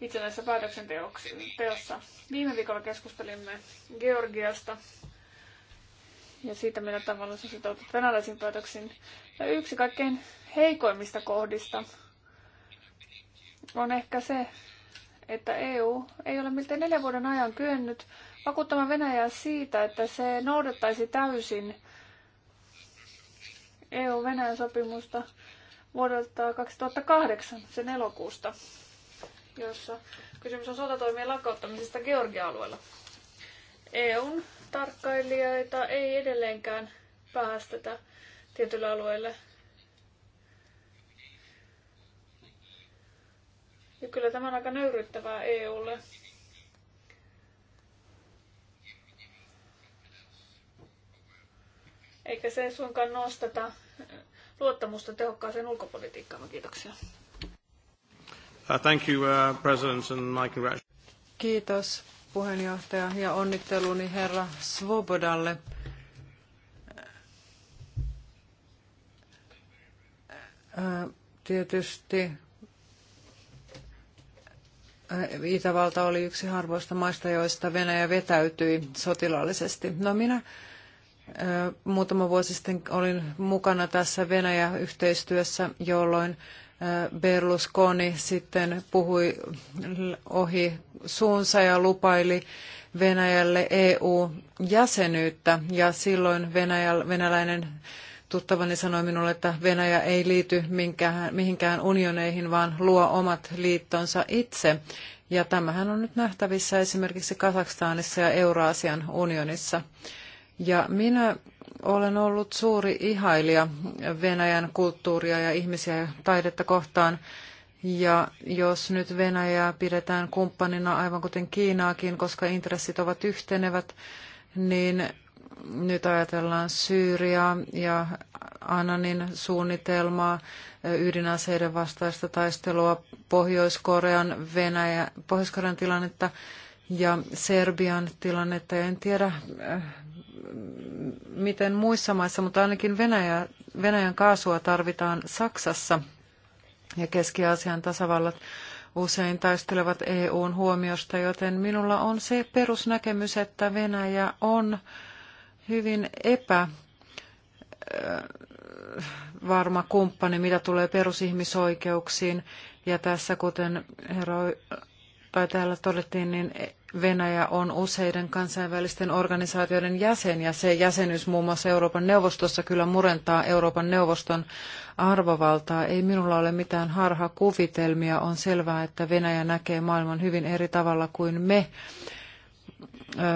itsenäisessä päätöksenteossa. Viime viikolla keskustelimme Georgiasta ja siitä, millä tavalla se sitoutuu venäläisiin päätöksiin. Ja yksi kaikkein heikoimmista kohdista on ehkä se, että EU ei ole miltei neljän vuoden ajan kyennyt vakuuttamaan Venäjää siitä, että se noudattaisi täysin EU-Venäjän sopimusta vuodelta 2008, sen elokuusta, jossa kysymys on sotatoimien lakkauttamisesta Georgia-alueella. EUn tarkkailijoita ei edelleenkään päästetä tietylle alueelle Ja kyllä tämä on aika nöyryttävää EUlle. Eikä se suinkaan nosteta luottamusta tehokkaaseen ulkopolitiikkaan. Kiitoksia. Uh, thank you, uh, President, and my congratulations. Kiitos puheenjohtaja ja onnitteluni herra Svobodalle. Äh, tietysti Itävalta oli yksi harvoista maista, joista Venäjä vetäytyi sotilaallisesti. No minä muutama vuosi sitten olin mukana tässä Venäjä-yhteistyössä, jolloin Berlusconi sitten puhui ohi suunsa ja lupaili Venäjälle EU-jäsenyyttä ja silloin Venäjä, venäläinen tuttavani sanoi minulle, että Venäjä ei liity minkään, mihinkään unioneihin, vaan luo omat liittonsa itse. Ja tämähän on nyt nähtävissä esimerkiksi Kazakstanissa ja Euraasian unionissa. Ja minä olen ollut suuri ihailija Venäjän kulttuuria ja ihmisiä ja taidetta kohtaan. Ja jos nyt Venäjää pidetään kumppanina aivan kuten Kiinaakin, koska intressit ovat yhtenevät, niin nyt ajatellaan Syyriaa ja Ananin suunnitelmaa, ydinaseiden vastaista taistelua, Pohjois-Korean, Venäjä, Pohjois-Korean tilannetta ja Serbian tilannetta. En tiedä, miten muissa maissa, mutta ainakin Venäjä, Venäjän kaasua tarvitaan Saksassa ja Keski-Aasian tasavallat usein taistelevat EUn huomiosta, joten minulla on se perusnäkemys, että Venäjä on hyvin epä äh, varma kumppani, mitä tulee perusihmisoikeuksiin. Ja tässä, kuten herra, tai täällä todettiin, niin Venäjä on useiden kansainvälisten organisaatioiden jäsen, ja se jäsenyys muun muassa Euroopan neuvostossa kyllä murentaa Euroopan neuvoston arvovaltaa. Ei minulla ole mitään harhakuvitelmia. On selvää, että Venäjä näkee maailman hyvin eri tavalla kuin me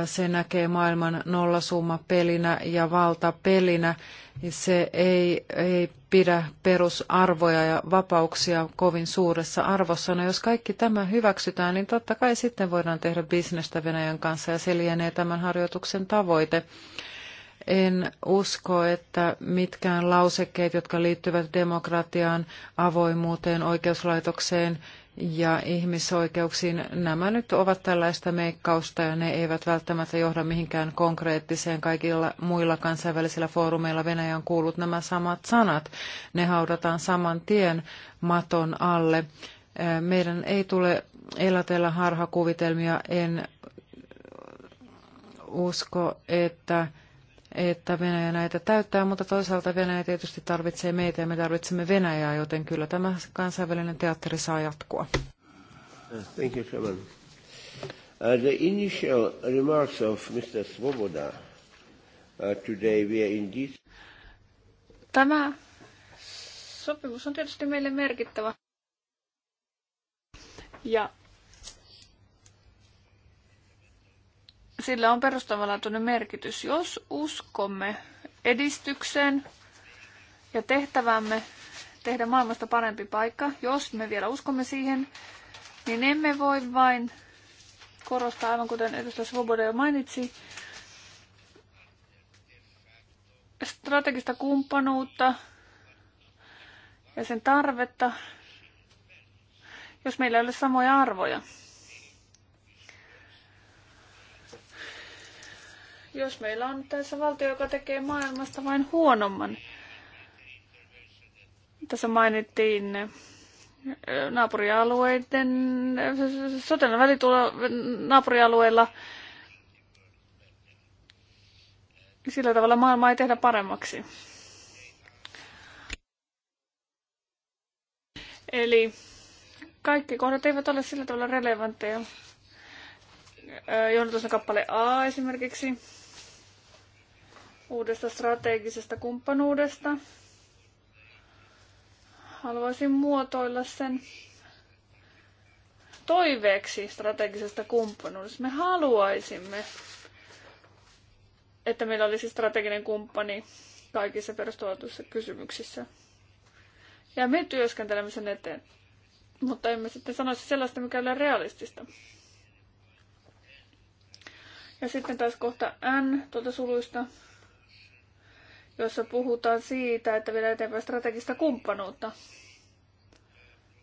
se näkee maailman nollasummapelinä ja valtapelinä, niin se ei, ei pidä perusarvoja ja vapauksia kovin suuressa arvossa. No jos kaikki tämä hyväksytään, niin totta kai sitten voidaan tehdä bisnestä Venäjän kanssa ja se lienee tämän harjoituksen tavoite. En usko, että mitkään lausekkeet, jotka liittyvät demokratiaan, avoimuuteen, oikeuslaitokseen ja ihmisoikeuksiin, nämä nyt ovat tällaista meikkausta ja ne eivät välttämättä johda mihinkään konkreettiseen. Kaikilla muilla kansainvälisillä foorumeilla Venäjä on kuullut nämä samat sanat. Ne haudataan saman tien maton alle. Äh, meidän ei tule elätellä harhakuvitelmia. En usko, että että Venäjä näitä täyttää, mutta toisaalta Venäjä tietysti tarvitsee meitä ja me tarvitsemme Venäjää, joten kyllä tämä kansainvälinen teatteri saa jatkua. Uh, thank you, Chairman. Uh, the initial remarks of Mr. Svoboda uh, today were indeed... Tämä sopimus on tietysti meille merkittävä. Ja sillä on perustavanlaatuinen merkitys. Jos uskomme edistykseen ja tehtävämme tehdä maailmasta parempi paikka, jos me vielä uskomme siihen, niin emme voi vain korostaa, aivan kuten edustaja Svoboda jo mainitsi, strategista kumppanuutta ja sen tarvetta, jos meillä ei ole samoja arvoja. jos meillä on tässä valtio, joka tekee maailmasta vain huonomman. Tässä mainittiin naapurialueiden, sotilaan välitulo naapurialueilla. Sillä tavalla maailmaa ei tehdä paremmaksi. Eli kaikki kohdat eivät ole sillä tavalla relevantteja. Johdatus kappale A esimerkiksi uudesta strategisesta kumppanuudesta. Haluaisin muotoilla sen toiveeksi strategisesta kumppanuudesta. Me haluaisimme, että meillä olisi strateginen kumppani kaikissa perustuvatuissa kysymyksissä. Ja me työskentelemme sen eteen. Mutta emme sitten sanoisi sellaista, mikä ei ole realistista. Ja sitten taas kohta N tuolta suluista jossa puhutaan siitä, että vielä eteenpäin strategista kumppanuutta.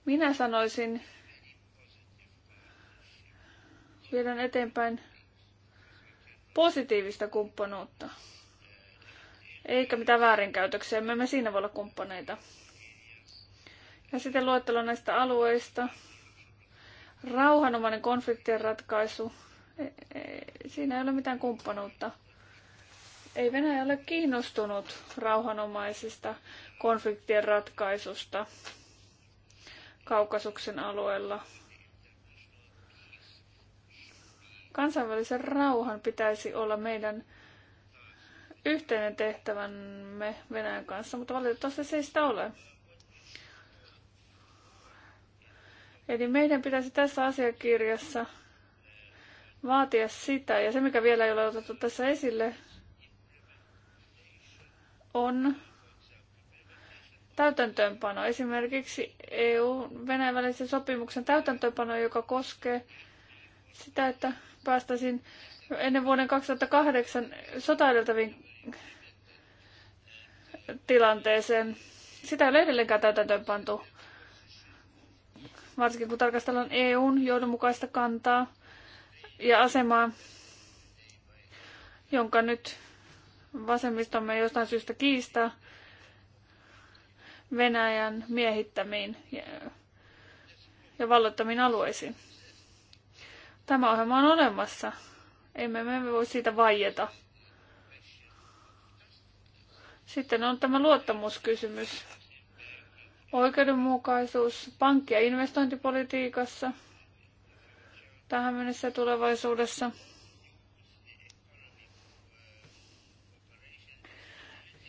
Minä sanoisin, viedään eteenpäin positiivista kumppanuutta. Eikä mitään väärinkäytöksiä, me emme siinä voi olla kumppaneita. Ja sitten luettelo näistä alueista. Rauhanomainen konfliktien ratkaisu. E, e, siinä ei ole mitään kumppanuutta. Ei Venäjä ole kiinnostunut rauhanomaisista konfliktien ratkaisusta Kaukasuksen alueella. Kansainvälisen rauhan pitäisi olla meidän yhteinen tehtävämme Venäjän kanssa, mutta valitettavasti se ei sitä ole. Eli meidän pitäisi tässä asiakirjassa vaatia sitä, ja se mikä vielä ei ole otettu tässä esille, on täytäntöönpano. Esimerkiksi EU-Venäjän välisen sopimuksen täytäntöönpano, joka koskee sitä, että päästäisiin ennen vuoden 2008 sotaedeltäviin tilanteeseen. Sitä ei ole edelleenkään täytäntöönpantu, varsinkin kun tarkastellaan EUn johdonmukaista kantaa ja asemaa, jonka nyt vasemmistomme jostain syystä kiista Venäjän miehittämiin ja valloittamiin alueisiin. Tämä ohjelma on olemassa. Emme me voi siitä vaieta. Sitten on tämä luottamuskysymys. Oikeudenmukaisuus pankki- ja investointipolitiikassa tähän mennessä tulevaisuudessa.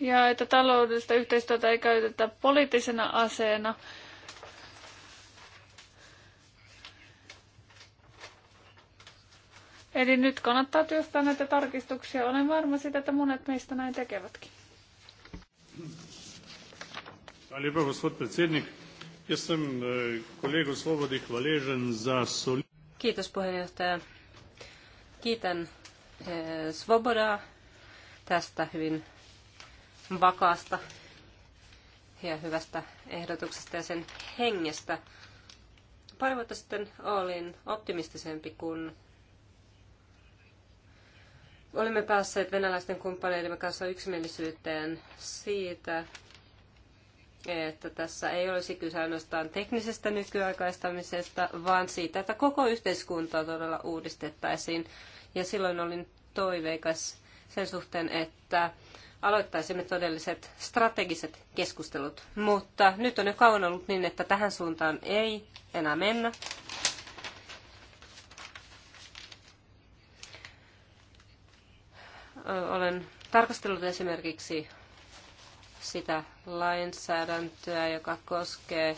ja että taloudellista yhteistyötä ei käytetä poliittisena aseena. Eli nyt kannattaa työstää näitä tarkistuksia. Olen varma siitä, että monet meistä näin tekevätkin. Hvala eh, za soli... Kiitos puheenjohtaja. Kiitän eh, svoboda tästä hyvin vakaasta ja hyvästä ehdotuksesta ja sen hengestä. Pari vuotta sitten olin optimistisempi, kun olimme päässeet venäläisten kumppaneiden kanssa yksimielisyyteen siitä, että tässä ei olisi kyse ainoastaan teknisestä nykyaikaistamisesta, vaan siitä, että koko yhteiskuntaa todella uudistettaisiin. Ja silloin olin toiveikas sen suhteen, että aloittaisimme todelliset strategiset keskustelut. Mutta nyt on jo kauan ollut niin, että tähän suuntaan ei enää mennä. Olen tarkastellut esimerkiksi sitä lainsäädäntöä, joka koskee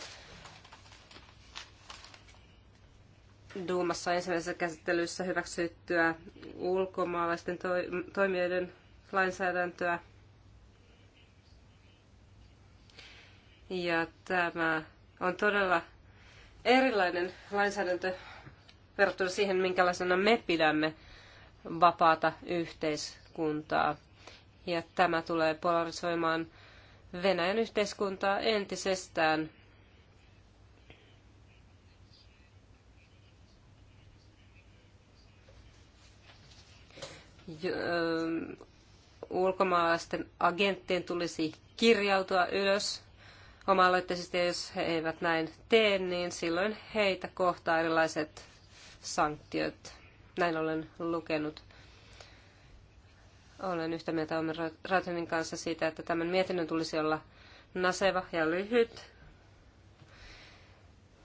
Duumassa ensimmäisessä käsittelyssä hyväksyttyä ulkomaalaisten toimijoiden lainsäädäntöä. Ja tämä on todella erilainen lainsäädäntö verrattuna siihen, minkälaisena me pidämme vapaata yhteiskuntaa. Ja tämä tulee polarisoimaan Venäjän yhteiskuntaa entisestään – Ähm, ulkomaalaisten agenttien tulisi kirjautua ylös oma jos he eivät näin tee, niin silloin heitä kohtaa erilaiset sanktiot. Näin olen lukenut. Olen yhtä mieltä Omen Ratonin kanssa siitä, että tämän mietinnön tulisi olla naseva ja lyhyt.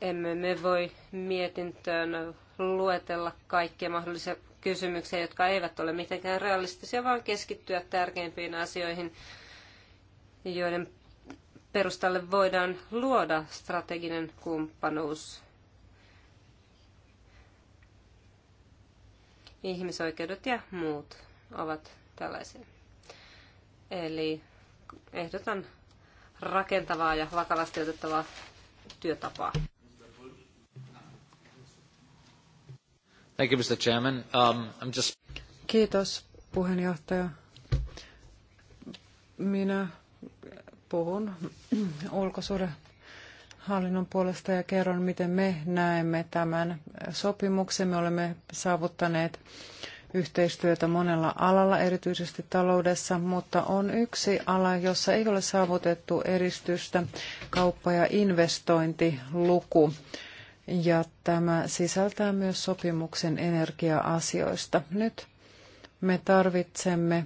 Emme me voi mietintöön luetella kaikkia mahdollisia kysymyksiä, jotka eivät ole mitenkään realistisia, vaan keskittyä tärkeimpiin asioihin, joiden perustalle voidaan luoda strateginen kumppanuus. Ihmisoikeudet ja muut ovat tällaisia. Eli ehdotan rakentavaa ja vakavasti otettavaa työtapaa. Thank you, Mr. Chairman. Um, I'm just... Kiitos, puheenjohtaja. Minä puhun ulkosuhdehallinnon puolesta ja kerron, miten me näemme tämän sopimuksen. Me olemme saavuttaneet yhteistyötä monella alalla, erityisesti taloudessa, mutta on yksi ala, jossa ei ole saavutettu edistystä, kauppa- ja investointiluku ja tämä sisältää myös sopimuksen energia-asioista. Nyt me tarvitsemme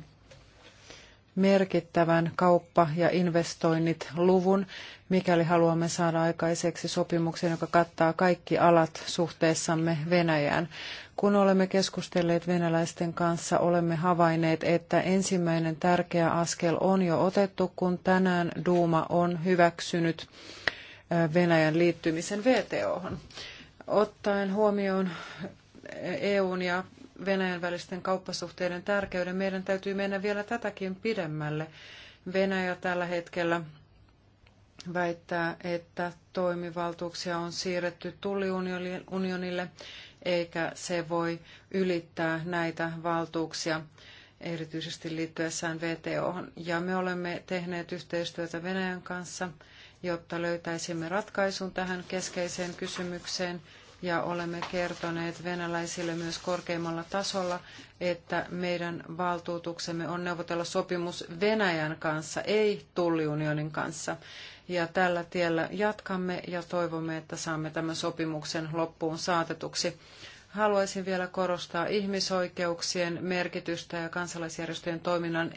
merkittävän kauppa- ja investoinnit luvun, mikäli haluamme saada aikaiseksi sopimuksen, joka kattaa kaikki alat suhteessamme Venäjään. Kun olemme keskustelleet venäläisten kanssa, olemme havainneet, että ensimmäinen tärkeä askel on jo otettu, kun tänään Duuma on hyväksynyt Venäjän liittymisen VTOhon. Ottaen huomioon EUn ja Venäjän välisten kauppasuhteiden tärkeyden, meidän täytyy mennä vielä tätäkin pidemmälle. Venäjä tällä hetkellä väittää, että toimivaltuuksia on siirretty tulliunionille, eikä se voi ylittää näitä valtuuksia erityisesti liittyessään VTOhon. Ja me olemme tehneet yhteistyötä Venäjän kanssa – jotta löytäisimme ratkaisun tähän keskeiseen kysymykseen ja olemme kertoneet venäläisille myös korkeimmalla tasolla, että meidän valtuutuksemme on neuvotella sopimus Venäjän kanssa, ei tulliunionin kanssa. Ja tällä tiellä jatkamme ja toivomme, että saamme tämän sopimuksen loppuun saatetuksi. Haluaisin vielä korostaa ihmisoikeuksien merkitystä ja kansalaisjärjestöjen toiminnan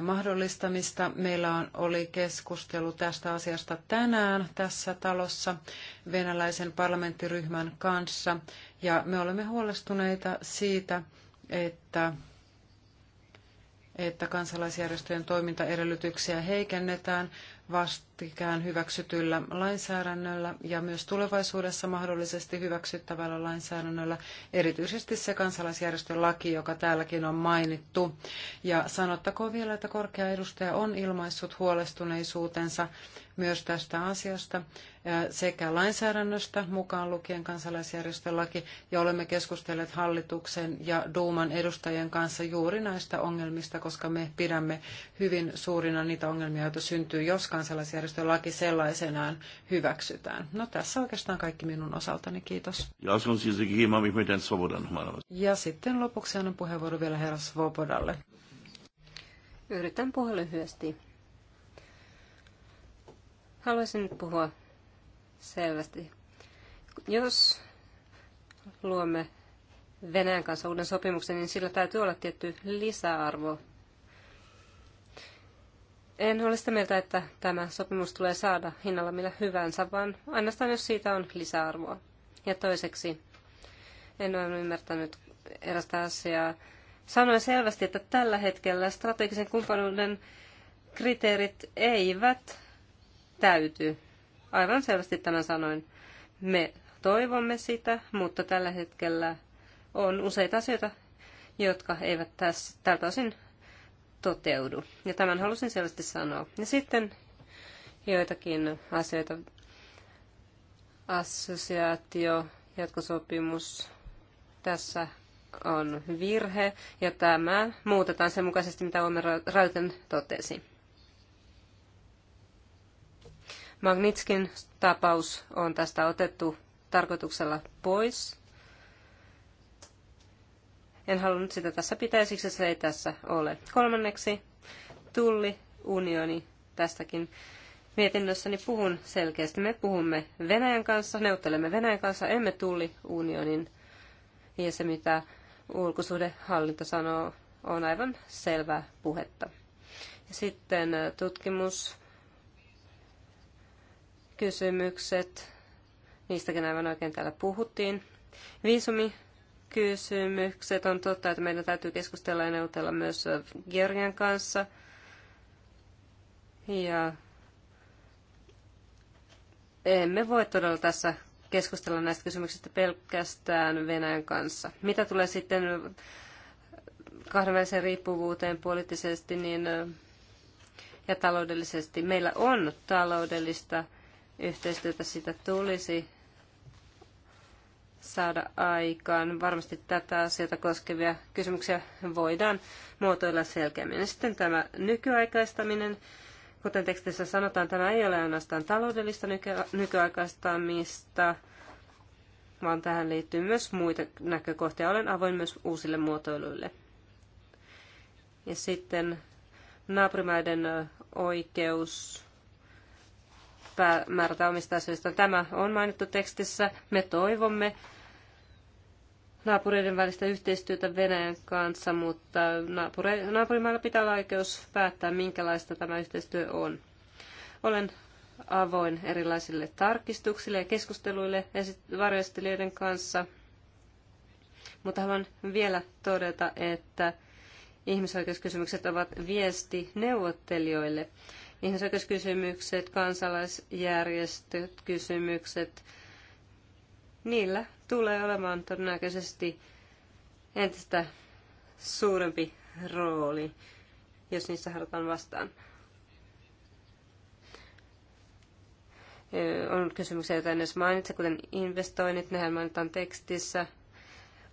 mahdollistamista. Meillä on, oli keskustelu tästä asiasta tänään tässä talossa venäläisen parlamenttiryhmän kanssa. Ja me olemme huolestuneita siitä, että, että kansalaisjärjestöjen toimintaedellytyksiä heikennetään vasta vastikään hyväksytyllä lainsäädännöllä ja myös tulevaisuudessa mahdollisesti hyväksyttävällä lainsäädännöllä, erityisesti se kansalaisjärjestölaki, joka täälläkin on mainittu. Ja sanottakoon vielä, että korkea edustaja on ilmaissut huolestuneisuutensa myös tästä asiasta sekä lainsäädännöstä mukaan lukien kansalaisjärjestölaki ja olemme keskustelleet hallituksen ja Duuman edustajien kanssa juuri näistä ongelmista, koska me pidämme hyvin suurina niitä ongelmia, joita syntyy, jos kansalaisjärjestö laki sellaisenaan hyväksytään. No tässä oikeastaan kaikki minun osaltani, kiitos. Ja siis sitten lopuksi annan puheenvuoro vielä herra Svobodalle. Yritän puhua lyhyesti. Haluaisin nyt puhua selvästi. Jos luomme Venäjän kanssa uuden sopimuksen, niin sillä täytyy olla tietty lisäarvo en ole sitä mieltä, että tämä sopimus tulee saada hinnalla millä hyvänsä, vaan ainoastaan jos siitä on lisäarvoa. Ja toiseksi, en ole ymmärtänyt erästä asiaa. Sanoin selvästi, että tällä hetkellä strategisen kumppanuuden kriteerit eivät täyty. Aivan selvästi tämän sanoin. Me toivomme sitä, mutta tällä hetkellä on useita asioita, jotka eivät tässä, tältä osin toteudu. Ja tämän halusin selvästi sanoa. Ja sitten joitakin asioita. Assosiaatio, jatkosopimus. Tässä on virhe ja tämä muutetaan sen mukaisesti, mitä Omer Rauten totesi. Magnitskin tapaus on tästä otettu tarkoituksella pois. En halunnut sitä tässä pitää, siksi se ei tässä ole. Kolmanneksi, tulli, unioni, tästäkin mietinnössäni puhun selkeästi. Me puhumme Venäjän kanssa, neuvottelemme Venäjän kanssa, emme tulli unionin. Ja se, mitä ulkosuhdehallinto sanoo, on aivan selvää puhetta. Ja sitten tutkimus, kysymykset, niistäkin aivan oikein täällä puhuttiin. Viisumi kysymykset. On totta, että meidän täytyy keskustella ja neuvotella myös Georgian kanssa. Ja emme voi todella tässä keskustella näistä kysymyksistä pelkästään Venäjän kanssa. Mitä tulee sitten kahdenväliseen riippuvuuteen poliittisesti niin, ja taloudellisesti? Meillä on taloudellista yhteistyötä, sitä tulisi saada aikaan. Varmasti tätä asiaa koskevia kysymyksiä voidaan muotoilla selkeämmin. sitten tämä nykyaikaistaminen. Kuten tekstissä sanotaan, tämä ei ole ainoastaan taloudellista nykyaikaistamista, vaan tähän liittyy myös muita näkökohtia. Olen avoin myös uusille muotoiluille. Ja sitten naapurimaiden oikeus päämäärätä omista asioista. Tämä on mainittu tekstissä. Me toivomme naapureiden välistä yhteistyötä Venäjän kanssa, mutta naapure, naapurimailla pitää olla oikeus päättää, minkälaista tämä yhteistyö on. Olen avoin erilaisille tarkistuksille ja keskusteluille varjostelijoiden kanssa, mutta haluan vielä todeta, että ihmisoikeuskysymykset ovat viesti neuvottelijoille ihmisoikeuskysymykset, kansalaisjärjestöt, kysymykset, niillä tulee olemaan todennäköisesti entistä suurempi rooli, jos niissä halutaan vastaan. On kysymyksiä, joita en edes mainitse, kuten investoinnit, nehän mainitaan tekstissä.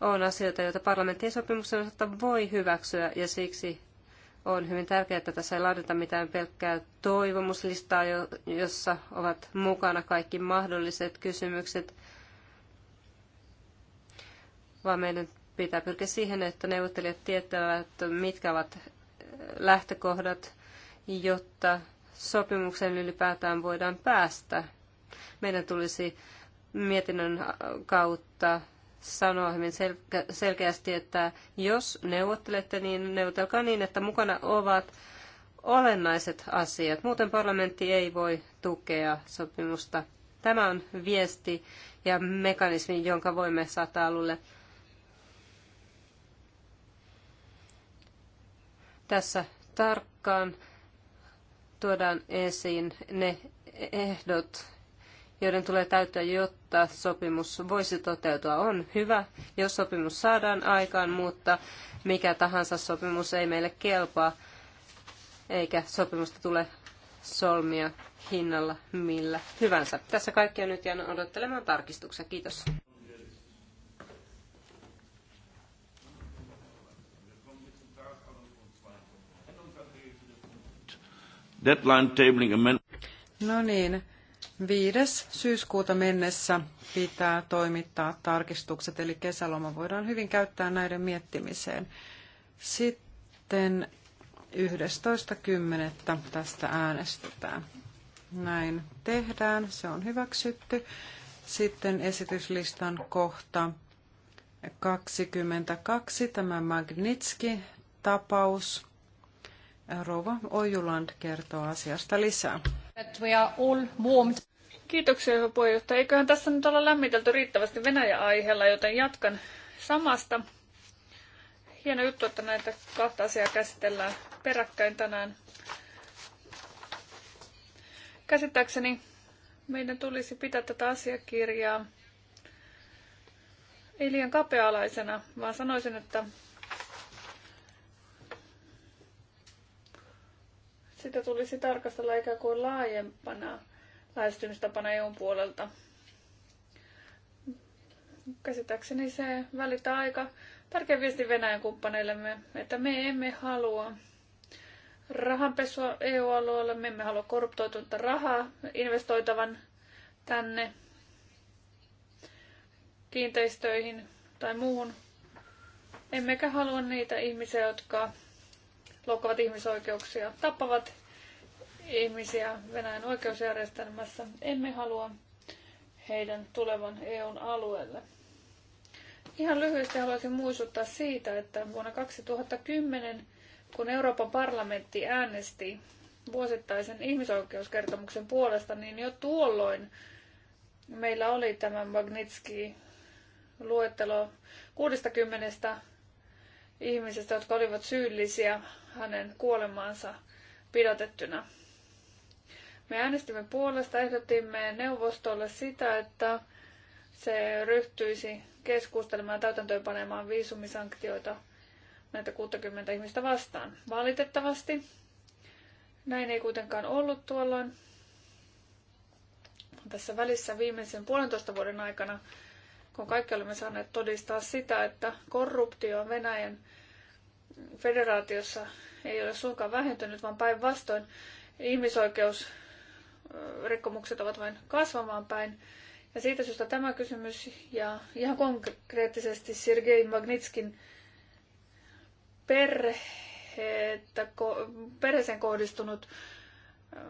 On asioita, joita parlamenttien sopimuksen osalta voi hyväksyä, ja siksi on hyvin tärkeää, että tässä ei laadita mitään pelkkää toivomuslistaa, jossa ovat mukana kaikki mahdolliset kysymykset, vaan meidän pitää pyrkiä siihen, että neuvottelijat tietävät, mitkä ovat lähtökohdat, jotta sopimukseen ylipäätään voidaan päästä. Meidän tulisi mietinnön kautta sanoa hyvin selkeästi, että jos neuvottelette, niin neuvotelkaa niin, että mukana ovat olennaiset asiat. Muuten parlamentti ei voi tukea sopimusta. Tämä on viesti ja mekanismi, jonka voimme saattaa alulle. Tässä tarkkaan tuodaan esiin ne ehdot, joiden tulee täyttää, jotta sopimus voisi toteutua. On hyvä, jos sopimus saadaan aikaan, mutta mikä tahansa sopimus ei meille kelpaa, eikä sopimusta tule solmia hinnalla millä hyvänsä. Tässä on nyt jäänyt odottelemaan tarkistuksia. Kiitos. Deadline No niin, 5. syyskuuta mennessä pitää toimittaa tarkistukset, eli kesäloma voidaan hyvin käyttää näiden miettimiseen. Sitten 11.10. tästä äänestetään. Näin tehdään, se on hyväksytty. Sitten esityslistan kohta 22, tämä Magnitski-tapaus. Rova Ojuland kertoo asiasta lisää. That we are all warmed. Kiitoksia, hyvä puheenjohtaja. Eiköhän tässä nyt olla lämmitelty riittävästi Venäjä-aiheella, joten jatkan samasta. Hieno juttu, että näitä kahta asiaa käsitellään peräkkäin tänään. Käsittääkseni meidän tulisi pitää tätä asiakirjaa ei liian kapealaisena, vaan sanoisin, että sitä tulisi tarkastella ikään kuin laajempana lähestymistapana EUn puolelta. Käsittääkseni se välittää aika tärkeä viesti Venäjän kumppaneillemme, että me emme halua rahanpesua EU-alueella, me emme halua korruptoitunutta rahaa investoitavan tänne kiinteistöihin tai muuhun. Emmekä halua niitä ihmisiä, jotka loukkaavat ihmisoikeuksia, tappavat ihmisiä Venäjän oikeusjärjestelmässä. Emme halua heidän tulevan EUn alueelle. Ihan lyhyesti haluaisin muistuttaa siitä, että vuonna 2010, kun Euroopan parlamentti äänesti vuosittaisen ihmisoikeuskertomuksen puolesta, niin jo tuolloin meillä oli tämä Magnitski luettelo 60 ihmisestä, jotka olivat syyllisiä hänen kuolemaansa pidätettynä. Me äänestimme puolesta, ehdotimme neuvostolle sitä, että se ryhtyisi keskustelemaan täytäntöönpanemaan viisumisanktioita näitä 60 ihmistä vastaan. Valitettavasti näin ei kuitenkaan ollut tuolloin. Tässä välissä viimeisen puolentoista vuoden aikana, kun kaikki olemme saaneet todistaa sitä, että korruptio Venäjän federaatiossa ei ole suinkaan vähentynyt, vaan päinvastoin ihmisoikeus rikkomukset ovat vain kasvamaan päin. Ja siitä syystä tämä kysymys ja ihan konkreettisesti Sergei Magnitskin perhe, perheeseen kohdistunut äh,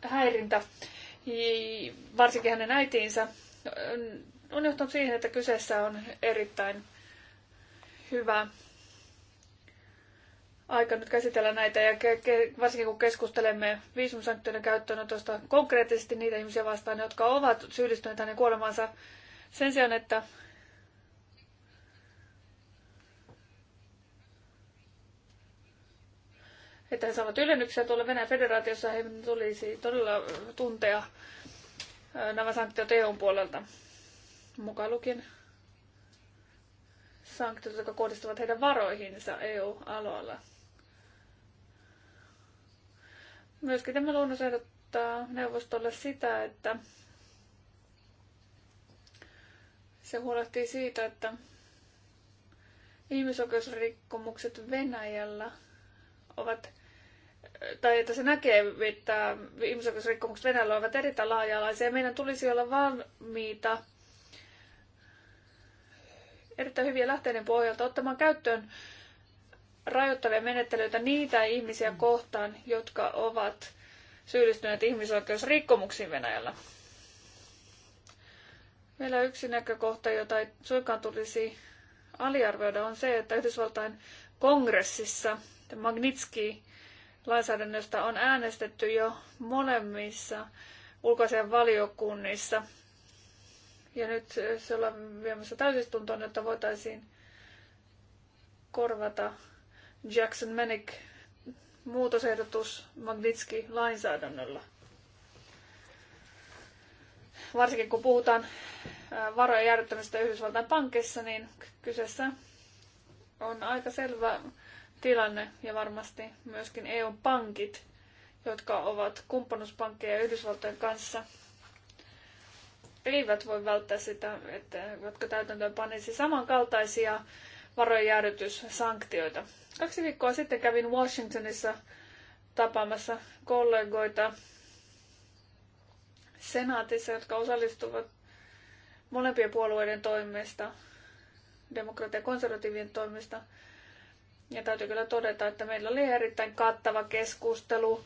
häirintä, varsinkin hänen äitiinsä, on johtanut siihen, että kyseessä on erittäin hyvä aika nyt käsitellä näitä ja ke- ke- varsinkin kun keskustelemme viisumisanktioiden käyttöönotosta konkreettisesti niitä ihmisiä vastaan, jotka ovat syyllistyneet hänen kuolemaansa sen sijaan, että että he saavat ylennyksiä tuolla Venäjän federaatiossa, he tulisi todella tuntea nämä sanktiot EUn puolelta, mukaan lukien sanktiot, jotka kohdistuvat heidän varoihinsa EU-alueella. Myöskin tämä luonnos ehdottaa neuvostolle sitä, että se huolehtii siitä, että ihmisoikeusrikkomukset Venäjällä ovat, tai että se näkee, että ihmisoikeusrikkomukset Venäjällä ovat erittäin laaja-alaisia. Meidän tulisi olla valmiita erittäin hyviä lähteiden pohjalta ottamaan käyttöön rajoittavia menettelyitä niitä ihmisiä kohtaan, jotka ovat syyllistyneet ihmisoikeusrikkomuksiin Venäjällä. Vielä yksi näkökohta, jota ei suinkaan tulisi aliarvioida, on se, että Yhdysvaltain kongressissa Magnitski lainsäädännöstä on äänestetty jo molemmissa ulkoisen valiokunnissa. Ja nyt se ollaan viemässä täysistuntoon, jotta voitaisiin korvata Jackson Manic muutosehdotus Magnitski lainsäädännöllä. Varsinkin kun puhutaan varojen jäädyttämisestä Yhdysvaltain pankissa, niin kyseessä on aika selvä tilanne ja varmasti myöskin EU-pankit, jotka ovat kumppanuspankkeja Yhdysvaltojen kanssa, eivät voi välttää sitä, että jotka täytäntöön panisi samankaltaisia varojen sanktioita. Kaksi viikkoa sitten kävin Washingtonissa tapaamassa kollegoita senaatissa, jotka osallistuvat molempien puolueiden toimesta, demokratia- ja konservatiivien toimesta. Ja täytyy kyllä todeta, että meillä oli erittäin kattava keskustelu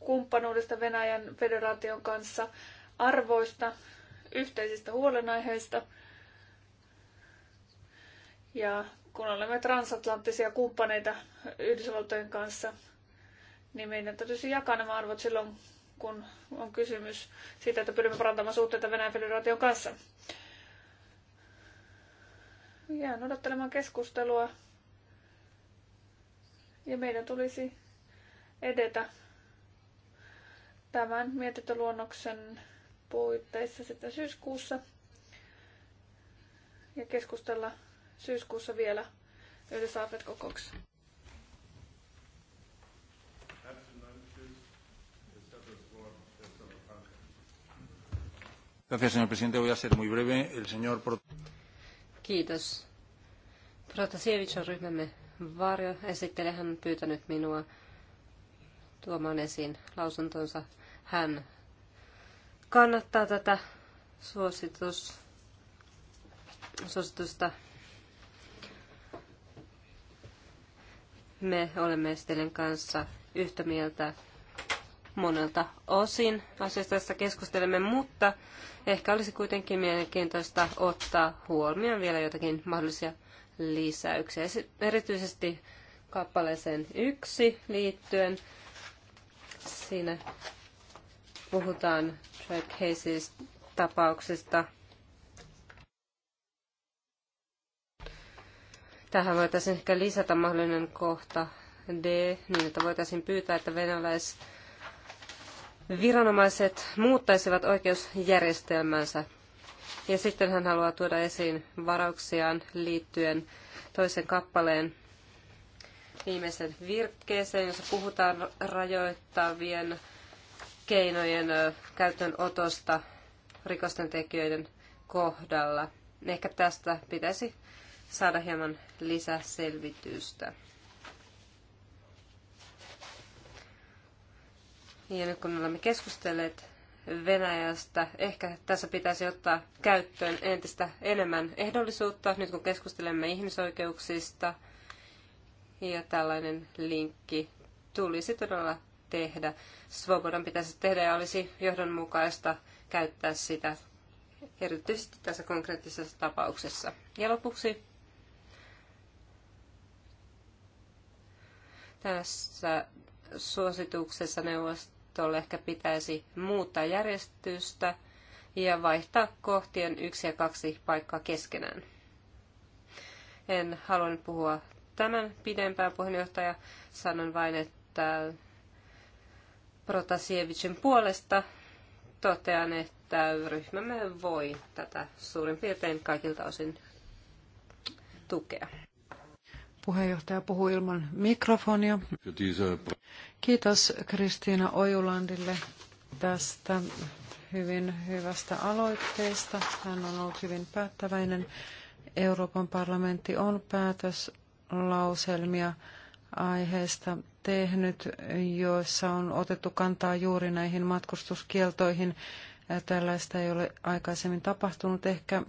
kumppanuudesta Venäjän federaation kanssa, arvoista, yhteisistä huolenaiheista – ja kun olemme transatlanttisia kumppaneita Yhdysvaltojen kanssa, niin meidän täytyisi jakaa nämä arvot silloin, kun on kysymys siitä, että pyrimme parantamaan suhteita Venäjän federaation kanssa. Jään odottelemaan keskustelua. Ja meidän tulisi edetä tämän mietintöluonnoksen puitteissa sitten syyskuussa ja keskustella syyskuussa vielä yhdessä AFET-kokouksessa. Gracias, señor presidente. Voy a ser muy breve. El señor Kiitos. Protasevich on ryhmämme varjo. Esittelee hän pyytänyt minua tuomaan esiin lausuntonsa. Hän kannattaa tätä suositus, suositusta Me olemme Estelen kanssa yhtä mieltä monelta osin asiasta tässä keskustelemme, mutta ehkä olisi kuitenkin mielenkiintoista ottaa huomioon vielä jotakin mahdollisia lisäyksiä. Erityisesti kappaleeseen yksi liittyen. Siinä puhutaan track tapauksista Tähän voitaisiin ehkä lisätä mahdollinen kohta D, niin että voitaisiin pyytää, että venäläis viranomaiset muuttaisivat oikeusjärjestelmänsä. Ja sitten hän haluaa tuoda esiin varauksiaan liittyen toisen kappaleen viimeisen virkkeeseen, jossa puhutaan rajoittavien keinojen käytönotosta rikosten tekijöiden kohdalla. Ehkä tästä pitäisi saada hieman lisäselvitystä. Ja nyt kun olemme keskustelleet Venäjästä, ehkä tässä pitäisi ottaa käyttöön entistä enemmän ehdollisuutta, nyt kun keskustelemme ihmisoikeuksista. Ja tällainen linkki tulisi todella tehdä. Svobodan pitäisi tehdä ja olisi johdonmukaista käyttää sitä erityisesti tässä konkreettisessa tapauksessa. Ja lopuksi Tässä suosituksessa neuvostolle ehkä pitäisi muuttaa järjestystä ja vaihtaa kohtien yksi ja kaksi paikkaa keskenään. En halua puhua tämän pidempään puheenjohtaja. Sanon vain, että Protasievicin puolesta totean, että ryhmämme voi tätä suurin piirtein kaikilta osin tukea. Puheenjohtaja puhuu ilman mikrofonia. Kiitos Kristiina Ojulandille tästä hyvin hyvästä aloitteesta. Hän on ollut hyvin päättäväinen. Euroopan parlamentti on päätöslauselmia aiheesta tehnyt, joissa on otettu kantaa juuri näihin matkustuskieltoihin. Tällaista ei ole aikaisemmin tapahtunut. Ehkä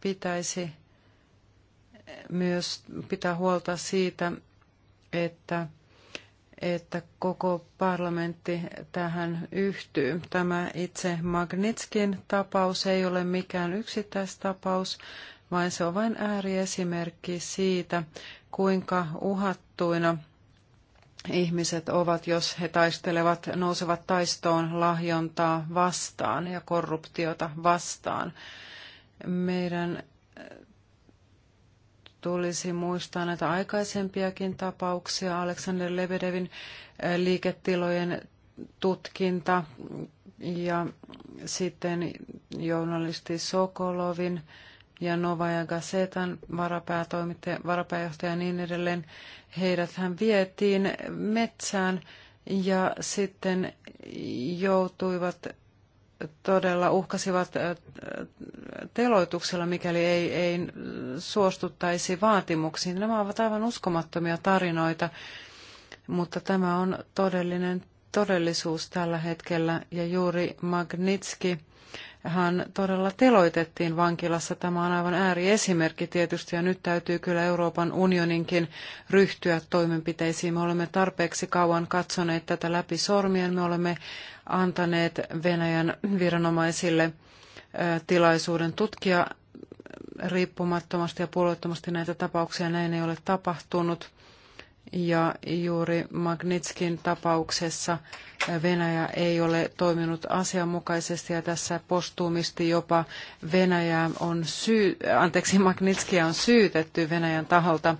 pitäisi myös pitää huolta siitä, että, että koko parlamentti tähän yhtyy. Tämä itse Magnitskin tapaus ei ole mikään yksittäistapaus, vaan se on vain ääriesimerkki siitä, kuinka uhattuina ihmiset ovat, jos he taistelevat, nousevat taistoon lahjontaa vastaan ja korruptiota vastaan. Meidän tulisi muistaa näitä aikaisempiakin tapauksia, Aleksander Lebedevin eh, liiketilojen tutkinta ja sitten journalisti Sokolovin ja Novaja Gazetan varapäätoimittaja, varapääjohtaja ja niin edelleen. Heidät hän vietiin metsään ja sitten joutuivat todella uhkasivat teloituksella, mikäli ei, ei suostuttaisi vaatimuksiin. Nämä ovat aivan uskomattomia tarinoita, mutta tämä on todellinen todellisuus tällä hetkellä. Ja juuri Magnitski hän todella teloitettiin vankilassa. Tämä on aivan ääriesimerkki tietysti ja nyt täytyy kyllä Euroopan unioninkin ryhtyä toimenpiteisiin. Me olemme tarpeeksi kauan katsoneet tätä läpi sormien. Me olemme antaneet Venäjän viranomaisille tilaisuuden tutkia riippumattomasti ja puolueettomasti näitä tapauksia. Näin ei ole tapahtunut. Ja juuri Magnitskin tapauksessa Venäjä ei ole toiminut asianmukaisesti ja tässä postuumisti jopa Venäjä on syy, anteeksi, Magnitskia on syytetty Venäjän taholta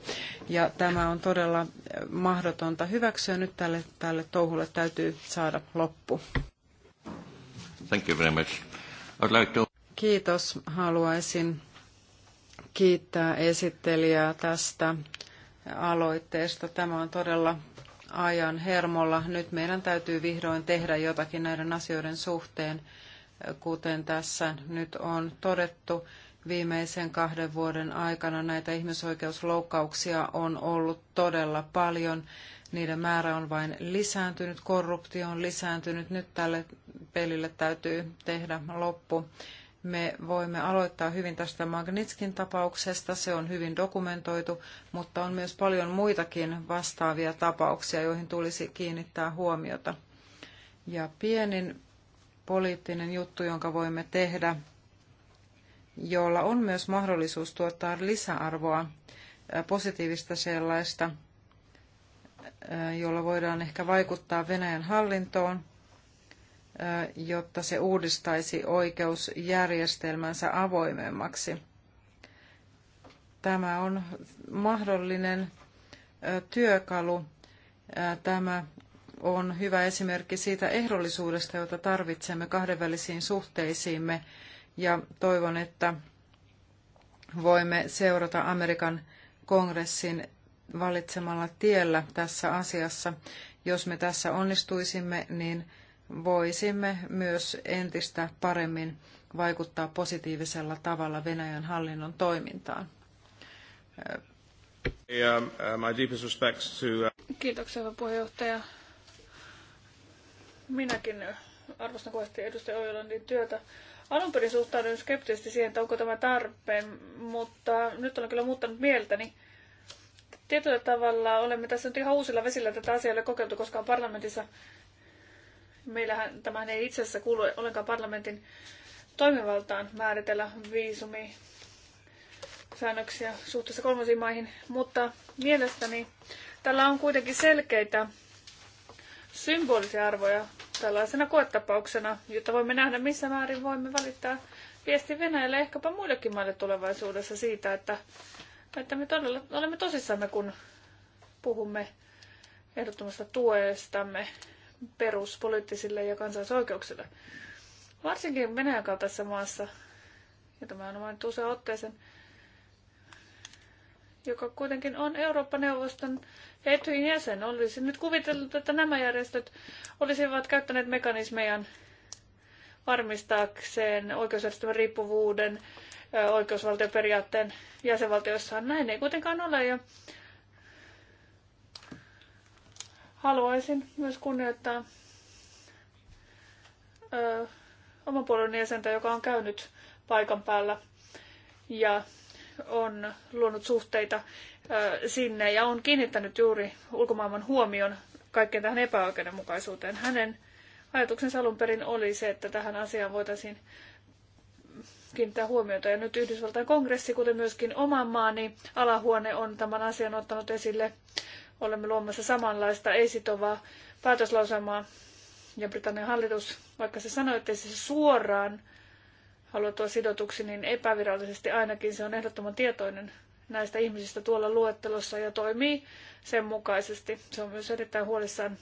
ja tämä on todella mahdotonta hyväksyä. Nyt tälle, tälle touhulle täytyy saada loppu. Thank you very much. I'd like to... Kiitos. Haluaisin kiittää esittelijää tästä aloitteesta. Tämä on todella ajan hermolla. Nyt meidän täytyy vihdoin tehdä jotakin näiden asioiden suhteen, kuten tässä nyt on todettu. Viimeisen kahden vuoden aikana näitä ihmisoikeusloukkauksia on ollut todella paljon. Niiden määrä on vain lisääntynyt, korruptio on lisääntynyt. Nyt tälle pelille täytyy tehdä loppu me voimme aloittaa hyvin tästä Magnitskin tapauksesta, se on hyvin dokumentoitu, mutta on myös paljon muitakin vastaavia tapauksia, joihin tulisi kiinnittää huomiota. Ja pienin poliittinen juttu, jonka voimme tehdä, jolla on myös mahdollisuus tuottaa lisäarvoa, positiivista sellaista, jolla voidaan ehkä vaikuttaa Venäjän hallintoon, jotta se uudistaisi oikeusjärjestelmänsä avoimemmaksi. Tämä on mahdollinen työkalu. Tämä on hyvä esimerkki siitä ehdollisuudesta, jota tarvitsemme kahdenvälisiin suhteisiimme. Ja toivon, että voimme seurata Amerikan kongressin valitsemalla tiellä tässä asiassa. Jos me tässä onnistuisimme, niin voisimme myös entistä paremmin vaikuttaa positiivisella tavalla Venäjän hallinnon toimintaan. Uh, uh, Kiitoksia, hyvä puheenjohtaja. Minäkin arvostan kovasti edustaja Ojolandin työtä. Alun perin suhtaudun skeptisesti siihen, että onko tämä tarpeen, mutta nyt olen kyllä muuttanut mieltäni. Tietyllä tavalla olemme tässä nyt ihan uusilla vesillä tätä asiaa ei ole kokeiltu koskaan parlamentissa. Meillähän tämä ei itse asiassa kuulu ollenkaan parlamentin toimivaltaan määritellä viisumi säännöksiä suhteessa kolmansiin maihin, mutta mielestäni tällä on kuitenkin selkeitä symbolisia arvoja tällaisena koetapauksena, jotta voimme nähdä, missä määrin voimme välittää viesti Venäjälle ehkäpä muillekin maille tulevaisuudessa siitä, että, että me todella olemme tosissamme, kun puhumme ehdottomasta tuestamme peruspoliittisille ja kansalaisoikeuksille. Varsinkin Venäjän kaltaisessa tässä maassa, ja tämä on mainittu usean otteeseen, joka kuitenkin on Eurooppa-neuvoston Etyin jäsen. Olisi nyt kuvitellut, että nämä järjestöt olisivat käyttäneet mekanismeja varmistaakseen oikeusjärjestelmän riippuvuuden, oikeusvaltioperiaatteen jäsenvaltioissaan. Näin ei kuitenkaan ole. Ja Haluaisin myös kunnioittaa ö, oman puolueen jäsentä, joka on käynyt paikan päällä ja on luonut suhteita ö, sinne ja on kiinnittänyt juuri ulkomaailman huomion kaikkeen tähän epäoikeudenmukaisuuteen. Hänen ajatuksensa alun perin oli se, että tähän asiaan voitaisiin kiinnittää huomiota. Ja nyt Yhdysvaltain kongressi, kuten myöskin oman maani alahuone, on tämän asian ottanut esille olemme luomassa samanlaista ei-sitovaa päätöslauselmaa. Ja Britannian hallitus, vaikka se sanoi, että se suoraan halua tulla sidotuksi, niin epävirallisesti ainakin se on ehdottoman tietoinen näistä ihmisistä tuolla luettelossa ja toimii sen mukaisesti. Se on myös erittäin huolissaan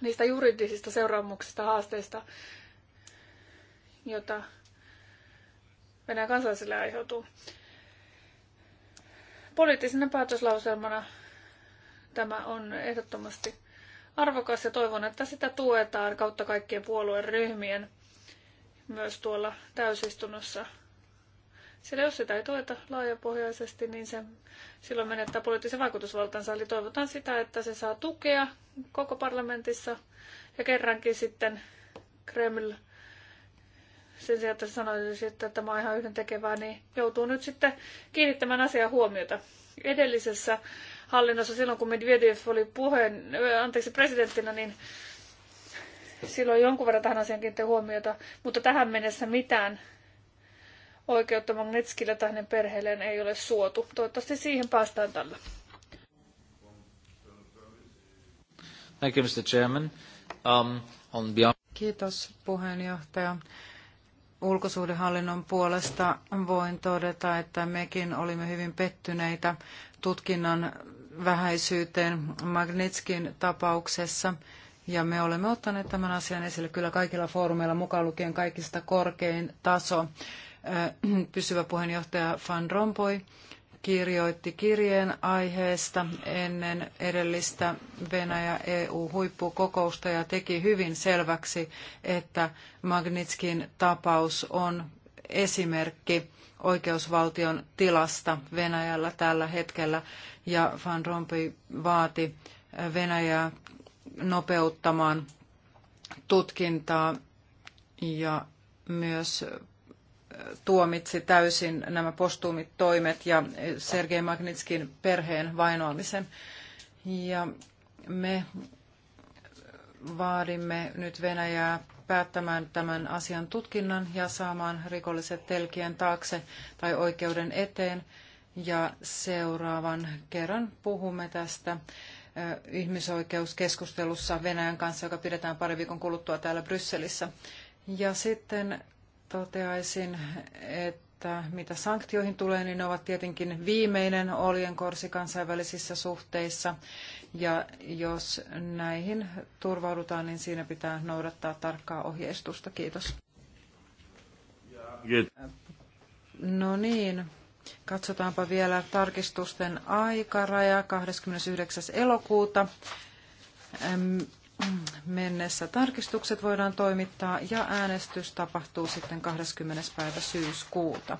niistä juridisista seuraamuksista, haasteista, jota Venäjän kansalaisille aiheutuu. Poliittisena päätöslauselmana Tämä on ehdottomasti arvokas ja toivon, että sitä tuetaan kautta kaikkien puolueen ryhmien myös tuolla täysistunnossa. Sillä jos sitä ei tueta laajapohjaisesti, niin se silloin menettää poliittisen vaikutusvaltansa. Eli toivotan sitä, että se saa tukea koko parlamentissa ja kerrankin sitten Kreml sen sijaan, että sanoisi, että tämä on ihan tekevää, niin joutuu nyt sitten kiinnittämään asiaa huomiota. Edellisessä hallinnossa silloin, kun Medvedev oli puheen, anteeksi, presidenttinä, niin silloin jonkun verran tähän asiaan kiinnitti huomiota, mutta tähän mennessä mitään oikeutta Magnetskille tai hänen perheelleen ei ole suotu. Toivottavasti siihen päästään tällä. Thank you, Mr. Chairman. Um, on Kiitos puheenjohtaja. Ulkosuhdehallinnon puolesta voin todeta, että mekin olimme hyvin pettyneitä tutkinnan vähäisyyteen Magnitskin tapauksessa. Ja me olemme ottaneet tämän asian esille kyllä kaikilla foorumeilla, mukaan lukien kaikista korkein taso. Äh, pysyvä puheenjohtaja Van Rompuy kirjoitti kirjeen aiheesta ennen edellistä Venäjä-EU-huippukokousta ja teki hyvin selväksi, että Magnitskin tapaus on esimerkki oikeusvaltion tilasta Venäjällä tällä hetkellä ja Van Rompuy vaati äh, Venäjää nopeuttamaan tutkintaa ja myös äh, tuomitsi täysin nämä postuumit toimet ja äh, Sergei Magnitskin perheen vainoamisen. Ja me vaadimme nyt Venäjää päättämään tämän asian tutkinnan ja saamaan rikolliset telkien taakse tai oikeuden eteen. Ja seuraavan kerran puhumme tästä ihmisoikeuskeskustelussa Venäjän kanssa, joka pidetään pari viikon kuluttua täällä Brysselissä. Ja sitten toteaisin, että että mitä sanktioihin tulee, niin ne ovat tietenkin viimeinen oljenkorsi kansainvälisissä suhteissa. Ja jos näihin turvaudutaan, niin siinä pitää noudattaa tarkkaa ohjeistusta. Kiitos. No niin, katsotaanpa vielä tarkistusten aikaraja 29. elokuuta mennessä tarkistukset voidaan toimittaa ja äänestys tapahtuu sitten 20. päivä syyskuuta.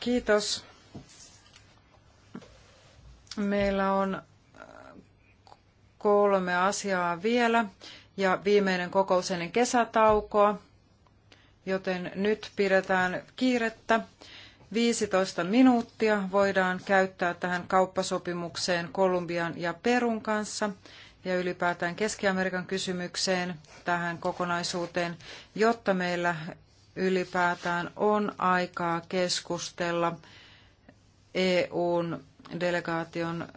Kiitos. Meillä on äh, kolme asiaa vielä ja viimeinen kokous ennen kesätaukoa joten nyt pidetään kiirettä. 15 minuuttia voidaan käyttää tähän kauppasopimukseen Kolumbian ja Perun kanssa ja ylipäätään Keski-Amerikan kysymykseen tähän kokonaisuuteen, jotta meillä ylipäätään on aikaa keskustella EUn delegaation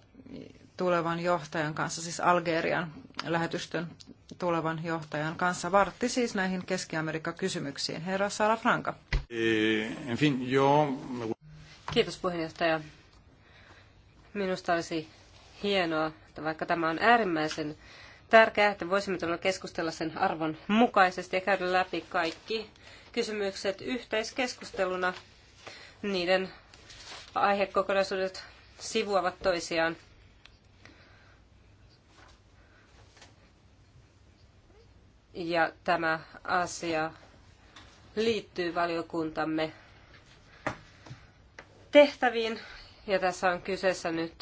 tulevan johtajan kanssa, siis Algerian lähetystön tulevan johtajan kanssa. Vartti siis näihin Keski-Amerikka-kysymyksiin. Herra Sara Franka. Eh, Kiitos puheenjohtaja. Minusta olisi hienoa, että vaikka tämä on äärimmäisen tärkeää, että voisimme tulla keskustella sen arvon mukaisesti ja käydä läpi kaikki kysymykset yhteiskeskusteluna. Niiden aihekokonaisuudet sivuavat toisiaan. Ja tämä asia liittyy valiokuntamme tehtäviin. Ja tässä on kyseessä nyt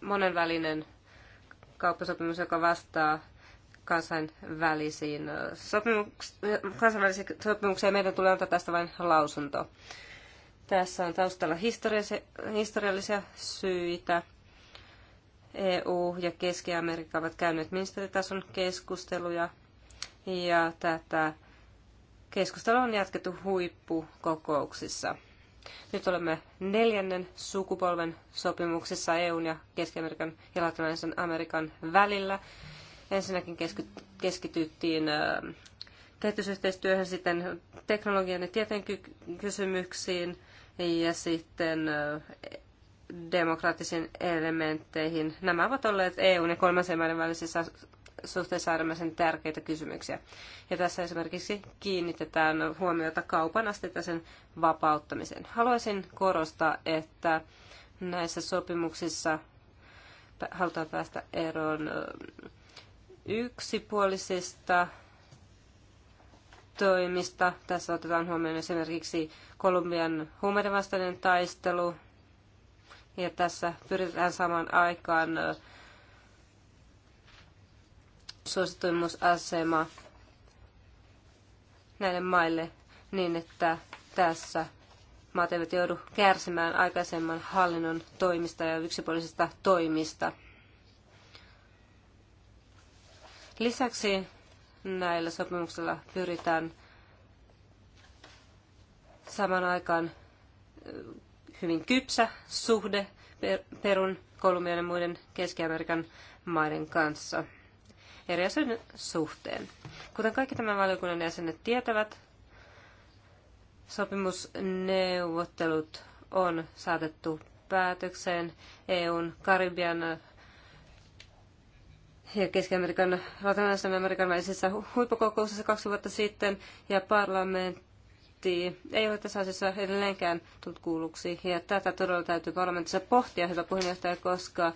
monenvälinen kauppasopimus, joka vastaa kansainvälisiin, sopimuks- kansainvälisiin sopimuksiin. Meidän tulee antaa tästä vain lausunto. Tässä on taustalla historiallisia syitä. EU ja Keski-Amerikka ovat käyneet ministeritason keskusteluja ja tätä keskustelua on jatkettu huippukokouksissa. Nyt olemme neljännen sukupolven sopimuksessa EUn ja Keski-Amerikan ja Latinalaisen Amerikan välillä. Ensinnäkin keskityttiin äh, kehitysyhteistyöhön, sitten teknologian ja tieteen kysymyksiin ja sitten äh, demokraattisiin elementteihin. Nämä ovat olleet EUn ja kolmansien maiden välisissä suhteessa äärimmäisen tärkeitä kysymyksiä. Ja tässä esimerkiksi kiinnitetään huomiota kaupan astetaisen vapauttamisen. Haluaisin korostaa, että näissä sopimuksissa halutaan päästä eroon yksipuolisista toimista. Tässä otetaan huomioon esimerkiksi Kolumbian huumeiden vastainen taistelu. Ja tässä pyritään samaan aikaan suosituimmuusasema näille maille niin, että tässä maat eivät joudu kärsimään aikaisemman hallinnon toimista ja yksipuolisista toimista. Lisäksi näillä sopimuksilla pyritään saman aikaan hyvin kypsä suhde Perun, Kolumbian ja muiden Keski-Amerikan maiden kanssa eri asioiden suhteen. Kuten kaikki tämän valiokunnan jäsenet tietävät, sopimusneuvottelut on saatettu päätökseen EUn, Karibian ja Keski-Amerikan, Latinalaisen Amerikan välisessä huippukokouksessa kaksi vuotta sitten, ja parlamentti ei ole tässä asiassa edelleenkään tullut kuulluksi, ja tätä todella täytyy parlamentissa pohtia, hyvä puheenjohtaja, koska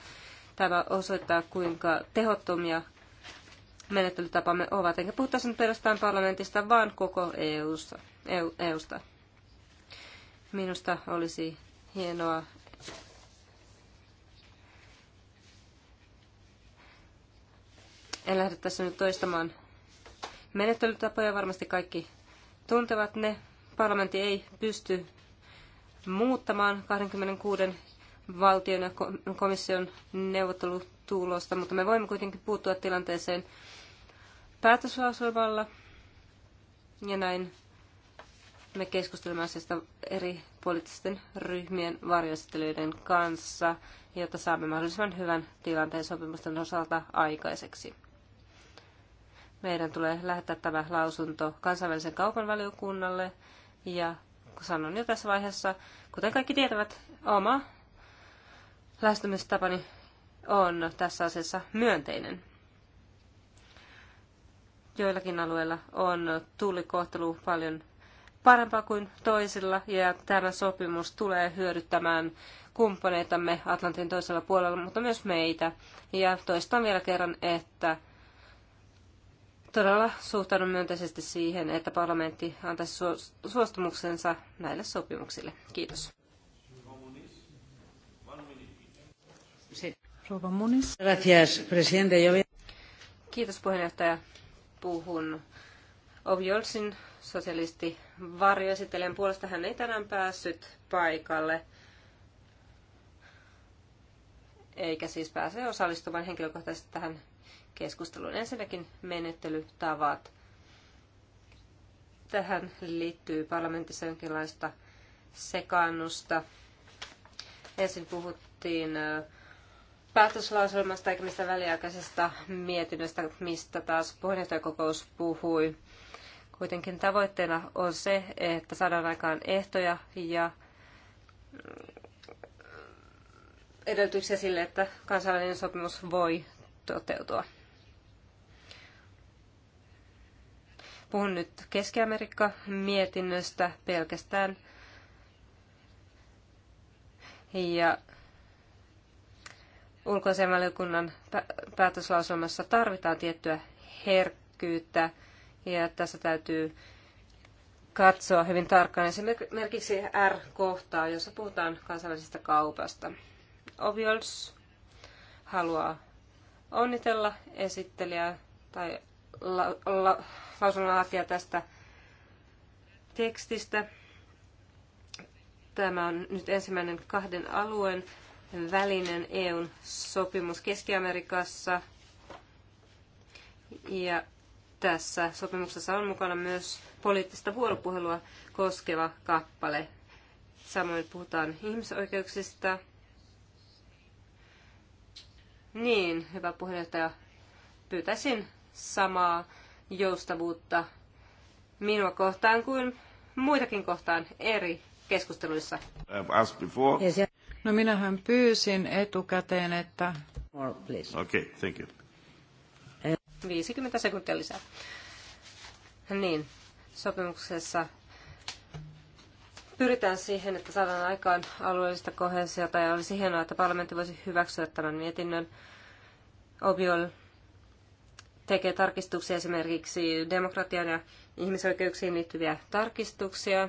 tämä osoittaa, kuinka tehottomia menettelytapamme ovat. Enkä puhuttaisi nyt pelkästään parlamentista, vaan koko EUsta. EU, sta Minusta olisi hienoa, en lähde tässä nyt toistamaan menettelytapoja. Varmasti kaikki tuntevat ne. Parlamentti ei pysty muuttamaan 26 valtion ja komission neuvottelutulosta, mutta me voimme kuitenkin puuttua tilanteeseen päätöslauselmalla. Ja näin me keskustelemme asiasta eri poliittisten ryhmien varjostelijoiden kanssa, jotta saamme mahdollisimman hyvän tilanteen sopimusten osalta aikaiseksi. Meidän tulee lähettää tämä lausunto kansainvälisen kaupan valiokunnalle ja sanon jo tässä vaiheessa, kuten kaikki tietävät, oma lähestymistapani on tässä asiassa myönteinen joillakin alueilla on tullikohtelu paljon parempaa kuin toisilla, ja tämä sopimus tulee hyödyttämään kumppaneitamme Atlantin toisella puolella, mutta myös meitä. Ja toistan vielä kerran, että todella suhtaudun myönteisesti siihen, että parlamentti antaisi suostumuksensa näille sopimuksille. Kiitos. Kiitos puheenjohtaja puhun Ovjolsin sosialisti varjoesittelijän puolesta. Hän ei tänään päässyt paikalle, eikä siis pääse osallistumaan henkilökohtaisesti tähän keskusteluun. Ensinnäkin menettelytavat. Tähän liittyy parlamentissa jonkinlaista sekaannusta. Ensin puhuttiin äh, päätöslauselmasta eikä mistä väliaikaisesta mietinnöstä, mistä taas puheenjohtajakokous puhui. Kuitenkin tavoitteena on se, että saadaan aikaan ehtoja ja edellytyksiä sille, että kansainvälinen sopimus voi toteutua. Puhun nyt Keski-Amerikka-mietinnöstä pelkästään. Ja ulkoasianvaliokunnan päätöslauselmassa tarvitaan tiettyä herkkyyttä ja tässä täytyy katsoa hyvin tarkkaan esimerkiksi R-kohtaa, jossa puhutaan kansainvälisestä kaupasta. Oviols haluaa onnitella esittelijää tai la- la- lausunnonlaatijaa tästä tekstistä. Tämä on nyt ensimmäinen kahden alueen välinen EUn sopimus Keski-Amerikassa. Ja tässä sopimuksessa on mukana myös poliittista vuoropuhelua koskeva kappale. Samoin puhutaan ihmisoikeuksista. Niin, hyvä puheenjohtaja, pyytäisin samaa joustavuutta minua kohtaan kuin muitakin kohtaan eri keskusteluissa. As before. Yes, No minähän pyysin etukäteen, että... Okei, okay, thank you. 50 sekuntia lisää. Niin, sopimuksessa pyritään siihen, että saadaan aikaan alueellista kohesiota ja olisi hienoa, että parlamentti voisi hyväksyä tämän mietinnön. Obiol tekee tarkistuksia esimerkiksi demokratian ja ihmisoikeuksiin liittyviä tarkistuksia.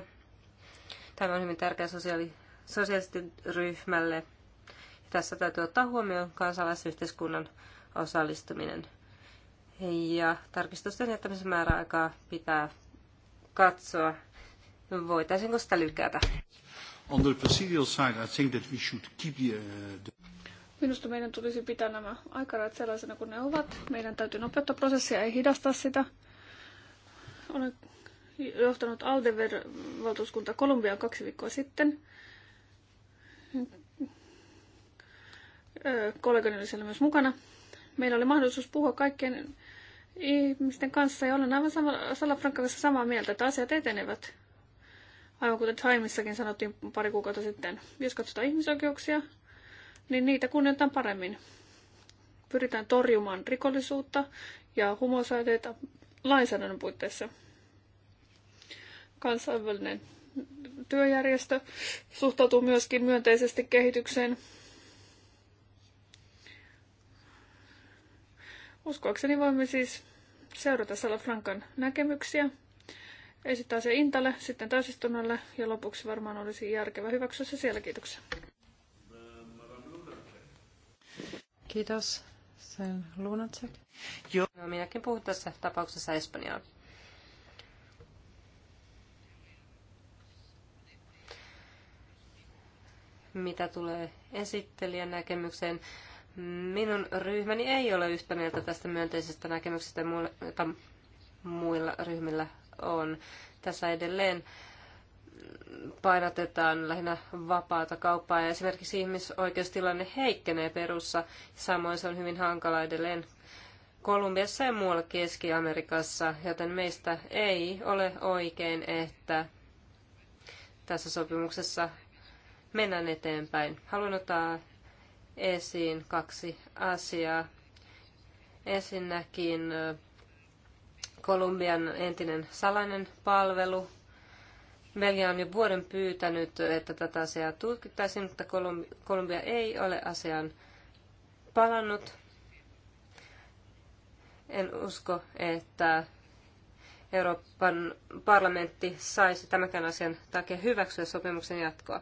Tämä on hyvin tärkeä sosiaali- sosiaalisten ryhmälle. Tässä täytyy ottaa huomioon kansalaisyhteiskunnan osallistuminen. Ja tarkistusten jättämisen määräaikaa pitää katsoa, voitaisiinko sitä lykätä. On the procedural side, I think that we should keep the, uh, the... Minusta meidän tulisi pitää nämä aikarajat sellaisena kuin ne ovat. Meidän täytyy nopeuttaa prosessia, ei hidastaa sitä. Olen johtanut Aldever-valtuuskunta Kolumbiaan kaksi viikkoa sitten kollegani oli siellä myös mukana. Meillä oli mahdollisuus puhua kaikkien ihmisten kanssa ja olen aivan Salafrankan kanssa samaa mieltä, että asiat etenevät. Aivan kuten Timeissakin sanottiin pari kuukautta sitten, jos katsotaan ihmisoikeuksia, niin niitä kunnioitetaan paremmin. Pyritään torjumaan rikollisuutta ja humosaiteita lainsäädännön puitteissa. Kansainvälinen työjärjestö suhtautuu myöskin myönteisesti kehitykseen. Uskoakseni voimme siis seurata frankan näkemyksiä, esittää se Intalle, sitten täysistunnolle ja lopuksi varmaan olisi järkevä hyväksyä se siellä. Kiitoksia. Kiitos. Sen Lunacek. Joo. No, minäkin puhun tässä tapauksessa Espanjaa. mitä tulee esittelijän näkemykseen. Minun ryhmäni ei ole yhtä mieltä tästä myönteisestä näkemyksestä, jota muilla ryhmillä on. Tässä edelleen painotetaan lähinnä vapaata kauppaa ja esimerkiksi ihmisoikeustilanne heikkenee perussa. Samoin se on hyvin hankala edelleen Kolumbiassa ja muualla Keski-Amerikassa, joten meistä ei ole oikein, että tässä sopimuksessa mennään eteenpäin. Haluan ottaa esiin kaksi asiaa. Ensinnäkin Kolumbian entinen salainen palvelu. Belgia on jo vuoden pyytänyt, että tätä asiaa tutkittaisiin, mutta Kolumbia ei ole asiaan palannut. En usko, että Euroopan parlamentti saisi tämänkään asian takia hyväksyä sopimuksen jatkoa.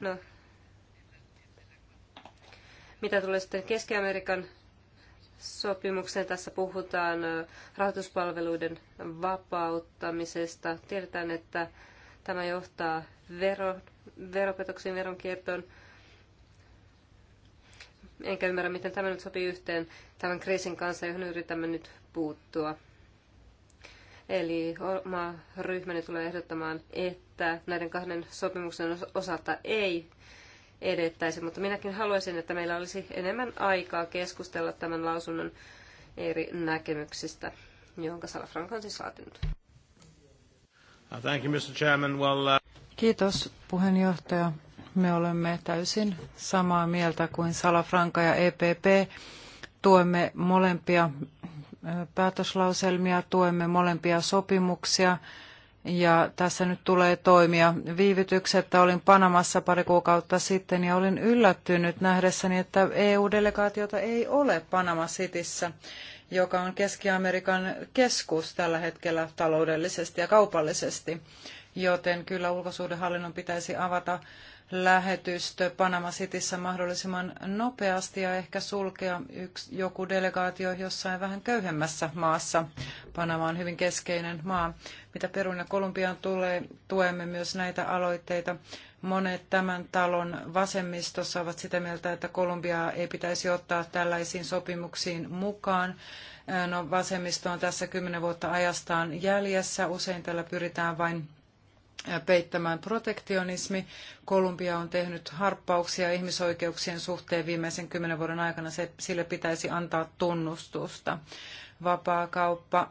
No, mitä tulee sitten Keski-Amerikan sopimukseen, tässä puhutaan rahoituspalveluiden vapauttamisesta. Tiedetään, että tämä johtaa vero, veropetoksiin, veronkiertoon. Enkä ymmärrä, miten tämä nyt sopii yhteen tämän kriisin kanssa, johon yritämme nyt puuttua. Eli oma ryhmäni tulee ehdottamaan, että näiden kahden sopimuksen osalta ei edettäisi, mutta minäkin haluaisin, että meillä olisi enemmän aikaa keskustella tämän lausunnon eri näkemyksistä, jonka Salafranca on siis laatinut. Uh, thank you, Mr. Chairman. Well, uh... Kiitos puheenjohtaja. Me olemme täysin samaa mieltä kuin Salafranca ja EPP. Tuemme molempia päätöslauselmia, tuemme molempia sopimuksia ja tässä nyt tulee toimia viivytyksettä. Olin Panamassa pari kuukautta sitten ja olin yllättynyt nähdessäni, että EU-delegaatiota ei ole Panama Cityssä, joka on Keski-Amerikan keskus tällä hetkellä taloudellisesti ja kaupallisesti. Joten kyllä ulkosuudenhallinnon pitäisi avata lähetystö Panama Cityssä mahdollisimman nopeasti ja ehkä sulkea yksi, joku delegaatio jossain vähän köyhemmässä maassa. Panama on hyvin keskeinen maa. Mitä Perun ja Kolumbiaan tulee, tuemme myös näitä aloitteita. Monet tämän talon vasemmistossa ovat sitä mieltä, että Kolumbiaa ei pitäisi ottaa tällaisiin sopimuksiin mukaan. No, vasemmisto on tässä kymmenen vuotta ajastaan jäljessä. Usein tällä pyritään vain Äh, peittämään protektionismi. Kolumbia on tehnyt harppauksia ihmisoikeuksien suhteen viimeisen kymmenen vuoden aikana. Se, sille pitäisi antaa tunnustusta. Vapaakauppa,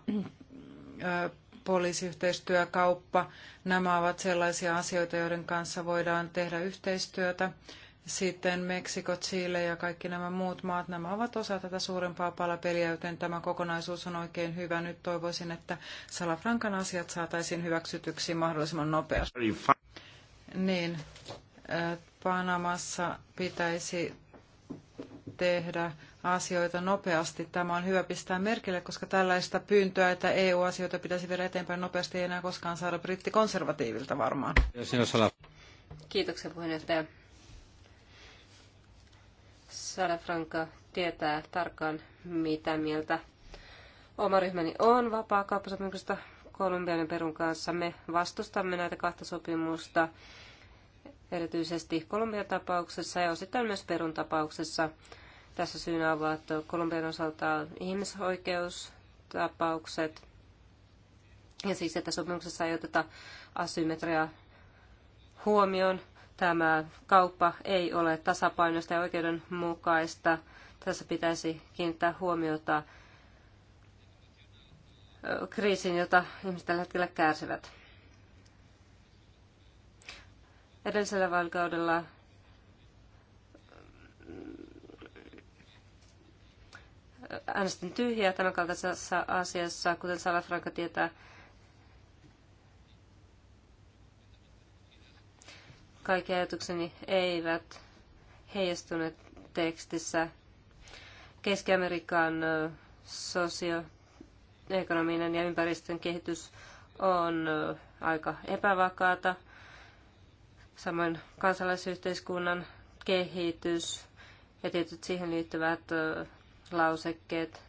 kauppa, äh, nämä ovat sellaisia asioita, joiden kanssa voidaan tehdä yhteistyötä. Sitten Meksiko, Chile ja kaikki nämä muut maat, nämä ovat osa tätä suurempaa palapeliä, joten tämä kokonaisuus on oikein hyvä. Nyt toivoisin, että Salafrankan asiat saataisiin hyväksytyksi mahdollisimman nopeasti. Niin, äh, Panamassa pitäisi tehdä asioita nopeasti. Tämä on hyvä pistää merkille, koska tällaista pyyntöä, että EU-asioita pitäisi viedä eteenpäin nopeasti, ei enää koskaan saada brittikonservatiivilta varmaan. Kiitoksia puheenjohtaja. Franka tietää tarkkaan, mitä mieltä oma ryhmäni on kauppasopimuksesta Kolumbian ja Perun kanssa. Me vastustamme näitä kahta sopimusta erityisesti Kolumbian tapauksessa ja osittain myös Perun tapauksessa. Tässä syynä ovat Kolumbian osalta ihmisoikeustapaukset ja siis, että sopimuksessa ei oteta asymmetriaa huomioon. Tämä kauppa ei ole tasapainoista ja oikeudenmukaista. Tässä pitäisi kiinnittää huomiota kriisiin, jota ihmiset tällä hetkellä kärsivät. Edellisellä vaalikaudella äänestin tyhjää tämän kaltaisessa asiassa, kuten Salafranka tietää, Kaikki ajatukseni eivät heijastuneet tekstissä. Keski-Amerikan sosioekonominen ja ympäristön kehitys on aika epävakaata. Samoin kansalaisyhteiskunnan kehitys ja tietyt siihen liittyvät lausekkeet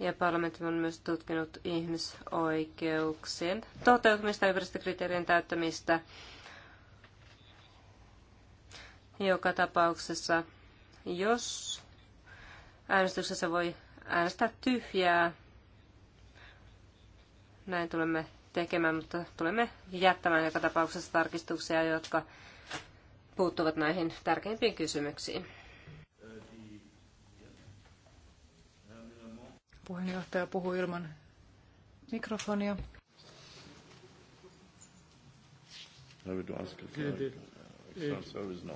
ja parlamentti on myös tutkinut ihmisoikeuksien toteutumista, ympäristökriteerien täyttämistä. Joka tapauksessa, jos äänestyksessä voi äänestää tyhjää, näin tulemme tekemään, mutta tulemme jättämään joka tapauksessa tarkistuksia, jotka puuttuvat näihin tärkeimpiin kysymyksiin. Puheenjohtaja puhuu ilman mikrofonia. Uh, eh,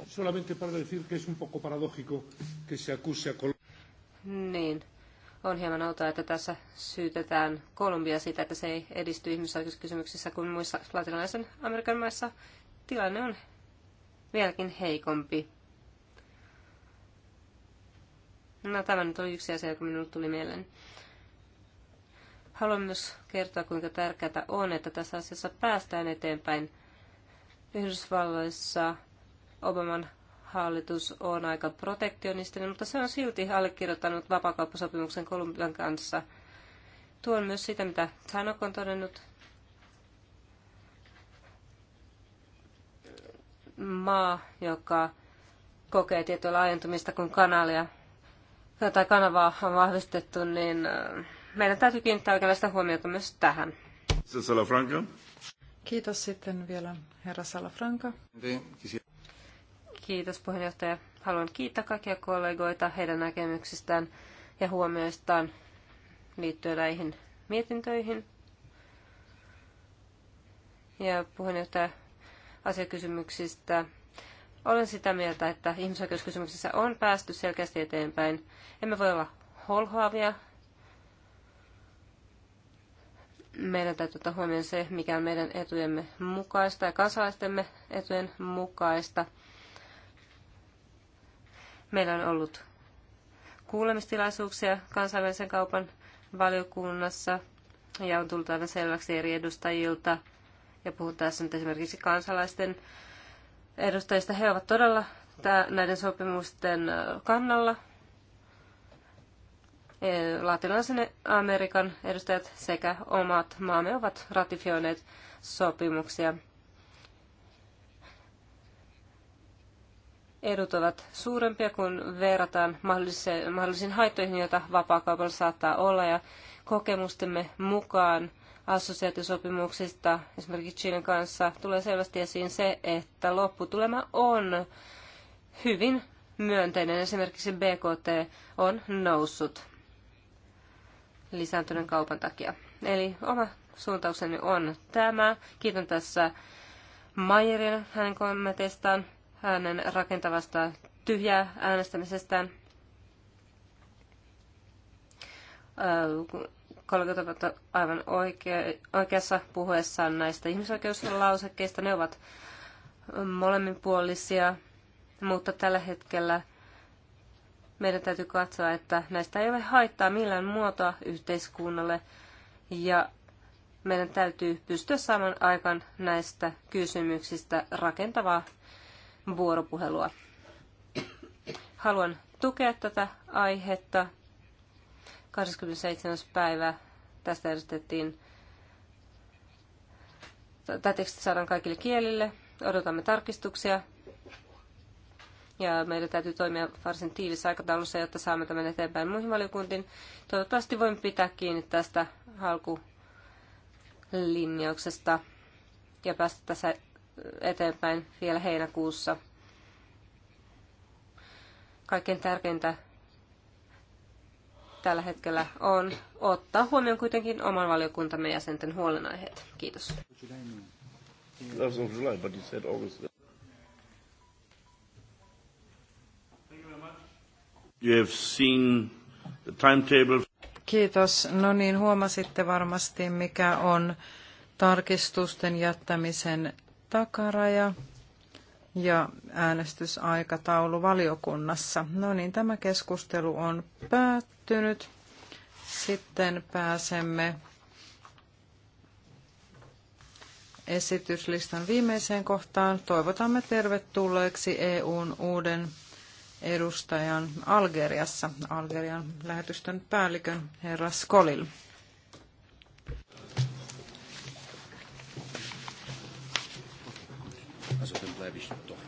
solamente para decir que es un poco paradójico que se acuse a Colombia. Niin, on hieman outoa, että tässä syytetään Kolumbia siitä, että se ei edisty ihmisoikeuskysymyksissä kuin muissa latinalaisen Amerikan maissa. Tilanne on vieläkin heikompi. No tämä nyt oli yksi asia, joka minulle tuli mieleen. Haluan myös kertoa, kuinka tärkeää on, että tässä asiassa päästään eteenpäin. Yhdysvalloissa Obaman hallitus on aika protektionistinen, mutta se on silti allekirjoittanut vapakauppasopimuksen Kolumbian kanssa. Tuon myös sitä, mitä Tanok on todennut. Maa, joka kokee tiettyä laajentumista, kun kanalia tai kanavaa on vahvistettu, niin äh, meidän täytyy kiinnittää oikeanlaista huomiota myös tähän. Salafranca. Kiitos sitten vielä herra Salafranca. Kiitos puheenjohtaja. Haluan kiittää kaikkia kollegoita heidän näkemyksistään ja huomioistaan liittyen näihin mietintöihin. Ja puheenjohtaja asiakysymyksistä. Olen sitä mieltä, että ihmisoikeuskysymyksissä on päästy selkeästi eteenpäin. Emme voi olla holhoavia meidän täytyy ottaa huomioon se, mikä on meidän etujemme mukaista ja kansalaistemme etujen mukaista. Meillä on ollut kuulemistilaisuuksia kansainvälisen kaupan valiokunnassa ja on tullut aivan selväksi eri edustajilta ja puhun tässä nyt esimerkiksi kansalaisten edustajista. He ovat todella näiden sopimusten kannalla Eh, latinalaisen Amerikan edustajat sekä omat maamme ovat ratifioineet sopimuksia. Edut ovat suurempia, kun verrataan mahdollisiin haittoihin, joita vapaakaupalla saattaa olla. Ja kokemustemme mukaan assosiaatiosopimuksista, esimerkiksi Chilen kanssa, tulee selvästi esiin se, että lopputulema on hyvin myönteinen. Esimerkiksi BKT on noussut lisääntyneen kaupan takia. Eli oma suuntaukseni on tämä. Kiitän tässä Mayerin hänen kommenteistaan, hänen rakentavasta tyhjää äänestämisestään. Kollegat ovat aivan oikea, oikeassa puhuessaan näistä ihmisoikeuslausekkeista. Ne ovat molemminpuolisia, mutta tällä hetkellä meidän täytyy katsoa, että näistä ei ole haittaa millään muotoa yhteiskunnalle ja meidän täytyy pystyä saamaan aikaan näistä kysymyksistä rakentavaa vuoropuhelua. Haluan tukea tätä aihetta. 27. päivä tästä edustettiin. Tämä teksti saadaan kaikille kielille. Odotamme tarkistuksia ja meidän täytyy toimia varsin tiivissä aikataulussa, jotta saamme tämän eteenpäin muihin valiokuntiin. Toivottavasti voimme pitää kiinni tästä halkulinjauksesta ja päästä tässä eteenpäin vielä heinäkuussa. Kaikkein tärkeintä tällä hetkellä on ottaa huomioon kuitenkin oman valiokuntamme jäsenten huolenaiheet. Kiitos. You have seen the timetable. Kiitos. No niin, huomasitte varmasti, mikä on tarkistusten jättämisen takaraja ja äänestysaikataulu valiokunnassa. No niin, tämä keskustelu on päättynyt. Sitten pääsemme esityslistan viimeiseen kohtaan. Toivotamme tervetulleeksi EUn uuden edustajan Algeriassa, Algerian lähetystön päällikön herra Skolil. Also dann bleibe ich doch